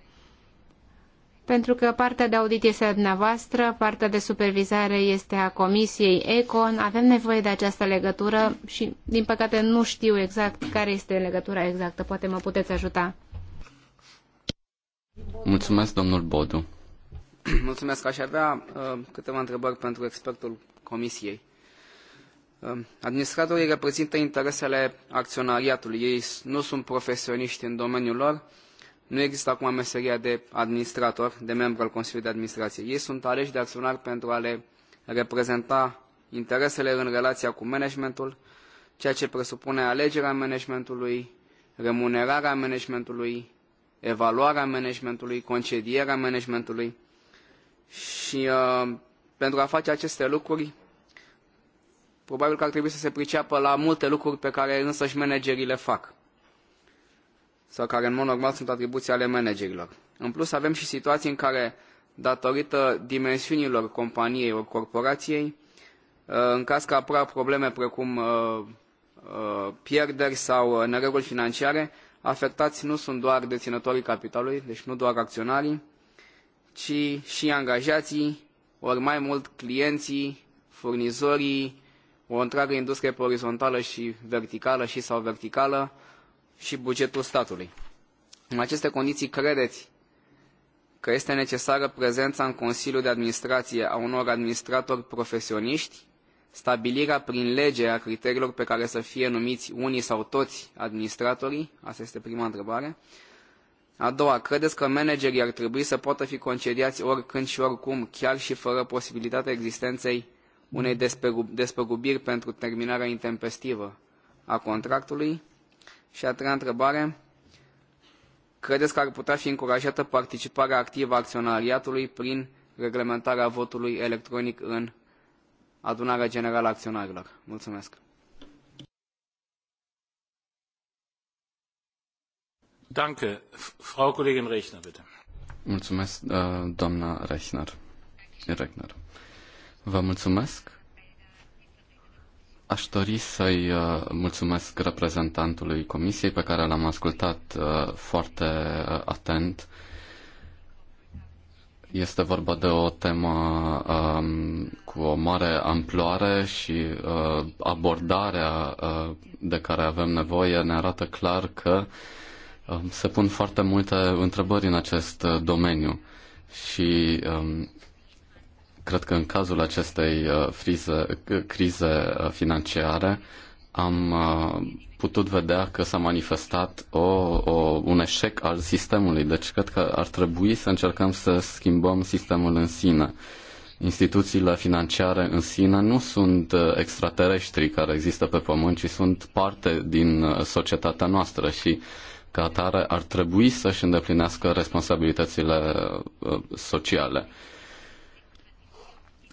Pentru că partea de audit este a dumneavoastră, partea de supervizare este a Comisiei Econ, avem nevoie de această legătură și, din păcate, nu știu exact care este legătura exactă. Poate mă puteți ajuta. Mulțumesc, domnul Bodu. Mulțumesc. Aș avea uh, câteva întrebări pentru expertul Comisiei. Uh, um, administratorii reprezintă interesele acționariatului. Ei nu sunt profesioniști în domeniul lor. Nu există acum meseria de administrator, de membru al Consiliului de Administrație. Ei sunt aleși de acționari pentru a le reprezenta interesele în relația cu managementul, ceea ce presupune alegerea managementului, remunerarea managementului, evaluarea managementului, concedierea managementului și uh, pentru a face aceste lucruri, probabil că ar trebui să se priceapă la multe lucruri pe care însăși managerii le fac sau care în mod normal sunt atribuții ale managerilor. În plus avem și situații în care, datorită dimensiunilor companiei ori corporației, uh, în caz că apar probleme precum uh, uh, pierderi sau nereguli financiare, afectați nu sunt doar deținătorii capitalului, deci nu doar acționarii, ci și angajații, ori mai mult clienții, furnizorii, o întreagă industrie pe orizontală și verticală și sau verticală și bugetul statului. În aceste condiții credeți că este necesară prezența în Consiliul de Administrație a unor administratori profesioniști stabilirea prin lege a criteriilor pe care să fie numiți unii sau toți administratorii? Asta este prima întrebare. A doua, credeți că managerii ar trebui să poată fi concediați oricând și oricum, chiar și fără posibilitatea existenței unei despăgubiri pentru terminarea intempestivă a contractului? Și a treia întrebare, credeți că ar putea fi încurajată participarea activă a acționariatului prin reglementarea votului electronic în adunarea generală a acționarilor. Mulțumesc! Danke. Frau Kollegin Rechner, bitte. Mulțumesc, uh, doamna Rechner. Rechner. Vă mulțumesc. Aș dori să-i uh, mulțumesc reprezentantului Comisiei pe care l-am ascultat uh, foarte atent este vorba de o temă um, cu o mare amploare și uh, abordarea uh, de care avem nevoie ne arată clar că uh, se pun foarte multe întrebări în acest uh, domeniu și um, cred că în cazul acestei uh, frize, crize uh, financiare uh, am uh, putut vedea că s-a manifestat o, o, un eșec al sistemului. Deci cred că ar trebui să încercăm să schimbăm sistemul în sine. Instituțiile financiare în sine nu sunt uh, extraterestri care există pe pământ, ci sunt parte din uh, societatea noastră și ca atare ar trebui să-și îndeplinească responsabilitățile sociale.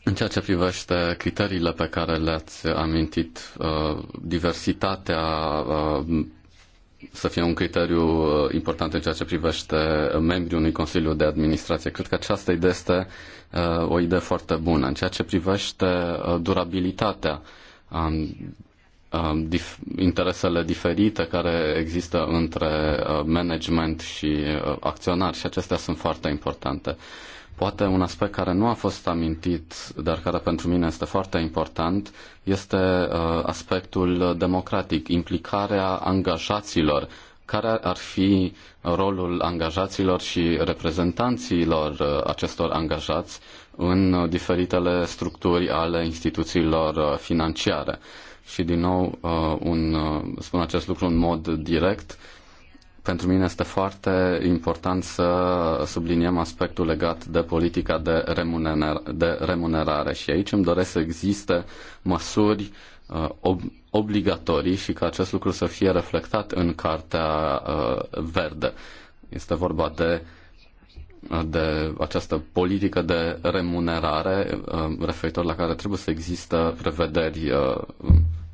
În ceea ce privește criteriile pe care le-ați amintit, uh, diversitatea uh, să fie un criteriu uh, important în ceea ce privește membrii unui Consiliu de Administrație. Cred că această idee este o idee foarte bună. În ceea ce privește durabilitatea, interesele diferite care există între management și acționari și acestea sunt foarte importante. Poate un aspect care nu a fost amintit, dar care pentru mine este foarte important, este uh, aspectul democratic, implicarea angajaților. Care ar fi rolul angajaților și reprezentanților uh, acestor angajați în diferitele structuri ale instituțiilor uh, financiare? Și din nou, un, spun acest lucru în mod direct, pentru mine este foarte important să subliniem aspectul legat de politica de, remunerare, de remunerare și aici îmi doresc să existe măsuri uh, ob- obligatorii și ca acest lucru să fie reflectat în Cartea uh, Verde. Este vorba de de această politică de remunerare uh, referitor la care trebuie să există prevederi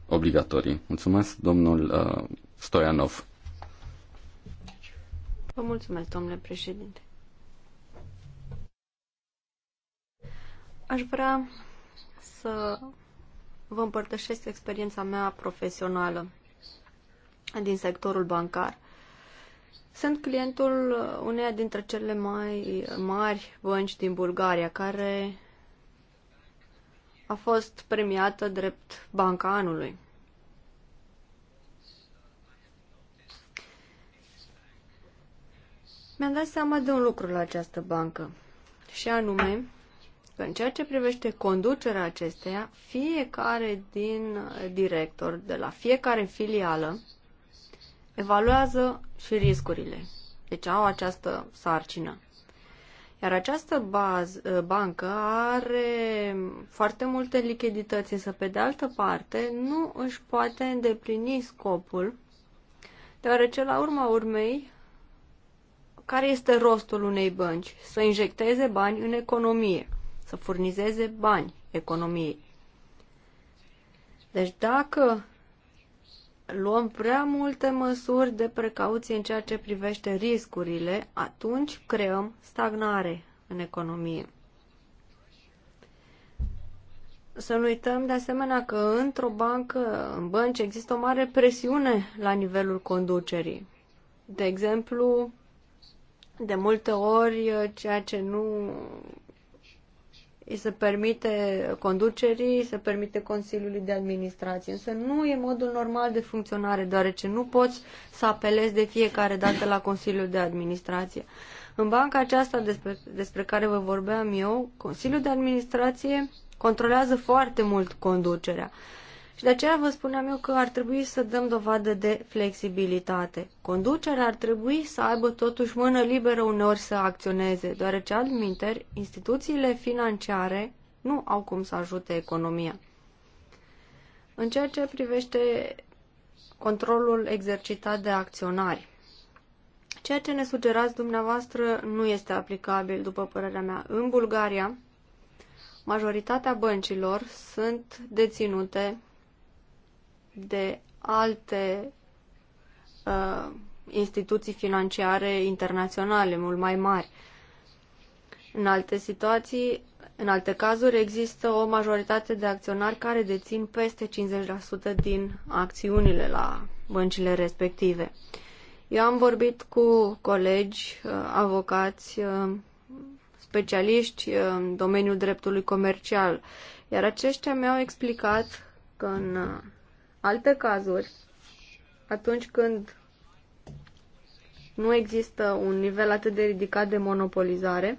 obligatorii. Mulțumesc, domnul Stoianov. Vă mulțumesc, domnule președinte. Aș vrea să vă împărtășesc experiența mea profesională din sectorul bancar. Sunt clientul uneia dintre cele mai mari bănci din Bulgaria, care a fost premiată drept banca anului. Mi-am dat seama de un lucru la această bancă, și anume că în ceea ce privește conducerea acesteia, fiecare din director de la fiecare filială evaluează și riscurile. Deci au această sarcină. Iar această bază, bancă are foarte multe lichidități, însă pe de altă parte nu își poate îndeplini scopul, deoarece la urma urmei care este rostul unei bănci? Să injecteze bani în economie, să furnizeze bani economiei. Deci dacă luăm prea multe măsuri de precauție în ceea ce privește riscurile, atunci creăm stagnare în economie. Să nu uităm de asemenea că într-o bancă, în bănci, există o mare presiune la nivelul conducerii. De exemplu, de multe ori, uh, ceea ce nu îi se permite conducerii, se permite Consiliului de Administrație. Însă nu e modul normal de funcționare, deoarece nu poți să apelezi de fiecare dată la Consiliul de Administrație. În banca aceasta despre, despre care vă vorbeam eu, Consiliul de Administrație controlează foarte mult conducerea. Și de aceea vă spuneam eu că ar trebui să dăm dovadă de flexibilitate. Conducerea ar trebui să aibă totuși mână liberă uneori să acționeze, deoarece altminteri instituțiile financiare nu au cum să ajute economia. În ceea ce privește controlul exercitat de acționari, ceea ce ne sugerați dumneavoastră nu este aplicabil, după părerea mea. În Bulgaria, majoritatea băncilor sunt deținute de alte uh, instituții financiare internaționale mult mai mari. În alte situații, în alte cazuri, există o majoritate de acționari care dețin peste 50% din acțiunile la băncile respective. Eu am vorbit cu colegi, uh, avocați, uh, specialiști uh, în domeniul dreptului comercial, iar aceștia mi-au explicat că în alte cazuri, atunci când nu există un nivel atât de ridicat de monopolizare,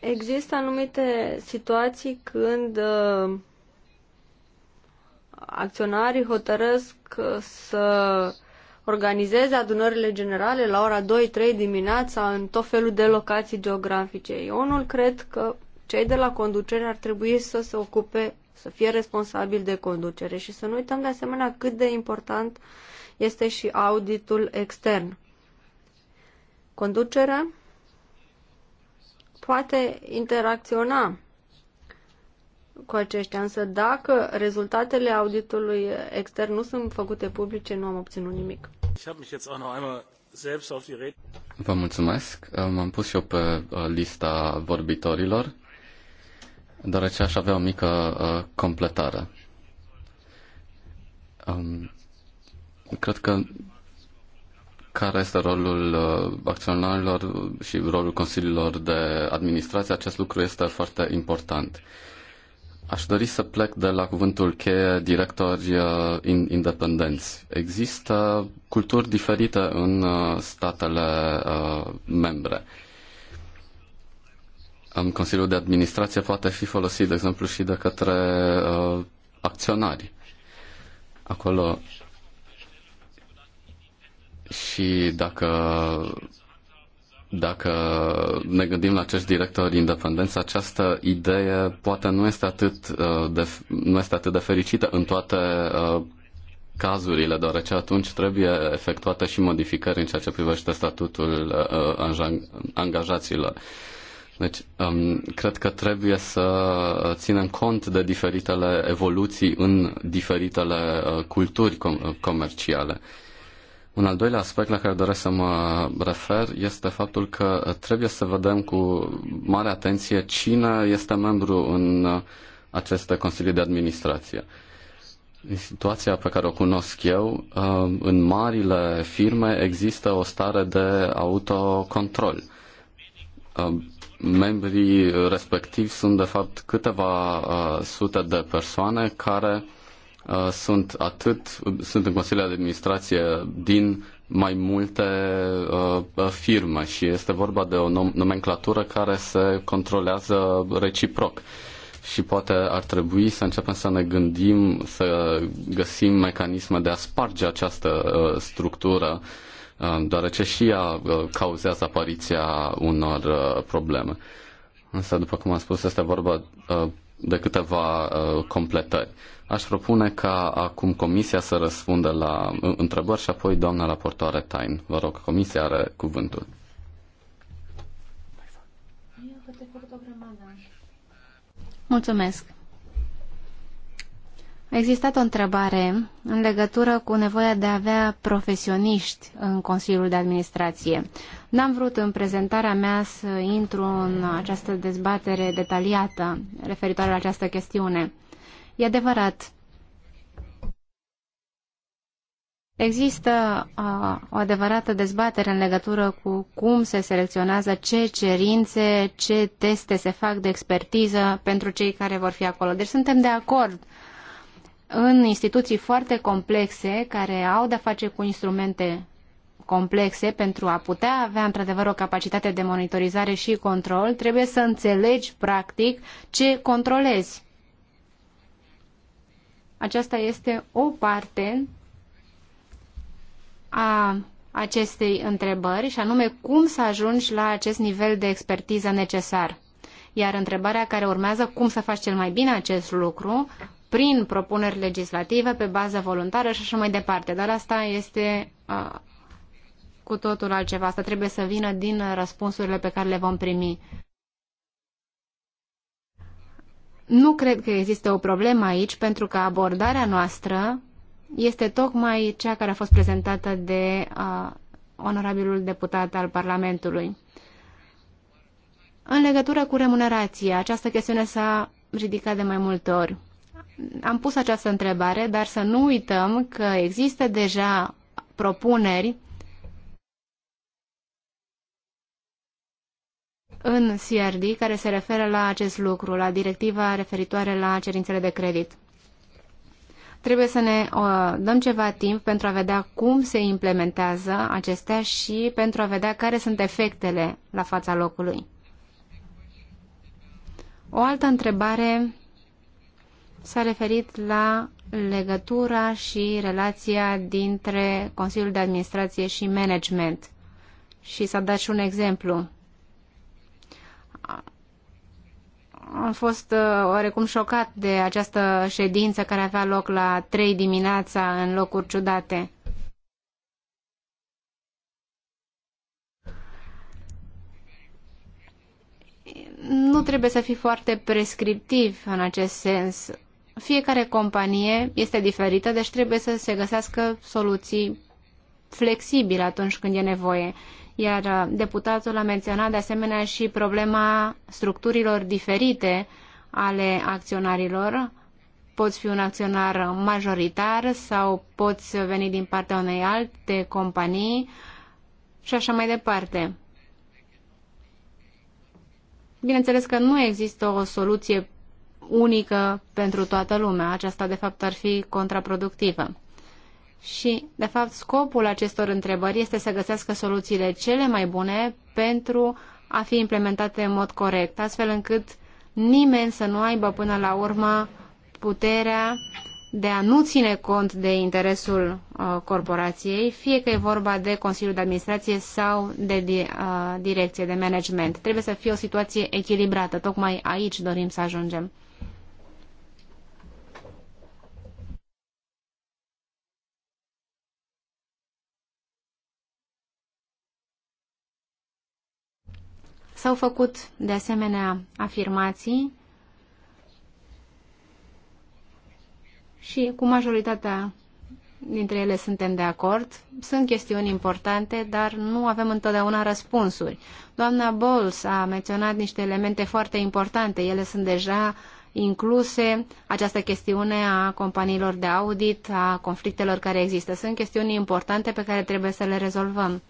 Există anumite situații când uh, acționarii hotărăsc să organizeze adunările generale la ora 2-3 dimineața în tot felul de locații geografice. Eu nu cred că cei de la conducere ar trebui să se ocupe, să fie responsabili de conducere și să nu uităm de asemenea cât de important este și auditul extern. Conducerea poate interacționa cu aceștia, însă dacă rezultatele auditului extern nu sunt făcute publice, nu am obținut nimic. Vă mulțumesc. M-am pus eu pe uh, lista vorbitorilor deoarece aș avea o mică uh, completare. Um, cred că care este rolul uh, acționarilor și rolul consiliilor de administrație, acest lucru este foarte important. Aș dori să plec de la cuvântul cheie directori uh, independenți. Există culturi diferite în uh, statele membre. Consiliul de Administrație poate fi folosit, de exemplu, și de către uh, acționari. Acolo și dacă, dacă ne gândim la acești directori independenți, această idee poate nu este atât uh, de, nu este atât de fericită în toate uh, cazurile, deoarece atunci trebuie efectuate și modificări în ceea ce privește statutul uh, angajaților. Deci, um, cred că trebuie să ținem cont de diferitele evoluții în diferitele uh, culturi com- uh, comerciale. Un al doilea aspect la care doresc să mă refer este faptul că trebuie să vedem cu mare atenție cine este membru în uh, aceste consilii de administrație. În situația pe care o cunosc eu, um, în marile firme există o stare de autocontrol um, membrii respectivi sunt de fapt câteva uh, sute de persoane care uh, sunt atât, sunt în Consiliul de Administrație din mai multe uh, firme și este vorba de o nomenclatură care se controlează reciproc. Și poate ar trebui să începem să ne gândim, să găsim mecanisme de a sparge această uh, structură uh, Um, deoarece și ea uh, cauzează apariția unor uh, probleme. Însă, după cum am spus, este vorba uh, de câteva completări. Aș propune ca acum Comisia să răspundă la întrebări și apoi doamna raportoare Tain. Vă rog, Comisia are cuvântul. Mulțumesc. A existat o întrebare în legătură cu nevoia de a avea profesioniști în Consiliul de Administrație. N-am vrut în prezentarea mea să intru în această dezbatere detaliată referitoare la această chestiune. E adevărat, Există uh, o adevărată dezbatere în legătură cu cum se selecționează, ce cerințe, ce teste se fac de expertiză pentru cei care vor fi acolo. Deci suntem de acord în instituții foarte complexe, care au de-a face cu instrumente complexe pentru a putea avea într-adevăr o capacitate de monitorizare și control, trebuie să înțelegi practic ce controlezi. Aceasta este o parte a acestei întrebări și anume cum să ajungi la acest nivel de expertiză necesar. Iar întrebarea care urmează, cum să faci cel mai bine acest lucru, prin propuneri legislative, pe bază voluntară și așa mai departe. Dar asta este uh, cu totul altceva. Asta trebuie să vină din răspunsurile pe care le vom primi. Nu cred că există o problemă aici, pentru că abordarea noastră este tocmai cea care a fost prezentată de uh, onorabilul deputat al Parlamentului. În legătură cu remunerația, această chestiune s-a ridicat de mai multe ori am pus această întrebare, dar să nu uităm că există deja propuneri în CRD care se referă la acest lucru, la directiva referitoare la cerințele de credit. Trebuie să ne uh, dăm ceva timp pentru a vedea cum se implementează acestea și pentru a vedea care sunt efectele la fața locului. O altă întrebare s-a referit la legătura și relația dintre Consiliul de Administrație și Management. Și s-a dat și un exemplu. Am fost uh, oarecum șocat de această ședință care avea loc la 3 dimineața în locuri ciudate. Nu trebuie să fii foarte prescriptiv în acest sens fiecare companie este diferită, deci trebuie să se găsească soluții flexibile atunci când e nevoie. Iar uh, deputatul a menționat de asemenea și problema structurilor diferite ale acționarilor. Poți fi un acționar majoritar sau poți veni din partea unei alte companii și așa mai departe. Bineînțeles că nu există o soluție unică pentru toată lumea. Aceasta, de fapt, ar fi contraproductivă. Și, de fapt, scopul acestor întrebări este să găsească soluțiile cele mai bune pentru a fi implementate în mod corect, astfel încât nimeni să nu aibă până la urmă puterea de a nu ține cont de interesul uh, corporației, fie că e vorba de Consiliul de Administrație sau de di, uh, direcție de management. Trebuie să fie o situație echilibrată. Tocmai aici dorim să ajungem. S-au făcut, de asemenea, afirmații și cu majoritatea dintre ele suntem de acord. Sunt chestiuni importante, dar nu avem întotdeauna răspunsuri. Doamna Bowles a menționat niște elemente foarte importante. Ele sunt deja incluse această chestiune a companiilor de audit, a conflictelor care există. Sunt chestiuni importante pe care trebuie să le rezolvăm.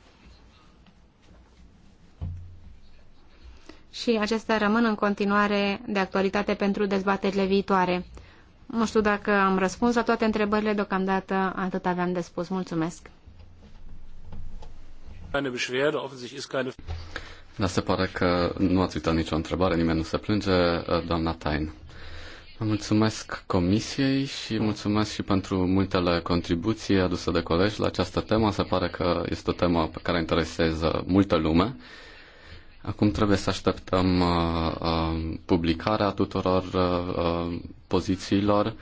și acestea rămân în continuare de actualitate pentru dezbaterile viitoare. Nu știu dacă am răspuns la toate întrebările, deocamdată atât aveam de spus. Mulțumesc! nu da, se pare că nu ați uitat nicio întrebare, nimeni nu se plânge, doamna Tain. Mulțumesc Comisiei și mulțumesc și pentru multele contribuții aduse de colegi la această temă. Se pare că este o temă pe care interesează multă lume. Acum trebuie să așteptăm uh, uh publicarea tuturor uh, uh, pozițiilor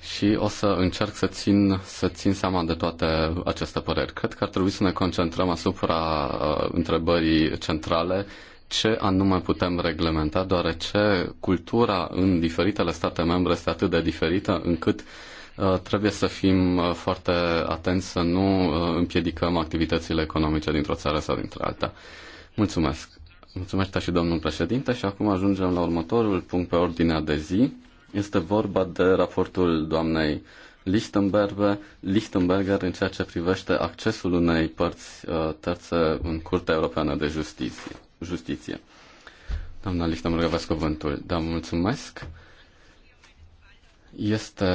și o să încerc să țin, să țin seama de toate aceste păreri. Cred că ar trebui să ne concentrăm asupra uh, întrebării centrale ce anume putem reglementa, deoarece cultura în diferitele state membre este atât de diferită încât uh, trebuie să fim foarte atenți să nu împiedicăm activitățile economice dintr-o țară sau dintr-alta. Mulțumesc! Mulțumesc și domnul președinte și acum ajungem la următorul punct pe ordinea de zi. Este vorba de raportul doamnei Lichtenberger, Lichtenberger în ceea ce privește accesul unei părți uh, terțe în Curtea Europeană de Justiție. Justiție. Doamna Lichtenberger, vă cuvântul. Da, mulțumesc. Este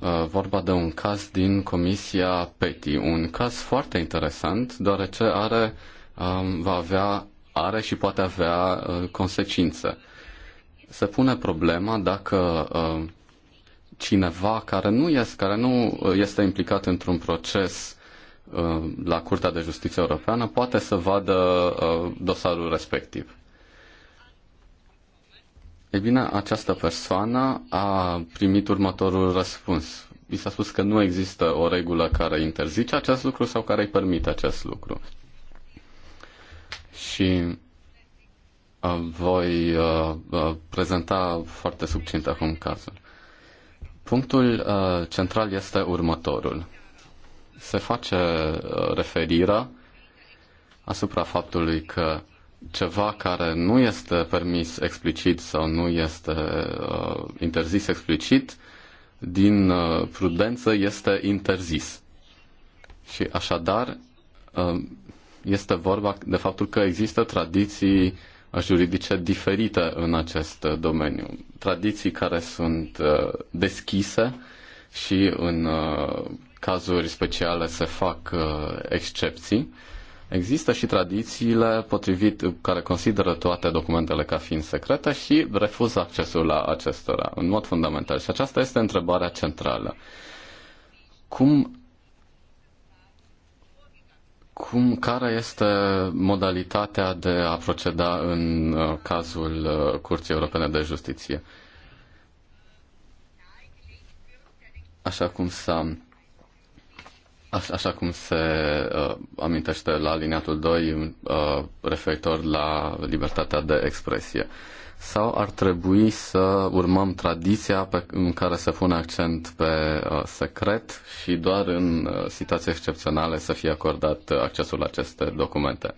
uh, vorba de un caz din Comisia PETI, un caz foarte interesant, deoarece are, um, va avea are și poate avea uh, consecințe. Se pune problema dacă uh, cineva care nu este, care nu uh, este implicat într-un proces la Curtea de Justiție Europeană poate să vadă dosarul respectiv. Ei bine, această persoană a primit următorul răspuns. I s-a spus că nu există o regulă care interzice acest lucru sau care îi permite acest lucru și uh, voi uh, uh, prezenta foarte succint acum cazul. Punctul central este următorul. Se face referire asupra faptului că ceva care nu este permis explicit sau nu este uh, interzis explicit, din uh, prudență este interzis. Și așadar, uh, este vorba de faptul că există tradiții juridice diferite în acest domeniu. Tradiții care sunt uh, deschise și în uh, cazuri speciale se fac uh, excepții. Există și tradițiile potrivit care consideră toate documentele ca fiind secrete și refuză accesul la acestora în mod fundamental. Și aceasta este întrebarea centrală. Cum cum, care este modalitatea de a proceda în uh, cazul uh, Curții Europene de Justiție? Așa cum s-a Așa cum se uh, amintește la liniatul 2 uh, referitor la libertatea de expresie sau ar trebui să urmăm tradiția pe, în care se pune accent pe uh, secret și doar în uh, situații excepționale să fie acordat uh, accesul la aceste documente.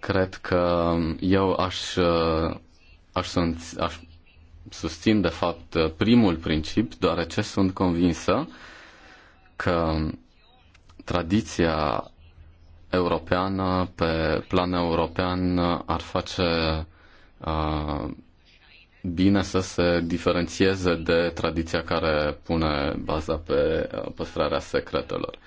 Cred că eu aș, uh, aș, sunt, aș susțin, de fapt, uh, primul princip, deoarece sunt convinsă că tradiția europeană, pe plan european, ar face Uh, bine să se diferențieze de tradiția care pune baza pe uh, păstrarea secretelor.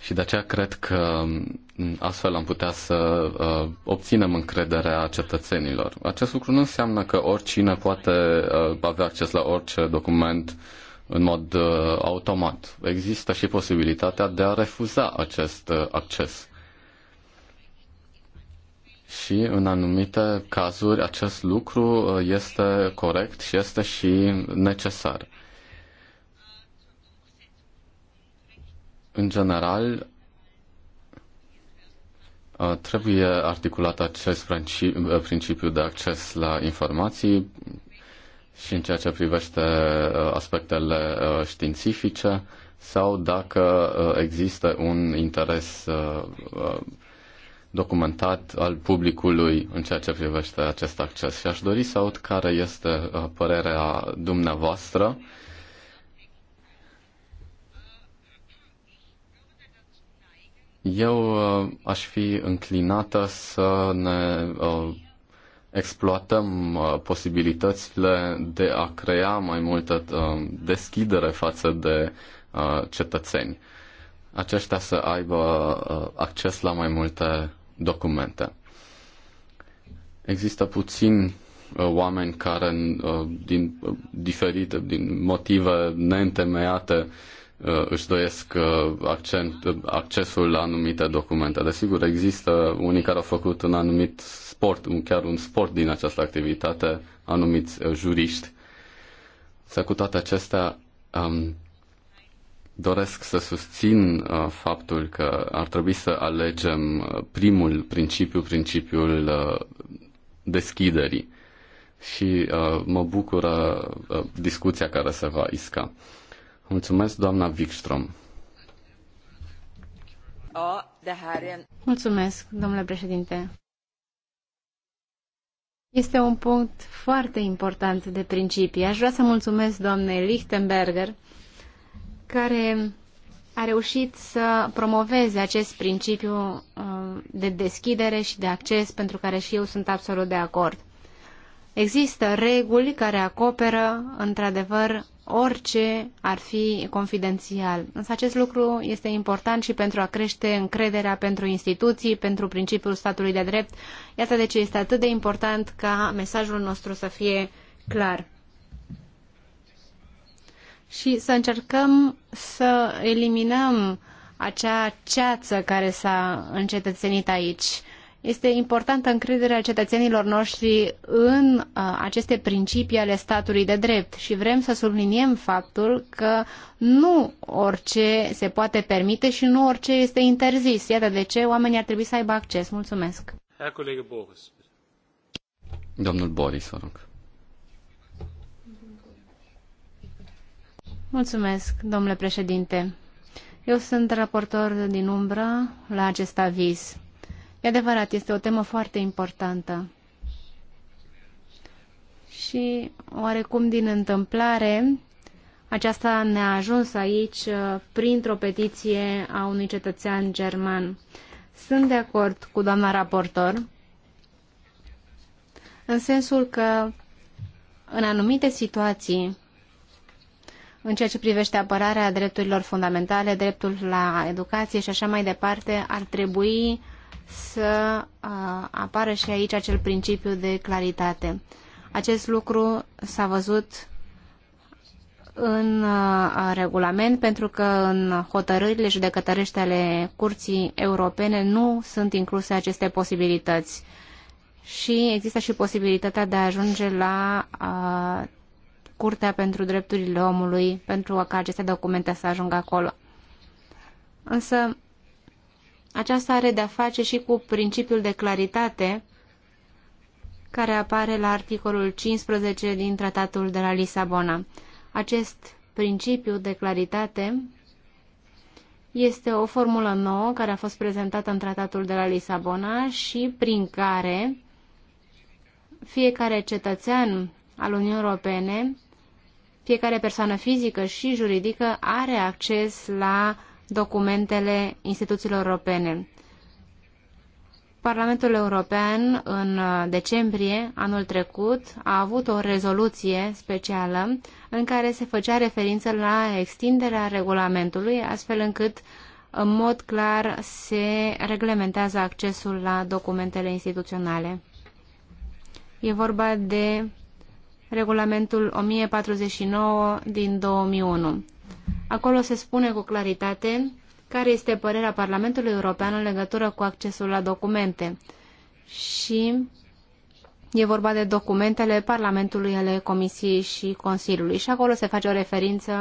Și de aceea cred că um, astfel am putea să uh, obținem încrederea cetățenilor. Acest lucru nu înseamnă că oricine poate uh, avea acces la orice document în mod uh, automat. Există și posibilitatea de a refuza acest uh, acces și în anumite cazuri acest lucru uh, este corect și este și necesar. În general, uh, trebuie articulat acest uh, principiu de acces la informații și în ceea ce privește aspectele științifice sau dacă există un interes documentat al publicului în ceea ce privește acest acces. Și aș dori să aud care este uh, părerea dumneavoastră Eu uh, aș fi înclinată să ne uh, exploatăm posibilitățile de a crea mai multă deschidere față de cetățeni. Aceștia să aibă acces la mai multe documente. Există puțin uh, oameni care uh, din uh, diferite, din motive neîntemeiate își doresc accent, accesul la anumite documente. Desigur, există unii care au făcut un anumit sport, chiar un sport din această activitate, anumiți juriști. Să cu toate acestea, um, doresc să susțin uh, faptul că ar trebui să alegem uh, primul principiu, principiul uh, deschiderii. Și mă bucură discuția care se va isca. Mulțumesc, doamna Wikström. Mulțumesc, domnule președinte. Este un punct foarte important de principii. Aș vrea să mulțumesc doamnei Lichtenberger care a reușit să promoveze acest principiu uh, de deschidere și de acces, pentru care și eu sunt absolut de acord. Există reguli care acoperă, într-adevăr, orice ar fi confidențial. Însă acest lucru este important și pentru a crește încrederea pentru instituții, pentru principiul statului de drept. Iată de ce este atât de important ca mesajul nostru să fie clar și să încercăm să eliminăm acea ceață care s-a încetățenit aici. Este importantă încrederea cetățenilor noștri în uh, aceste principii ale statului de drept și vrem să subliniem faptul că nu orice se poate permite și nu orice este interzis. Iată de ce oamenii ar trebui să aibă acces. Mulțumesc. Domnul Boris, vă rog. Mulțumesc, domnule președinte. Eu sunt raportor din umbră la acest aviz. E adevărat, este o temă foarte importantă. Și oarecum din întâmplare, aceasta ne-a ajuns aici uh, printr-o petiție a unui cetățean german. Sunt de acord cu doamna raportor în sensul că în anumite situații în ceea ce privește apărarea drepturilor fundamentale, dreptul la educație și așa mai departe, ar trebui să uh, apară și aici acel principiu de claritate. Acest lucru s-a văzut în uh, regulament pentru că în hotărârile judecătărești ale Curții Europene nu sunt incluse aceste posibilități. Și există și posibilitatea de a ajunge la uh, Curtea pentru Drepturile Omului pentru ca aceste documente să ajungă acolo. Însă, aceasta are de-a face și cu principiul de claritate care apare la articolul 15 din Tratatul de la Lisabona. Acest principiu de claritate este o formulă nouă care a fost prezentată în Tratatul de la Lisabona și prin care fiecare cetățean al Uniunii Europene fiecare persoană fizică și juridică are acces la documentele instituțiilor europene. Parlamentul European în uh, decembrie anul trecut a avut o rezoluție specială în care se făcea referință la extinderea regulamentului, astfel încât în mod clar se reglementează accesul la documentele instituționale. E vorba de regulamentul 1049 din 2001. Acolo se spune cu claritate care este părerea Parlamentului European în legătură cu accesul la documente. Și e vorba de documentele Parlamentului, ale Comisiei și Consiliului. Și acolo se face o referință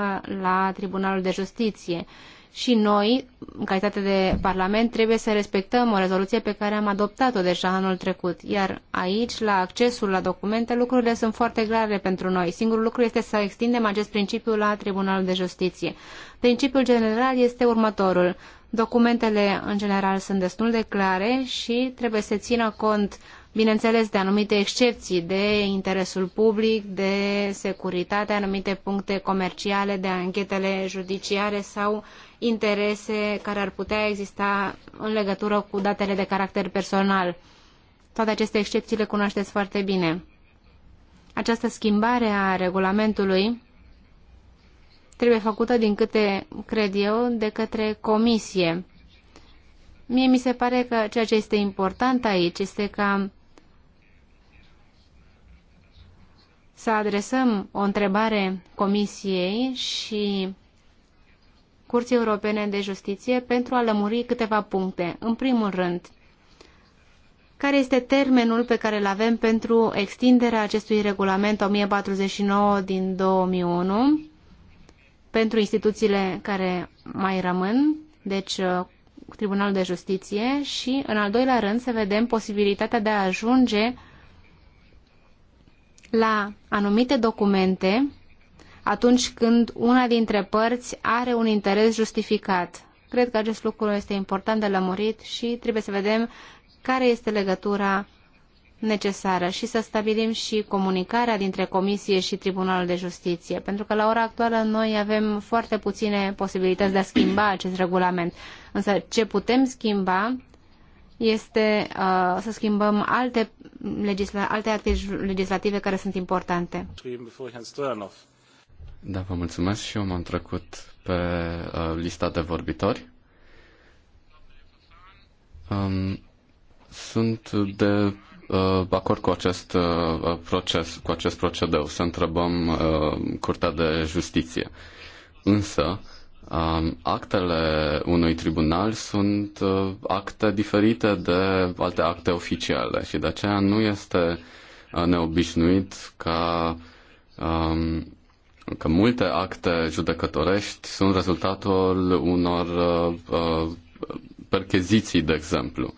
la Tribunalul de Justiție. Uh, și noi, în calitate de Parlament, trebuie să respectăm o rezoluție pe care am adoptat-o deja anul trecut. Iar aici, la accesul la documente, lucrurile sunt foarte clare pentru noi. Singurul lucru este să extindem acest principiu la Tribunalul de Justiție. Principiul general este următorul. Documentele, în general, sunt destul de clare și trebuie să țină cont bineînțeles, de anumite excepții, de interesul public, de securitate, anumite puncte comerciale, de anchetele judiciare sau interese care ar putea exista în legătură cu datele de caracter personal. Toate aceste excepții le cunoașteți foarte bine. Această schimbare a regulamentului trebuie făcută, din câte cred eu, de către comisie. Mie mi se pare că ceea ce este important aici este ca să adresăm o întrebare comisiei și Curții Europene de Justiție pentru a lămuri câteva puncte. În primul rând, care este termenul pe care îl avem pentru extinderea acestui regulament 1049 din 2001 pentru instituțiile care mai rămân, deci uh, Tribunalul de Justiție și, în al doilea rând, să vedem posibilitatea de a ajunge la anumite documente atunci când una dintre părți are un interes justificat. Cred că acest lucru este important de lămurit și trebuie să vedem care este legătura necesară și să stabilim și comunicarea dintre Comisie și Tribunalul de Justiție, pentru că la ora actuală noi avem foarte puține posibilități de a schimba acest regulament. Însă ce putem schimba este uh, să schimbăm alte, legisla- alte acte legislative care sunt importante. Da, vă mulțumesc și eu m-am trecut pe uh, lista de vorbitori. Um, sunt de uh, acord cu acest uh, proces, cu acest procedeu, să întrebăm uh, Curtea de Justiție. Însă, uh, actele unui tribunal sunt uh, acte diferite de alte acte oficiale și de aceea nu este uh, neobișnuit ca um, că multe acte judecătorești sunt rezultatul unor uh, percheziții, de exemplu.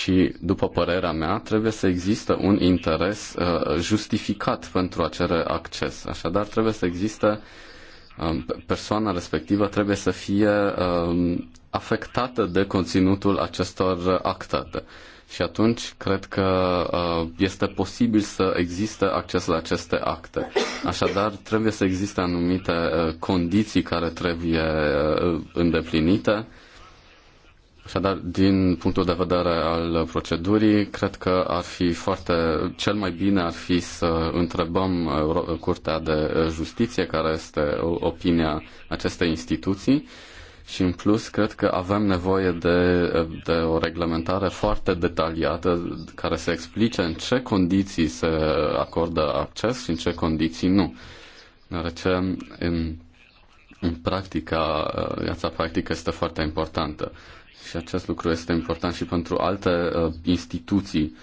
Și, după părerea mea, trebuie să existe un interes uh, justificat pentru a cere acces. Așadar, trebuie să existe um, persoana respectivă trebuie să fie um, afectată de conținutul acestor actate. Uh, și atunci cred că uh, este posibil să existe acces la aceste acte. Așadar, trebuie să existe anumite uh, condiții care trebuie uh, îndeplinite. Așadar, din punctul de vedere al procedurii, cred că ar fi foarte, cel mai bine ar fi să întrebăm Curtea de Justiție care este opinia acestei instituții și în plus cred că avem nevoie de, de o reglementare foarte detaliată care să explice în ce condiții se acordă acces și în ce condiții nu. Deoarece în, în practica, viața practică este foarte importantă și acest lucru este important și pentru alte uh, instituții,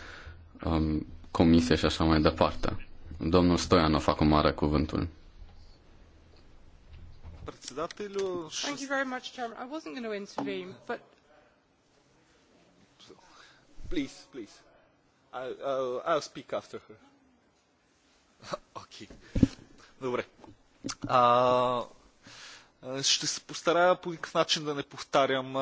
um, comisie și așa mai departe. Domnul Stoianov acum are cuvântul. Thank you very much, Chairman. I wasn't going to intervene, but please, please. I'll, speak after her. Okay. ще се постарая по никакъв начин да не повтарям.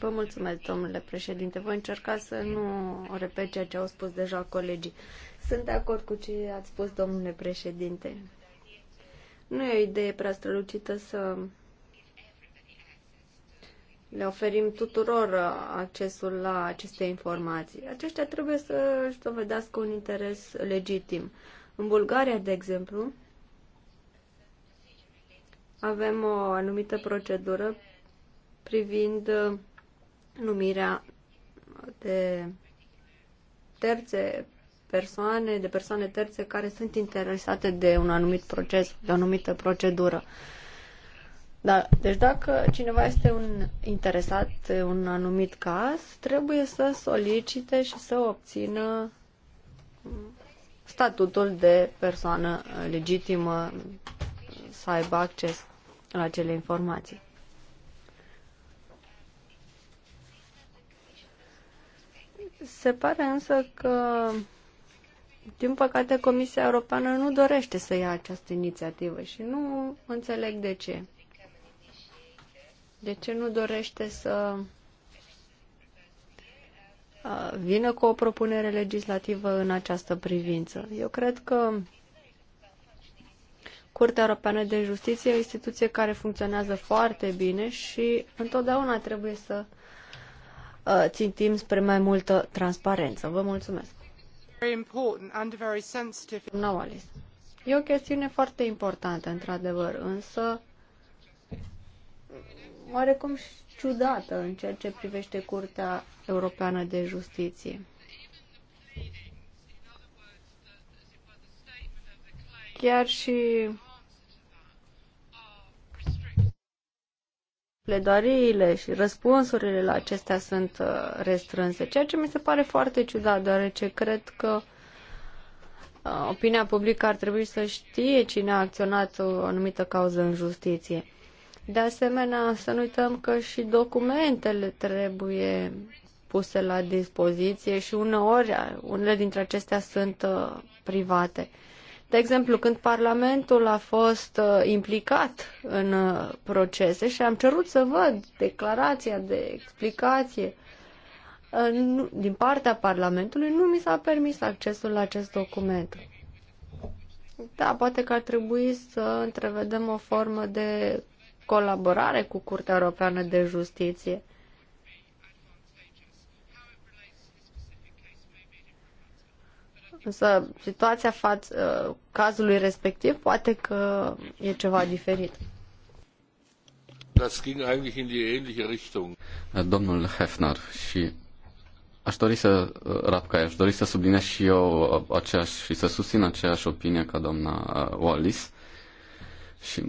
Vă mulțumesc, domnule președinte. Voi încerca să nu repet ceea ce au spus deja colegii. Sunt de acord cu ce ați spus, domnule președinte. Nu e o idee prea strălucită să le oferim tuturor uh, accesul la aceste informații. Aceștia trebuie să își dovedească un interes legitim. În Bulgaria, de exemplu, avem o anumită procedură privind uh, numirea de terțe persoane, de persoane terțe care sunt interesate de un anumit proces, de o anumită procedură. Da, deci dacă cineva este un interesat în un anumit caz, trebuie să solicite și să obțină statutul de persoană legitimă să aibă acces la acele informații. Se pare însă că din păcate, Comisia Europeană nu dorește să ia această inițiativă și nu înțeleg de ce. De ce nu dorește să vină cu o propunere legislativă în această privință? Eu cred că Curtea Europeană de Justiție e o instituție care funcționează foarte bine și întotdeauna trebuie să țintim spre mai multă transparență. Vă mulțumesc! Navalis. E o chestiune foarte importantă, într-adevăr, însă oarecum ciudată în ceea ce privește Curtea Europeană de Justiție. Chiar și pledoariile și răspunsurile la acestea sunt uh, restrânse, ceea ce mi se pare foarte ciudat, deoarece cred că uh, opinia publică ar trebui să știe cine a acționat uh, o anumită cauză în justiție. De asemenea, să nu uităm că și documentele trebuie puse la dispoziție și uneori unele dintre acestea sunt private. De exemplu, când Parlamentul a fost uh, implicat în uh, procese și am cerut să văd declarația de explicație uh, din partea Parlamentului, nu mi s-a permis accesul la acest document. Da, poate că ar trebui să întrevedem o formă de colaborare cu Curtea Europeană de Justiție. Însă situația față cazului respectiv poate că e ceva diferit. Das ging eigentlich in die ähnliche Richtung. Domnul Hefner și aș dori să, ă, Rapca, aș dori să subliniez și eu ă, aceeași și să susțin aceeași opinie ca doamna ă, Wallis. Și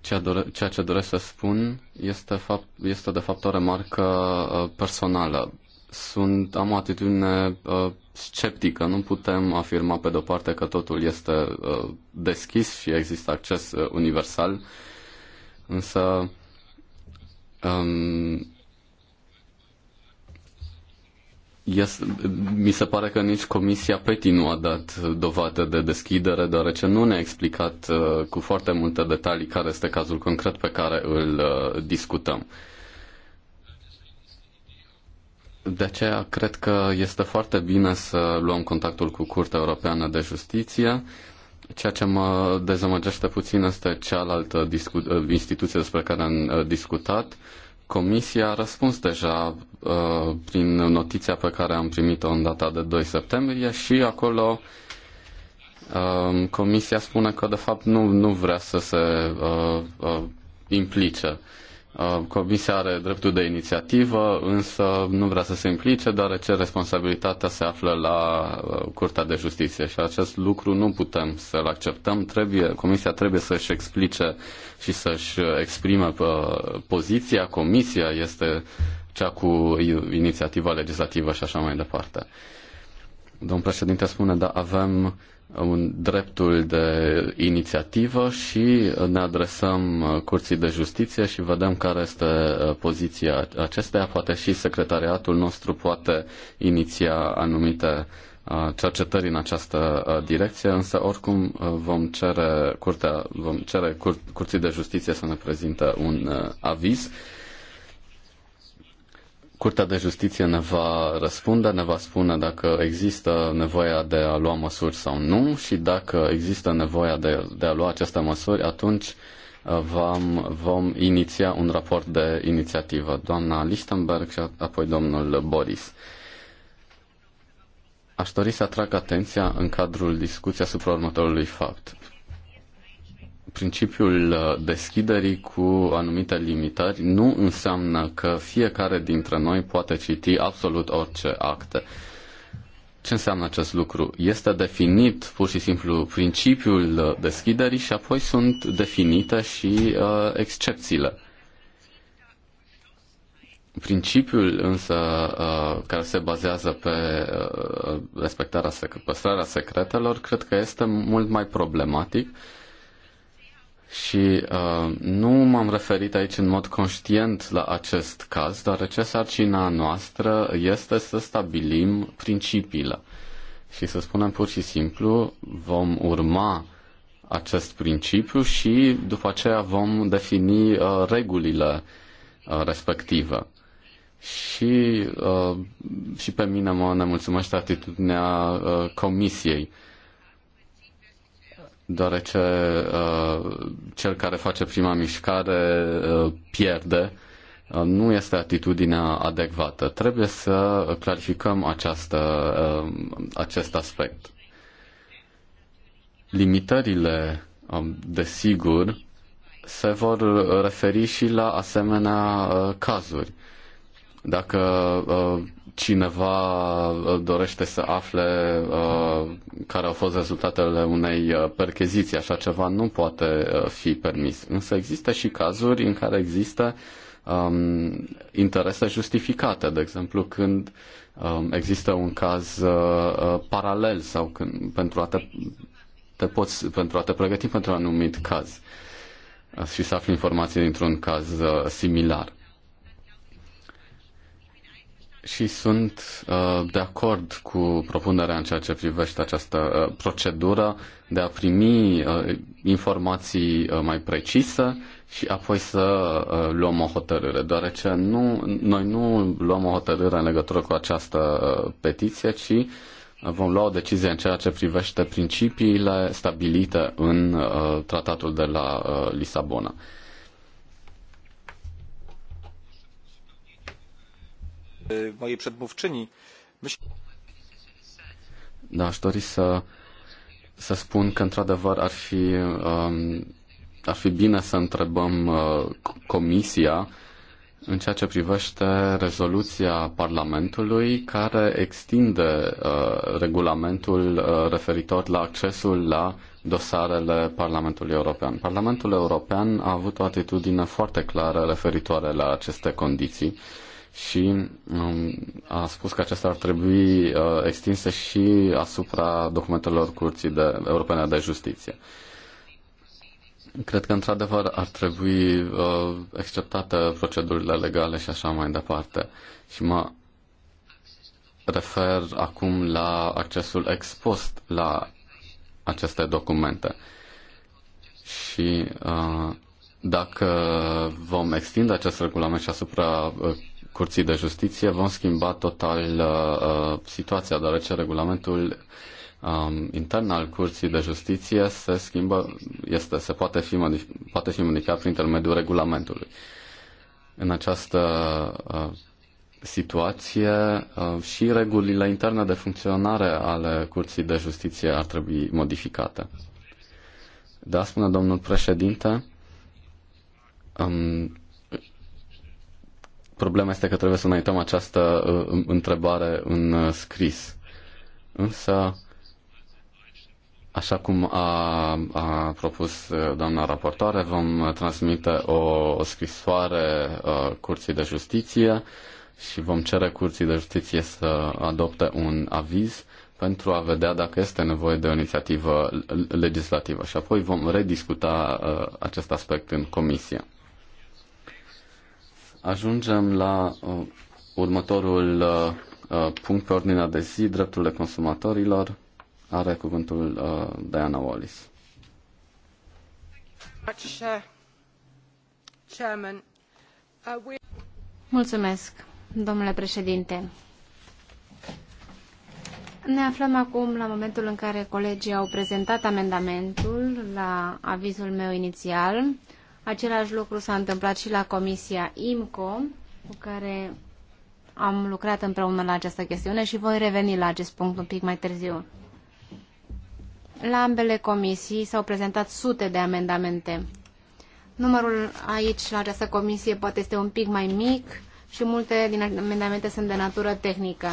ceea, ceea ce doresc să spun este, fapt, este de fapt o remarcă personală sunt, am o atitudine uh, sceptică. Nu putem afirma pe de-o parte că totul este uh, deschis și există acces uh, universal, însă um, este, mi se pare că nici Comisia PETI nu a dat dovadă de deschidere, deoarece nu ne-a explicat uh, cu foarte multe detalii care este cazul concret pe care îl uh, discutăm. Uh, de aceea cred că este foarte bine să luăm contactul cu Curtea Europeană de Justiție. Ceea ce mă dezamăgește puțin este cealaltă uh, instituție despre care am uh, discutat. Comisia a răspuns deja uh, prin notiția pe care am primit-o în data de 2 septembrie și acolo uh, Comisia spune că de fapt nu, nu vrea să se uh, uh, implice. Uh, Uh, comisia are dreptul de inițiativă, însă nu vrea să se implice, deoarece responsabilitatea se află la uh, Curtea de Justiție și acest lucru nu putem să-l acceptăm. Trebuie, comisia trebuie să-și explice și să-și exprime uh, poziția. Comisia este cea cu inițiativa legislativă și așa mai departe. Domnul președinte spune, da, avem un dreptul de inițiativă și ne adresăm uh, Curții de Justiție și vedem care este uh, poziția acesteia. Poate și secretariatul nostru poate iniția anumite uh, cercetări în această direcție, însă oricum vom cere, curtea, vom cere cur, Curții de Justiție să ne prezinte un aviz Curtea de Justiție ne va răspunde, ne va spune dacă există nevoia de a lua măsuri sau nu și dacă există nevoia de, de a lua aceste măsuri, atunci uh, vom, vom iniția un raport de inițiativă. Doamna Lichtenberg și apoi domnul Boris. Aș dori să atrag atenția în cadrul discuției asupra următorului fapt principiul uh, deschiderii cu anumite limitări nu înseamnă că fiecare dintre noi poate citi absolut orice acte. Ce înseamnă acest lucru? Este definit pur și simplu principiul uh, deschiderii și apoi sunt definite și uh, excepțiile. Principiul însă uh, care se bazează pe uh, respectarea, sec- păstrarea secretelor cred că este mult mai problematic uh, și uh, nu m-am referit aici în mod conștient la acest caz, deoarece sarcina noastră este să stabilim principiile și să spunem pur și simplu vom urma acest principiu și după aceea vom defini uh, regulile uh, respective. Și, uh, și pe mine mă nemulțumește atitudinea uh, comisiei. Uh, deoarece uh, cel care face prima mișcare uh, pierde, uh, nu este atitudinea adecvată. Trebuie să clarificăm această, uh, acest aspect. Limitările, um, desigur, se vor referi și la asemenea uh, cazuri. Dacă uh, cineva uh, dorește să afle uh, care au fost rezultatele unei uh, percheziții. Așa ceva nu poate uh, fi permis. Însă există și cazuri în care există um, interese justificate. De exemplu, când um, există un caz uh, paralel sau când, pentru, a te, te poți, pentru a te pregăti pentru un anumit caz și să afli informații dintr-un caz uh, similar și sunt uh, de acord cu propunerea în ceea ce privește această uh, procedură de a primi uh, informații uh, mai precise și apoi să uh, luăm o hotărâre, deoarece nu, noi nu luăm o hotărâre în legătură cu această uh, petiție, ci uh, vom lua o decizie în ceea ce privește principiile stabilite în uh, tratatul de la uh, Lisabona. mojej przedmówczyni. Da, aș dori să, să spun că, într-adevăr, ar fi, um, ar fi bine să întrebăm uh, Comisia în ceea ce privește rezoluția Parlamentului care extinde uh, regulamentul uh, referitor la accesul la dosarele Parlamentului European. Parlamentul European a avut o atitudine foarte clară referitoare la aceste condiții și um, a spus că acestea ar trebui uh, extinse și asupra documentelor Curții de, Europene de Justiție. Cred că, într-adevăr, ar trebui uh, acceptate procedurile legale și așa mai departe. Și mă refer acum la accesul expost la aceste documente. Și uh, dacă vom extinde acest regulament și asupra uh, Curții de Justiție vom schimba total uh, uh, situația, deoarece regulamentul um, intern al Curții de Justiție se schimbă, este, se poate fi, modif- poate fi modificat prin intermediul regulamentului. În această uh, situație uh, și regulile interne de funcționare ale Curții de Justiție ar trebui modificate. Da, spune domnul președinte, um, Problema este că trebuie să înaintăm această uh, întrebare în uh, scris. Însă, Așa cum a, a propus uh, doamna raportoare, vom transmite o, o scrisoare uh, Curții de Justiție și vom cere Curții de Justiție să adopte un aviz pentru a vedea dacă este nevoie de o inițiativă legislativă și apoi vom rediscuta uh, acest aspect în comisie. Ajungem la uh, următorul uh, uh, punct pe ordinea de zi, drepturile consumatorilor. Are cuvântul uh, Diana Wallis. Mulțumesc, domnule președinte. Ne aflăm acum la momentul în care colegii au prezentat amendamentul la avizul meu inițial. Uh, Același lucru s-a întâmplat și la Comisia IMCO, cu care am lucrat împreună la această chestiune și voi reveni la acest punct un pic mai târziu. La ambele comisii s-au prezentat sute de amendamente. Numărul aici, la această comisie, poate este un pic mai mic și multe din amendamente sunt de natură tehnică.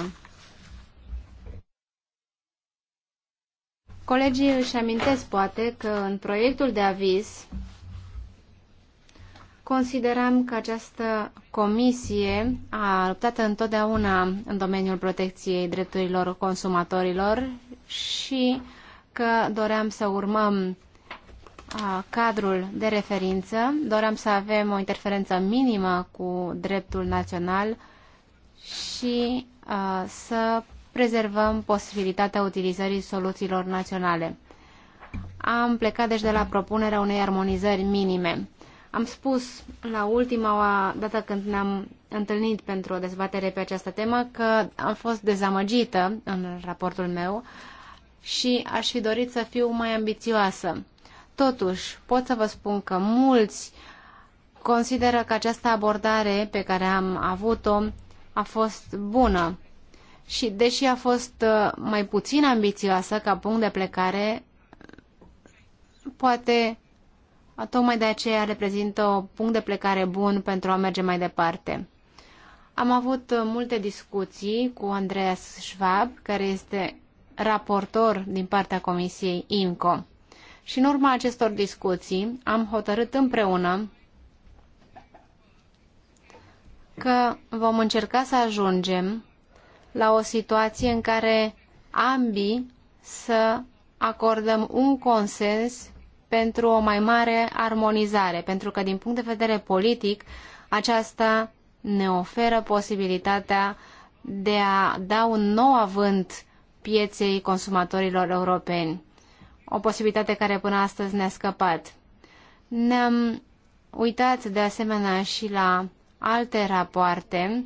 Colegii își amintesc, poate, că în proiectul de aviz Considerăm că această comisie a luptat întotdeauna în domeniul protecției drepturilor consumatorilor și că doream să urmăm cadrul de referință, doream să avem o interferență minimă cu dreptul național și să prezervăm posibilitatea utilizării soluțiilor naționale. Am plecat deci de la propunerea unei armonizări minime. Am spus la ultima dată când ne-am întâlnit pentru o dezbatere pe această temă că am fost dezamăgită în raportul meu și aș fi dorit să fiu mai ambițioasă. Totuși, pot să vă spun că mulți consideră că această abordare pe care am avut-o a fost bună și, deși a fost uh, mai puțin ambițioasă ca punct de plecare, poate Tocmai de aceea reprezintă un punct de plecare bun pentru a merge mai departe. Am avut multe discuții cu Andreas Schwab, care este raportor din partea Comisiei IMCO. Și în urma acestor discuții am hotărât împreună că vom încerca să ajungem la o situație în care ambii să acordăm un consens pentru o mai mare armonizare, pentru că din punct de vedere politic aceasta ne oferă posibilitatea de a da un nou avânt pieței consumatorilor europeni. O posibilitate care până astăzi ne-a scăpat. Ne-am uitat de asemenea și la alte rapoarte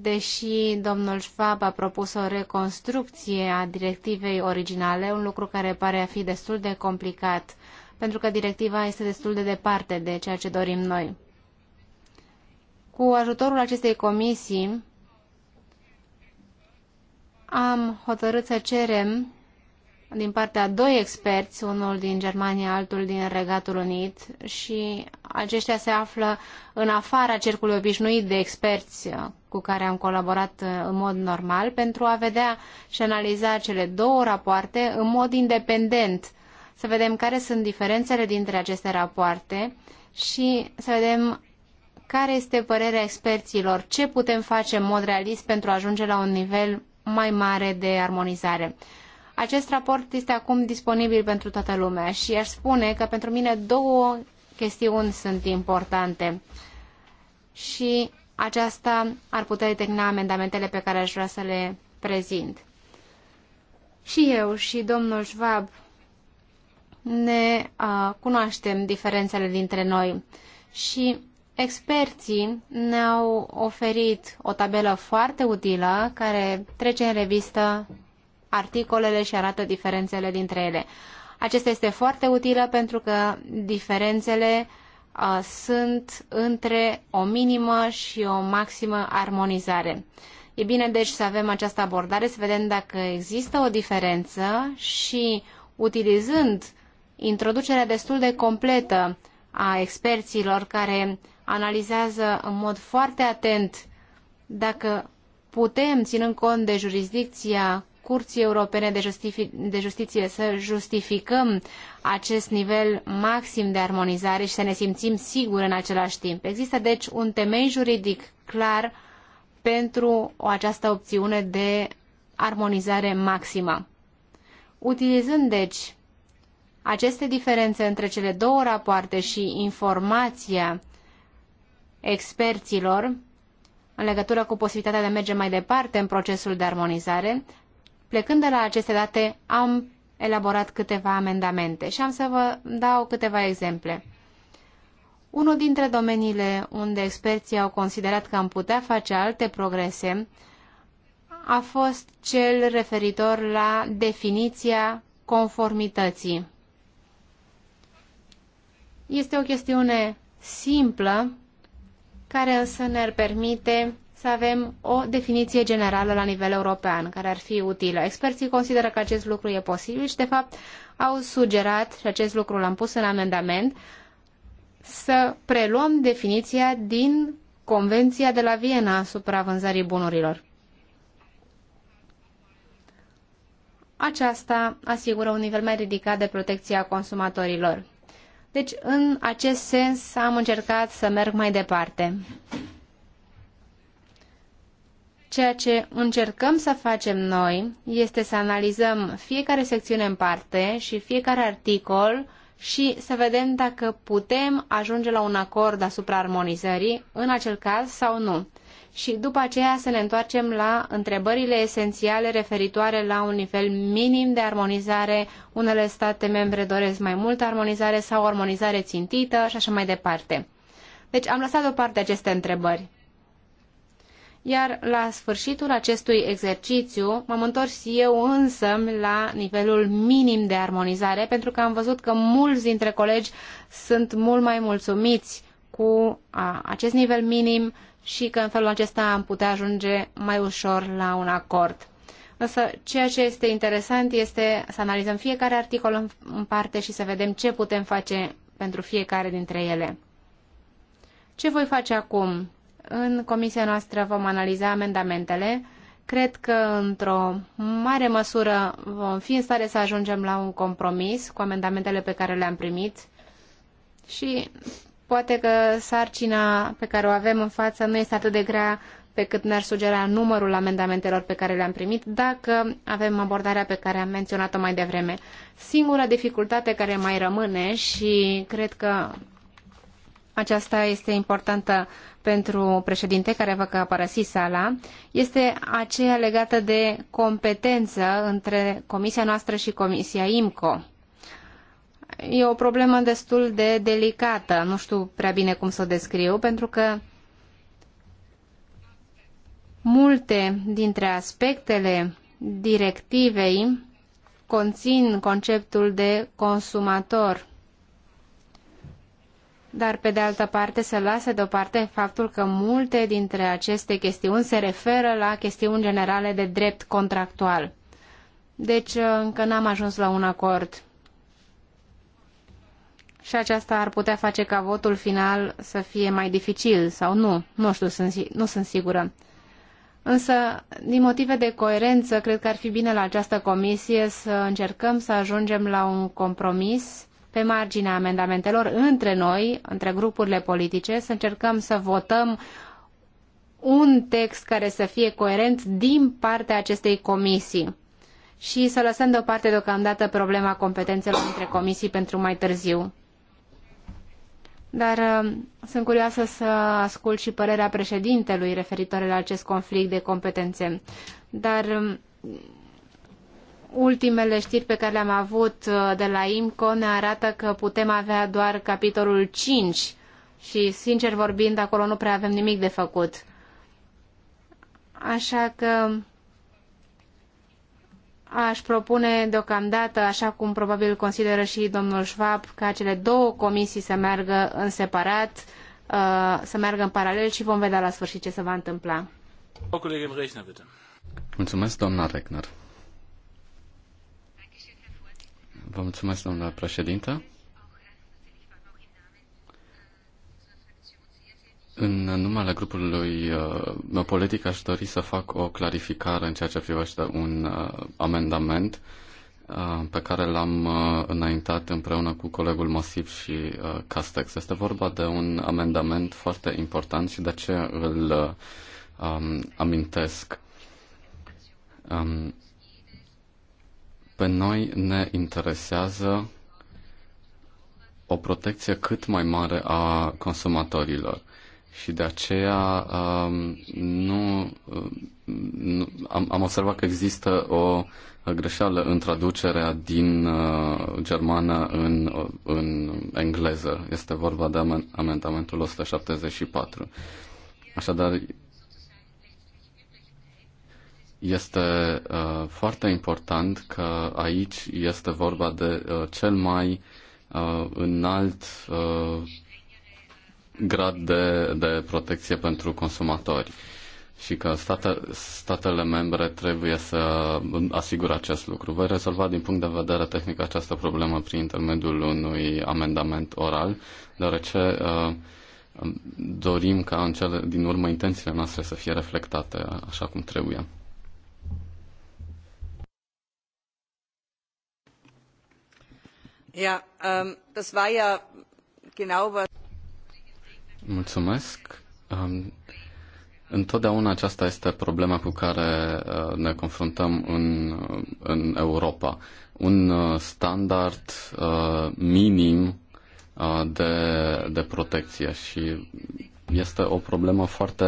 deși domnul Schwab a propus o reconstrucție a directivei originale, un lucru care pare a fi destul de complicat, pentru că directiva este destul de departe de ceea ce dorim noi. Cu ajutorul acestei comisii am hotărât să cerem din partea a doi experți, unul din Germania, altul din Regatul Unit și aceștia se află în afara cercului obișnuit de experți uh, cu care am colaborat uh, în mod normal pentru a vedea și analiza cele două rapoarte în mod independent, să vedem care sunt diferențele dintre aceste rapoarte și să vedem care este părerea experților, ce putem face în mod realist pentru a ajunge la un nivel mai mare de armonizare. Acest raport este acum disponibil pentru toată lumea și aș spune că pentru mine două chestiuni sunt importante și aceasta ar putea determina amendamentele pe care aș vrea să le prezint. Și eu și domnul Schwab ne uh, cunoaștem diferențele dintre noi și experții ne-au oferit o tabelă foarte utilă care trece în revistă articolele și arată diferențele dintre ele. Acesta este foarte utilă pentru că diferențele uh, sunt între o minimă și o maximă armonizare. E bine deci să avem această abordare, să vedem dacă există o diferență și utilizând introducerea destul de completă a experților care analizează în mod foarte atent dacă putem, ținând cont de jurisdicția Curții Europene de, Justifi- de Justiție să justificăm acest nivel maxim de armonizare și să ne simțim siguri în același timp. Există deci un temei juridic clar pentru această opțiune de armonizare maximă. Utilizând deci aceste diferențe între cele două rapoarte și informația experților în legătură cu posibilitatea de a merge mai departe în procesul de armonizare, Plecând de la aceste date, am elaborat câteva amendamente și am să vă dau câteva exemple. Unul dintre domeniile unde experții au considerat că am putea face alte progrese a fost cel referitor la definiția conformității. Este o chestiune simplă care însă ne-ar permite să avem o definiție generală la nivel european, care ar fi utilă. Experții consideră că acest lucru e posibil și, de fapt, au sugerat, și acest lucru l-am pus în amendament, să preluăm definiția din Convenția de la Viena asupra vânzării bunurilor. Aceasta asigură un nivel mai ridicat de protecție a consumatorilor. Deci, în acest sens, am încercat să merg mai departe. Ceea ce încercăm să facem noi este să analizăm fiecare secțiune în parte și fiecare articol și să vedem dacă putem ajunge la un acord asupra armonizării, în acel caz sau nu. Și după aceea să ne întoarcem la întrebările esențiale referitoare la un nivel minim de armonizare. Unele state membre doresc mai multă armonizare sau armonizare țintită și așa mai departe. Deci am lăsat deoparte aceste întrebări iar la sfârșitul acestui exercițiu m-am întors eu însă la nivelul minim de armonizare, pentru că am văzut că mulți dintre colegi sunt mult mai mulțumiți cu a, acest nivel minim și că în felul acesta am putea ajunge mai ușor la un acord. Însă ceea ce este interesant este să analizăm fiecare articol în, în parte și să vedem ce putem face pentru fiecare dintre ele. Ce voi face acum? În comisia noastră vom analiza amendamentele. Cred că într-o mare măsură vom fi în stare să ajungem la un compromis cu amendamentele pe care le-am primit și poate că sarcina pe care o avem în față nu este atât de grea pe cât ne-ar sugera numărul amendamentelor pe care le-am primit, dacă avem abordarea pe care am menționat-o mai devreme. Singura dificultate care mai rămâne și cred că aceasta este importantă pentru președinte care va părăsi sala este aceea legată de competență între comisia noastră și comisia IMCO. E o problemă destul de delicată, nu știu prea bine cum să o descriu, pentru că multe dintre aspectele directivei conțin conceptul de consumator dar pe de altă parte să lase deoparte faptul că multe dintre aceste chestiuni se referă la chestiuni generale de drept contractual. Deci uh, încă n-am ajuns la un acord. Și aceasta ar putea face ca votul final să fie mai dificil sau nu, nu știu, sunt, nu sunt sigură. Însă, din motive de coerență, cred că ar fi bine la această comisie să încercăm să ajungem la un compromis pe marginea amendamentelor între noi, între grupurile politice, să încercăm să votăm un text care să fie coerent din partea acestei comisii și să lăsăm deoparte deocamdată problema competențelor între comisii pentru mai târziu. Dar uh, sunt curioasă să ascult și părerea președintelui referitoare la acest conflict de competențe. Dar uh, Ultimele știri pe care le-am avut uh, de la IMCO ne arată că putem avea doar capitolul 5 și, sincer vorbind, acolo nu prea avem nimic de făcut. Așa că aș propune deocamdată, așa cum probabil consideră și domnul Schwab, ca cele două comisii să meargă în separat, uh, să meargă în paralel și vom vedea la sfârșit ce se va întâmpla. Mulțumesc, doamna Regner. Vă mulțumesc, domnule președinte. În numele grupului uh, meu politic aș dori să fac o clarificare în ceea ce privește un uh, amendament uh, pe care l-am înaintat împreună cu colegul Masip și Castex. Este vorba de un amendament foarte important și de ce îl um, amintesc. Um, pe noi ne interesează o protecție cât mai mare a consumatorilor. Și de aceea um, nu, um, nu am, am observat că există o greșeală în traducerea din uh, germană în, uh, în engleză. Este vorba de amendamentul 174. Așadar, este uh, foarte important că aici este vorba de uh, cel mai uh, înalt uh, grad de, de protecție pentru consumatori și că state, statele membre trebuie să asigure acest lucru. Voi rezolva din punct de vedere tehnic această problemă prin intermediul unui amendament oral, deoarece uh, dorim ca în cele din urmă intențiile noastre să fie reflectate așa cum trebuie. Ähm, das war ja genau was... Mulțumesc. întotdeauna aceasta este problema cu care uh, ne confruntăm în, în Europa. Un uh, standard uh, minim de, de protecție și este o problemă foarte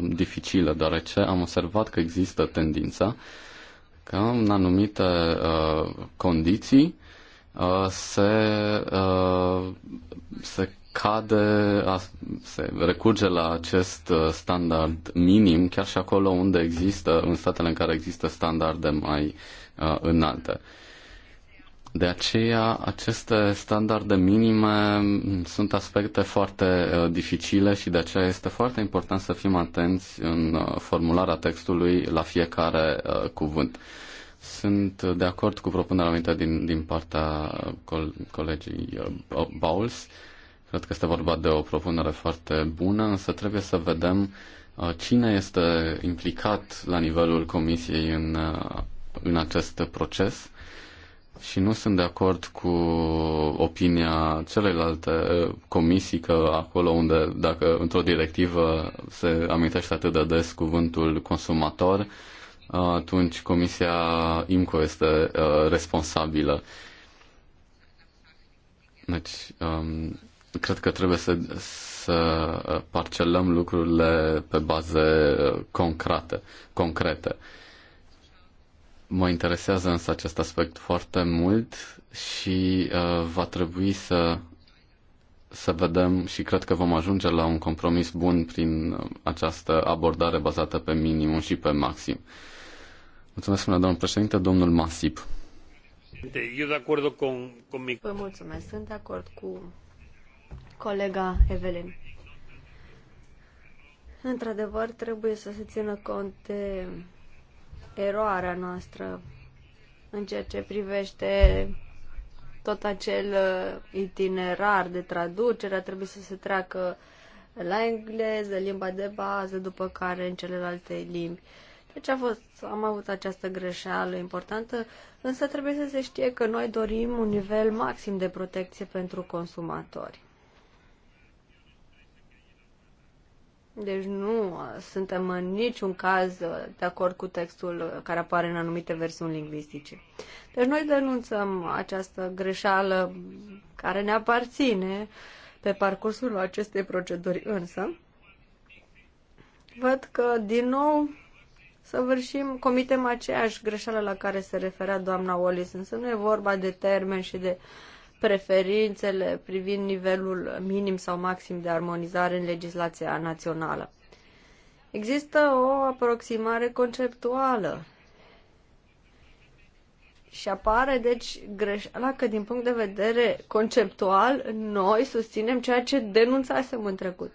dificilă, deoarece am observat că există tendința ca în anumite condiții Uh, se, uh, se cade, uh, se recurge la acest standard minim, chiar și acolo unde există, în statele în care există standarde mai înalte. De aceea, aceste standarde minime sunt aspecte foarte dificile și de aceea este foarte important să fim atenți în formularea textului la fiecare cuvânt. Sunt de acord cu propunerea anumită din, din partea col- colegii uh, Bowles. Cred că este vorba de o propunere foarte bună, însă trebuie să vedem uh, cine este implicat la nivelul Comisiei în, uh, în acest proces și nu sunt de acord cu opinia celelalte comisii că acolo unde, dacă într-o directivă se amintește atât de des cuvântul consumator, atunci Comisia IMCO este uh, responsabilă. Deci, um, cred că trebuie să, să uh, parcelăm lucrurile pe baze uh, concrete. concrete. Mă interesează însă acest aspect foarte mult și uh, va trebui să, să vedem și cred că vom ajunge la un compromis bun prin această abordare bazată pe minimum și pe maxim. Mulțumesc, domnul președinte, domnul Masip. Vă mulțumesc, sunt de acord cu colega Evelyn. Într-adevăr, trebuie să se țină cont de eroarea noastră în ceea ce privește tot acel uh, itinerar de traducere, Trebuie să se treacă la engleză, limba de bază, după care în celelalte limbi. Deci a fost, am avut această greșeală importantă, însă trebuie să se știe că noi dorim un nivel maxim de protecție pentru consumatori. Deci nu suntem în niciun caz de acord cu textul care apare în anumite versiuni lingvistice. Deci noi denunțăm această greșeală care ne aparține pe parcursul acestei proceduri, însă văd că din nou săvârșim, comitem aceeași greșeală la care se referea doamna Wallis, însă nu e vorba de termen și de preferințele privind nivelul minim sau maxim de armonizare în legislația națională. Există o aproximare conceptuală și apare, deci, greșeala că, din punct de vedere conceptual, noi susținem ceea ce denunțasem în trecut.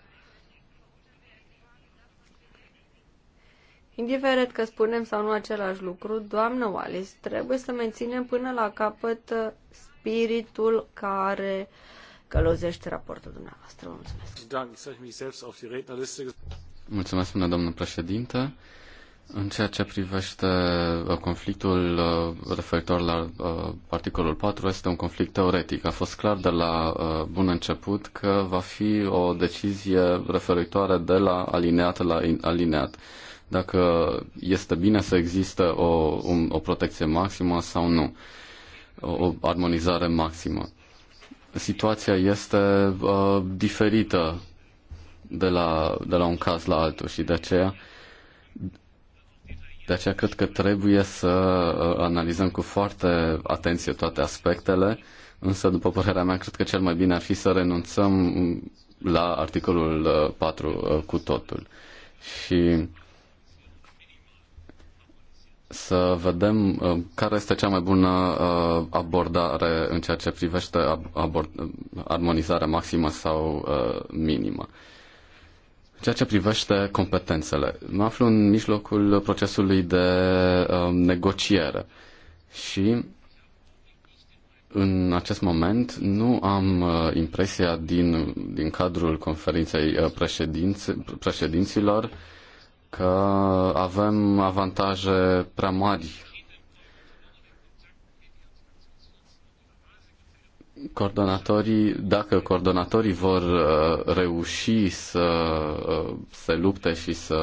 Indiferent că spunem sau nu același lucru, doamnă Wallis, trebuie să menținem până la capăt uh, spiritul care călăuzește raportul dumneavoastră. Vă mulțumesc. Mulțumesc, până, domnul președinte. În ceea ce privește uh, conflictul uh, referitor la articolul 4, este un conflict teoretic. A fost clar de la bun început că va fi o decizie referitoare de la alineat la alineat dacă este bine să există o, un, o protecție maximă sau nu, o, o armonizare maximă. Situația este uh, diferită de la, de la un caz la altul și de aceea de aceea cred că trebuie să uh, analizăm cu foarte atenție toate aspectele, însă, după părerea mea, cred că cel mai bine ar fi să renunțăm la articolul 4 uh, uh, cu totul. Și să vedem uh, care este cea mai bună uh, abordare în ceea ce privește armonizarea maximă sau uh, minimă. Ceea ce privește competențele, mă aflu în mijlocul procesului de negociere și în acest moment nu am impresia din, din cadrul conferinței președinț- președinților că avem avantaje prea mari. Coordonatorii, dacă coordonatorii vor uh, reuși să uh, se lupte și să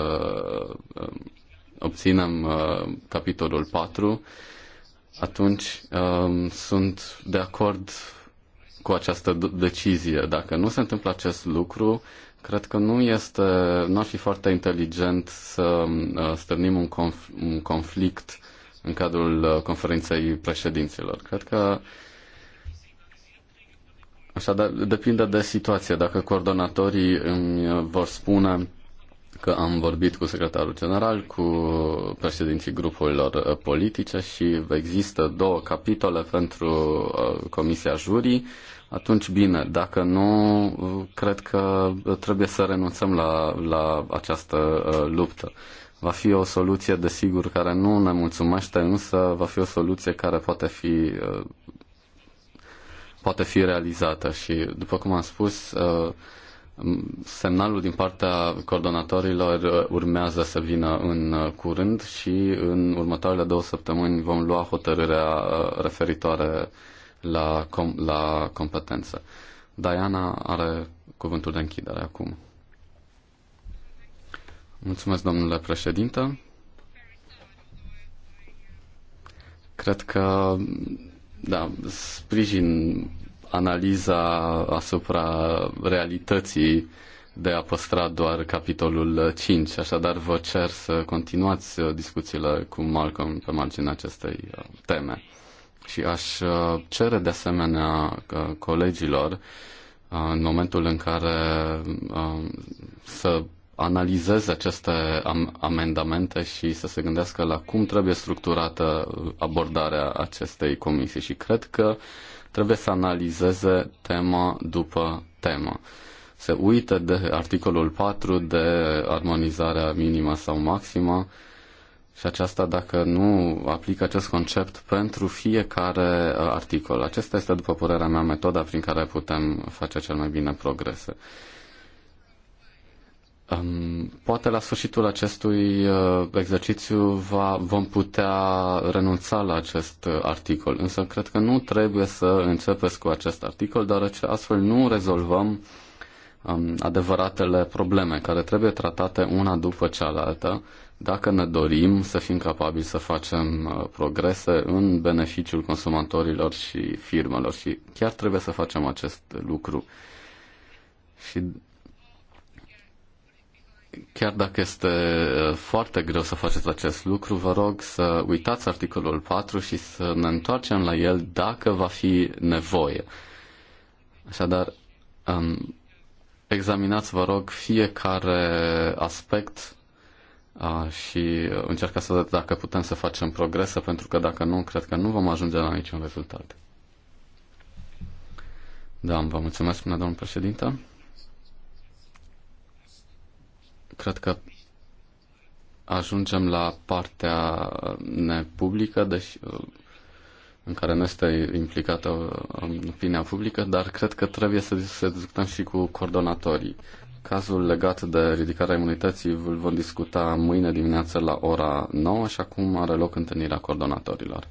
uh, obținem capitolul 4, atunci um, sunt de acord cu această decizie. Dacă nu se întâmplă acest lucru, Cred că nu este, nu ar fi foarte inteligent să uh, stârnim un, conf- un conflict în cadrul uh, conferinței președinților. Cred că așa de, depinde de situație. Dacă coordonatorii îmi uh, vor spune că am vorbit cu secretarul general, cu președinții grupurilor politice și există două capitole pentru Comisia Jurii, atunci bine. Dacă nu, cred că trebuie să renunțăm la, la această uh, luptă. Va fi o soluție, desigur, care nu ne mulțumește, însă va fi o soluție care poate fi uh, poate fi realizată și, după cum am spus, uh, semnalul din partea coordonatorilor urmează să vină în curând și în următoarele două săptămâni vom lua hotărârea referitoare la, com- la competență. Diana are cuvântul de închidere acum. Mulțumesc, domnule președinte. Cred că, da, sprijin analiza asupra realității de a păstra doar capitolul 5. Așadar, vă cer să continuați discuțiile cu Malcolm pe marginea acestei uh, teme. Și aș uh, cere de asemenea uh, colegilor uh, în momentul în care să analizeze aceste amendamente și să se gândească la cum trebuie structurată abordarea acestei comisii și cred că trebuie să analizeze tema după tema. Se uită de articolul 4 de armonizarea minimă sau maximă și aceasta dacă nu aplică acest concept pentru fiecare uh, articol. Acesta este, după părerea mea, metoda prin care putem face cel mai bine progrese. Um, poate la sfârșitul acestui uh, exercițiu va, vom putea renunța la acest uh, articol, însă cred că nu trebuie să începeți cu acest articol, deoarece astfel nu rezolvăm um, adevăratele probleme care trebuie tratate una după cealaltă dacă ne dorim să fim capabili să facem uh, progrese în beneficiul consumatorilor și firmelor și chiar trebuie să facem acest lucru. Și chiar dacă este uh, foarte greu să faceți acest lucru, vă rog să uitați articolul 4 și să ne întoarcem la el dacă va fi nevoie. Așadar, um, examinați, vă rog, fiecare aspect și uh, încerca să vedem dacă putem să facem progresă, pentru că dacă nu, cred că nu vom ajunge la niciun rezultat. Da, vă mulțumesc, până domnul președinte. Cred că ajungem la partea nepublică, deci uh, în care nu este implicată uh, opinia publică, dar cred că trebuie să, se discutăm și cu coordonatorii. Cazul legat de ridicarea imunității îl vom discuta mâine dimineață la ora 9 și acum are loc întâlnirea coordonatorilor.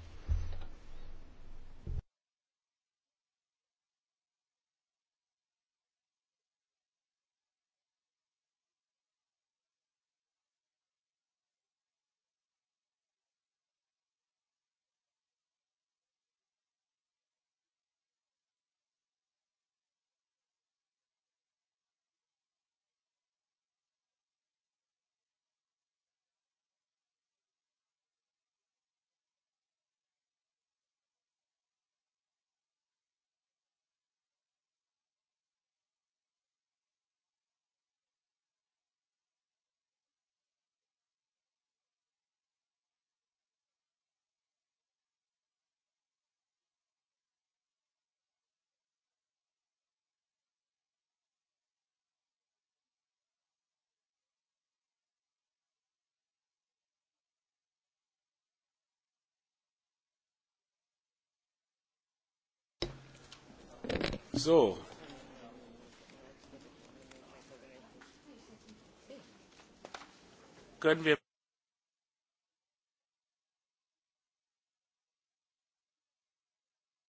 So. Können wir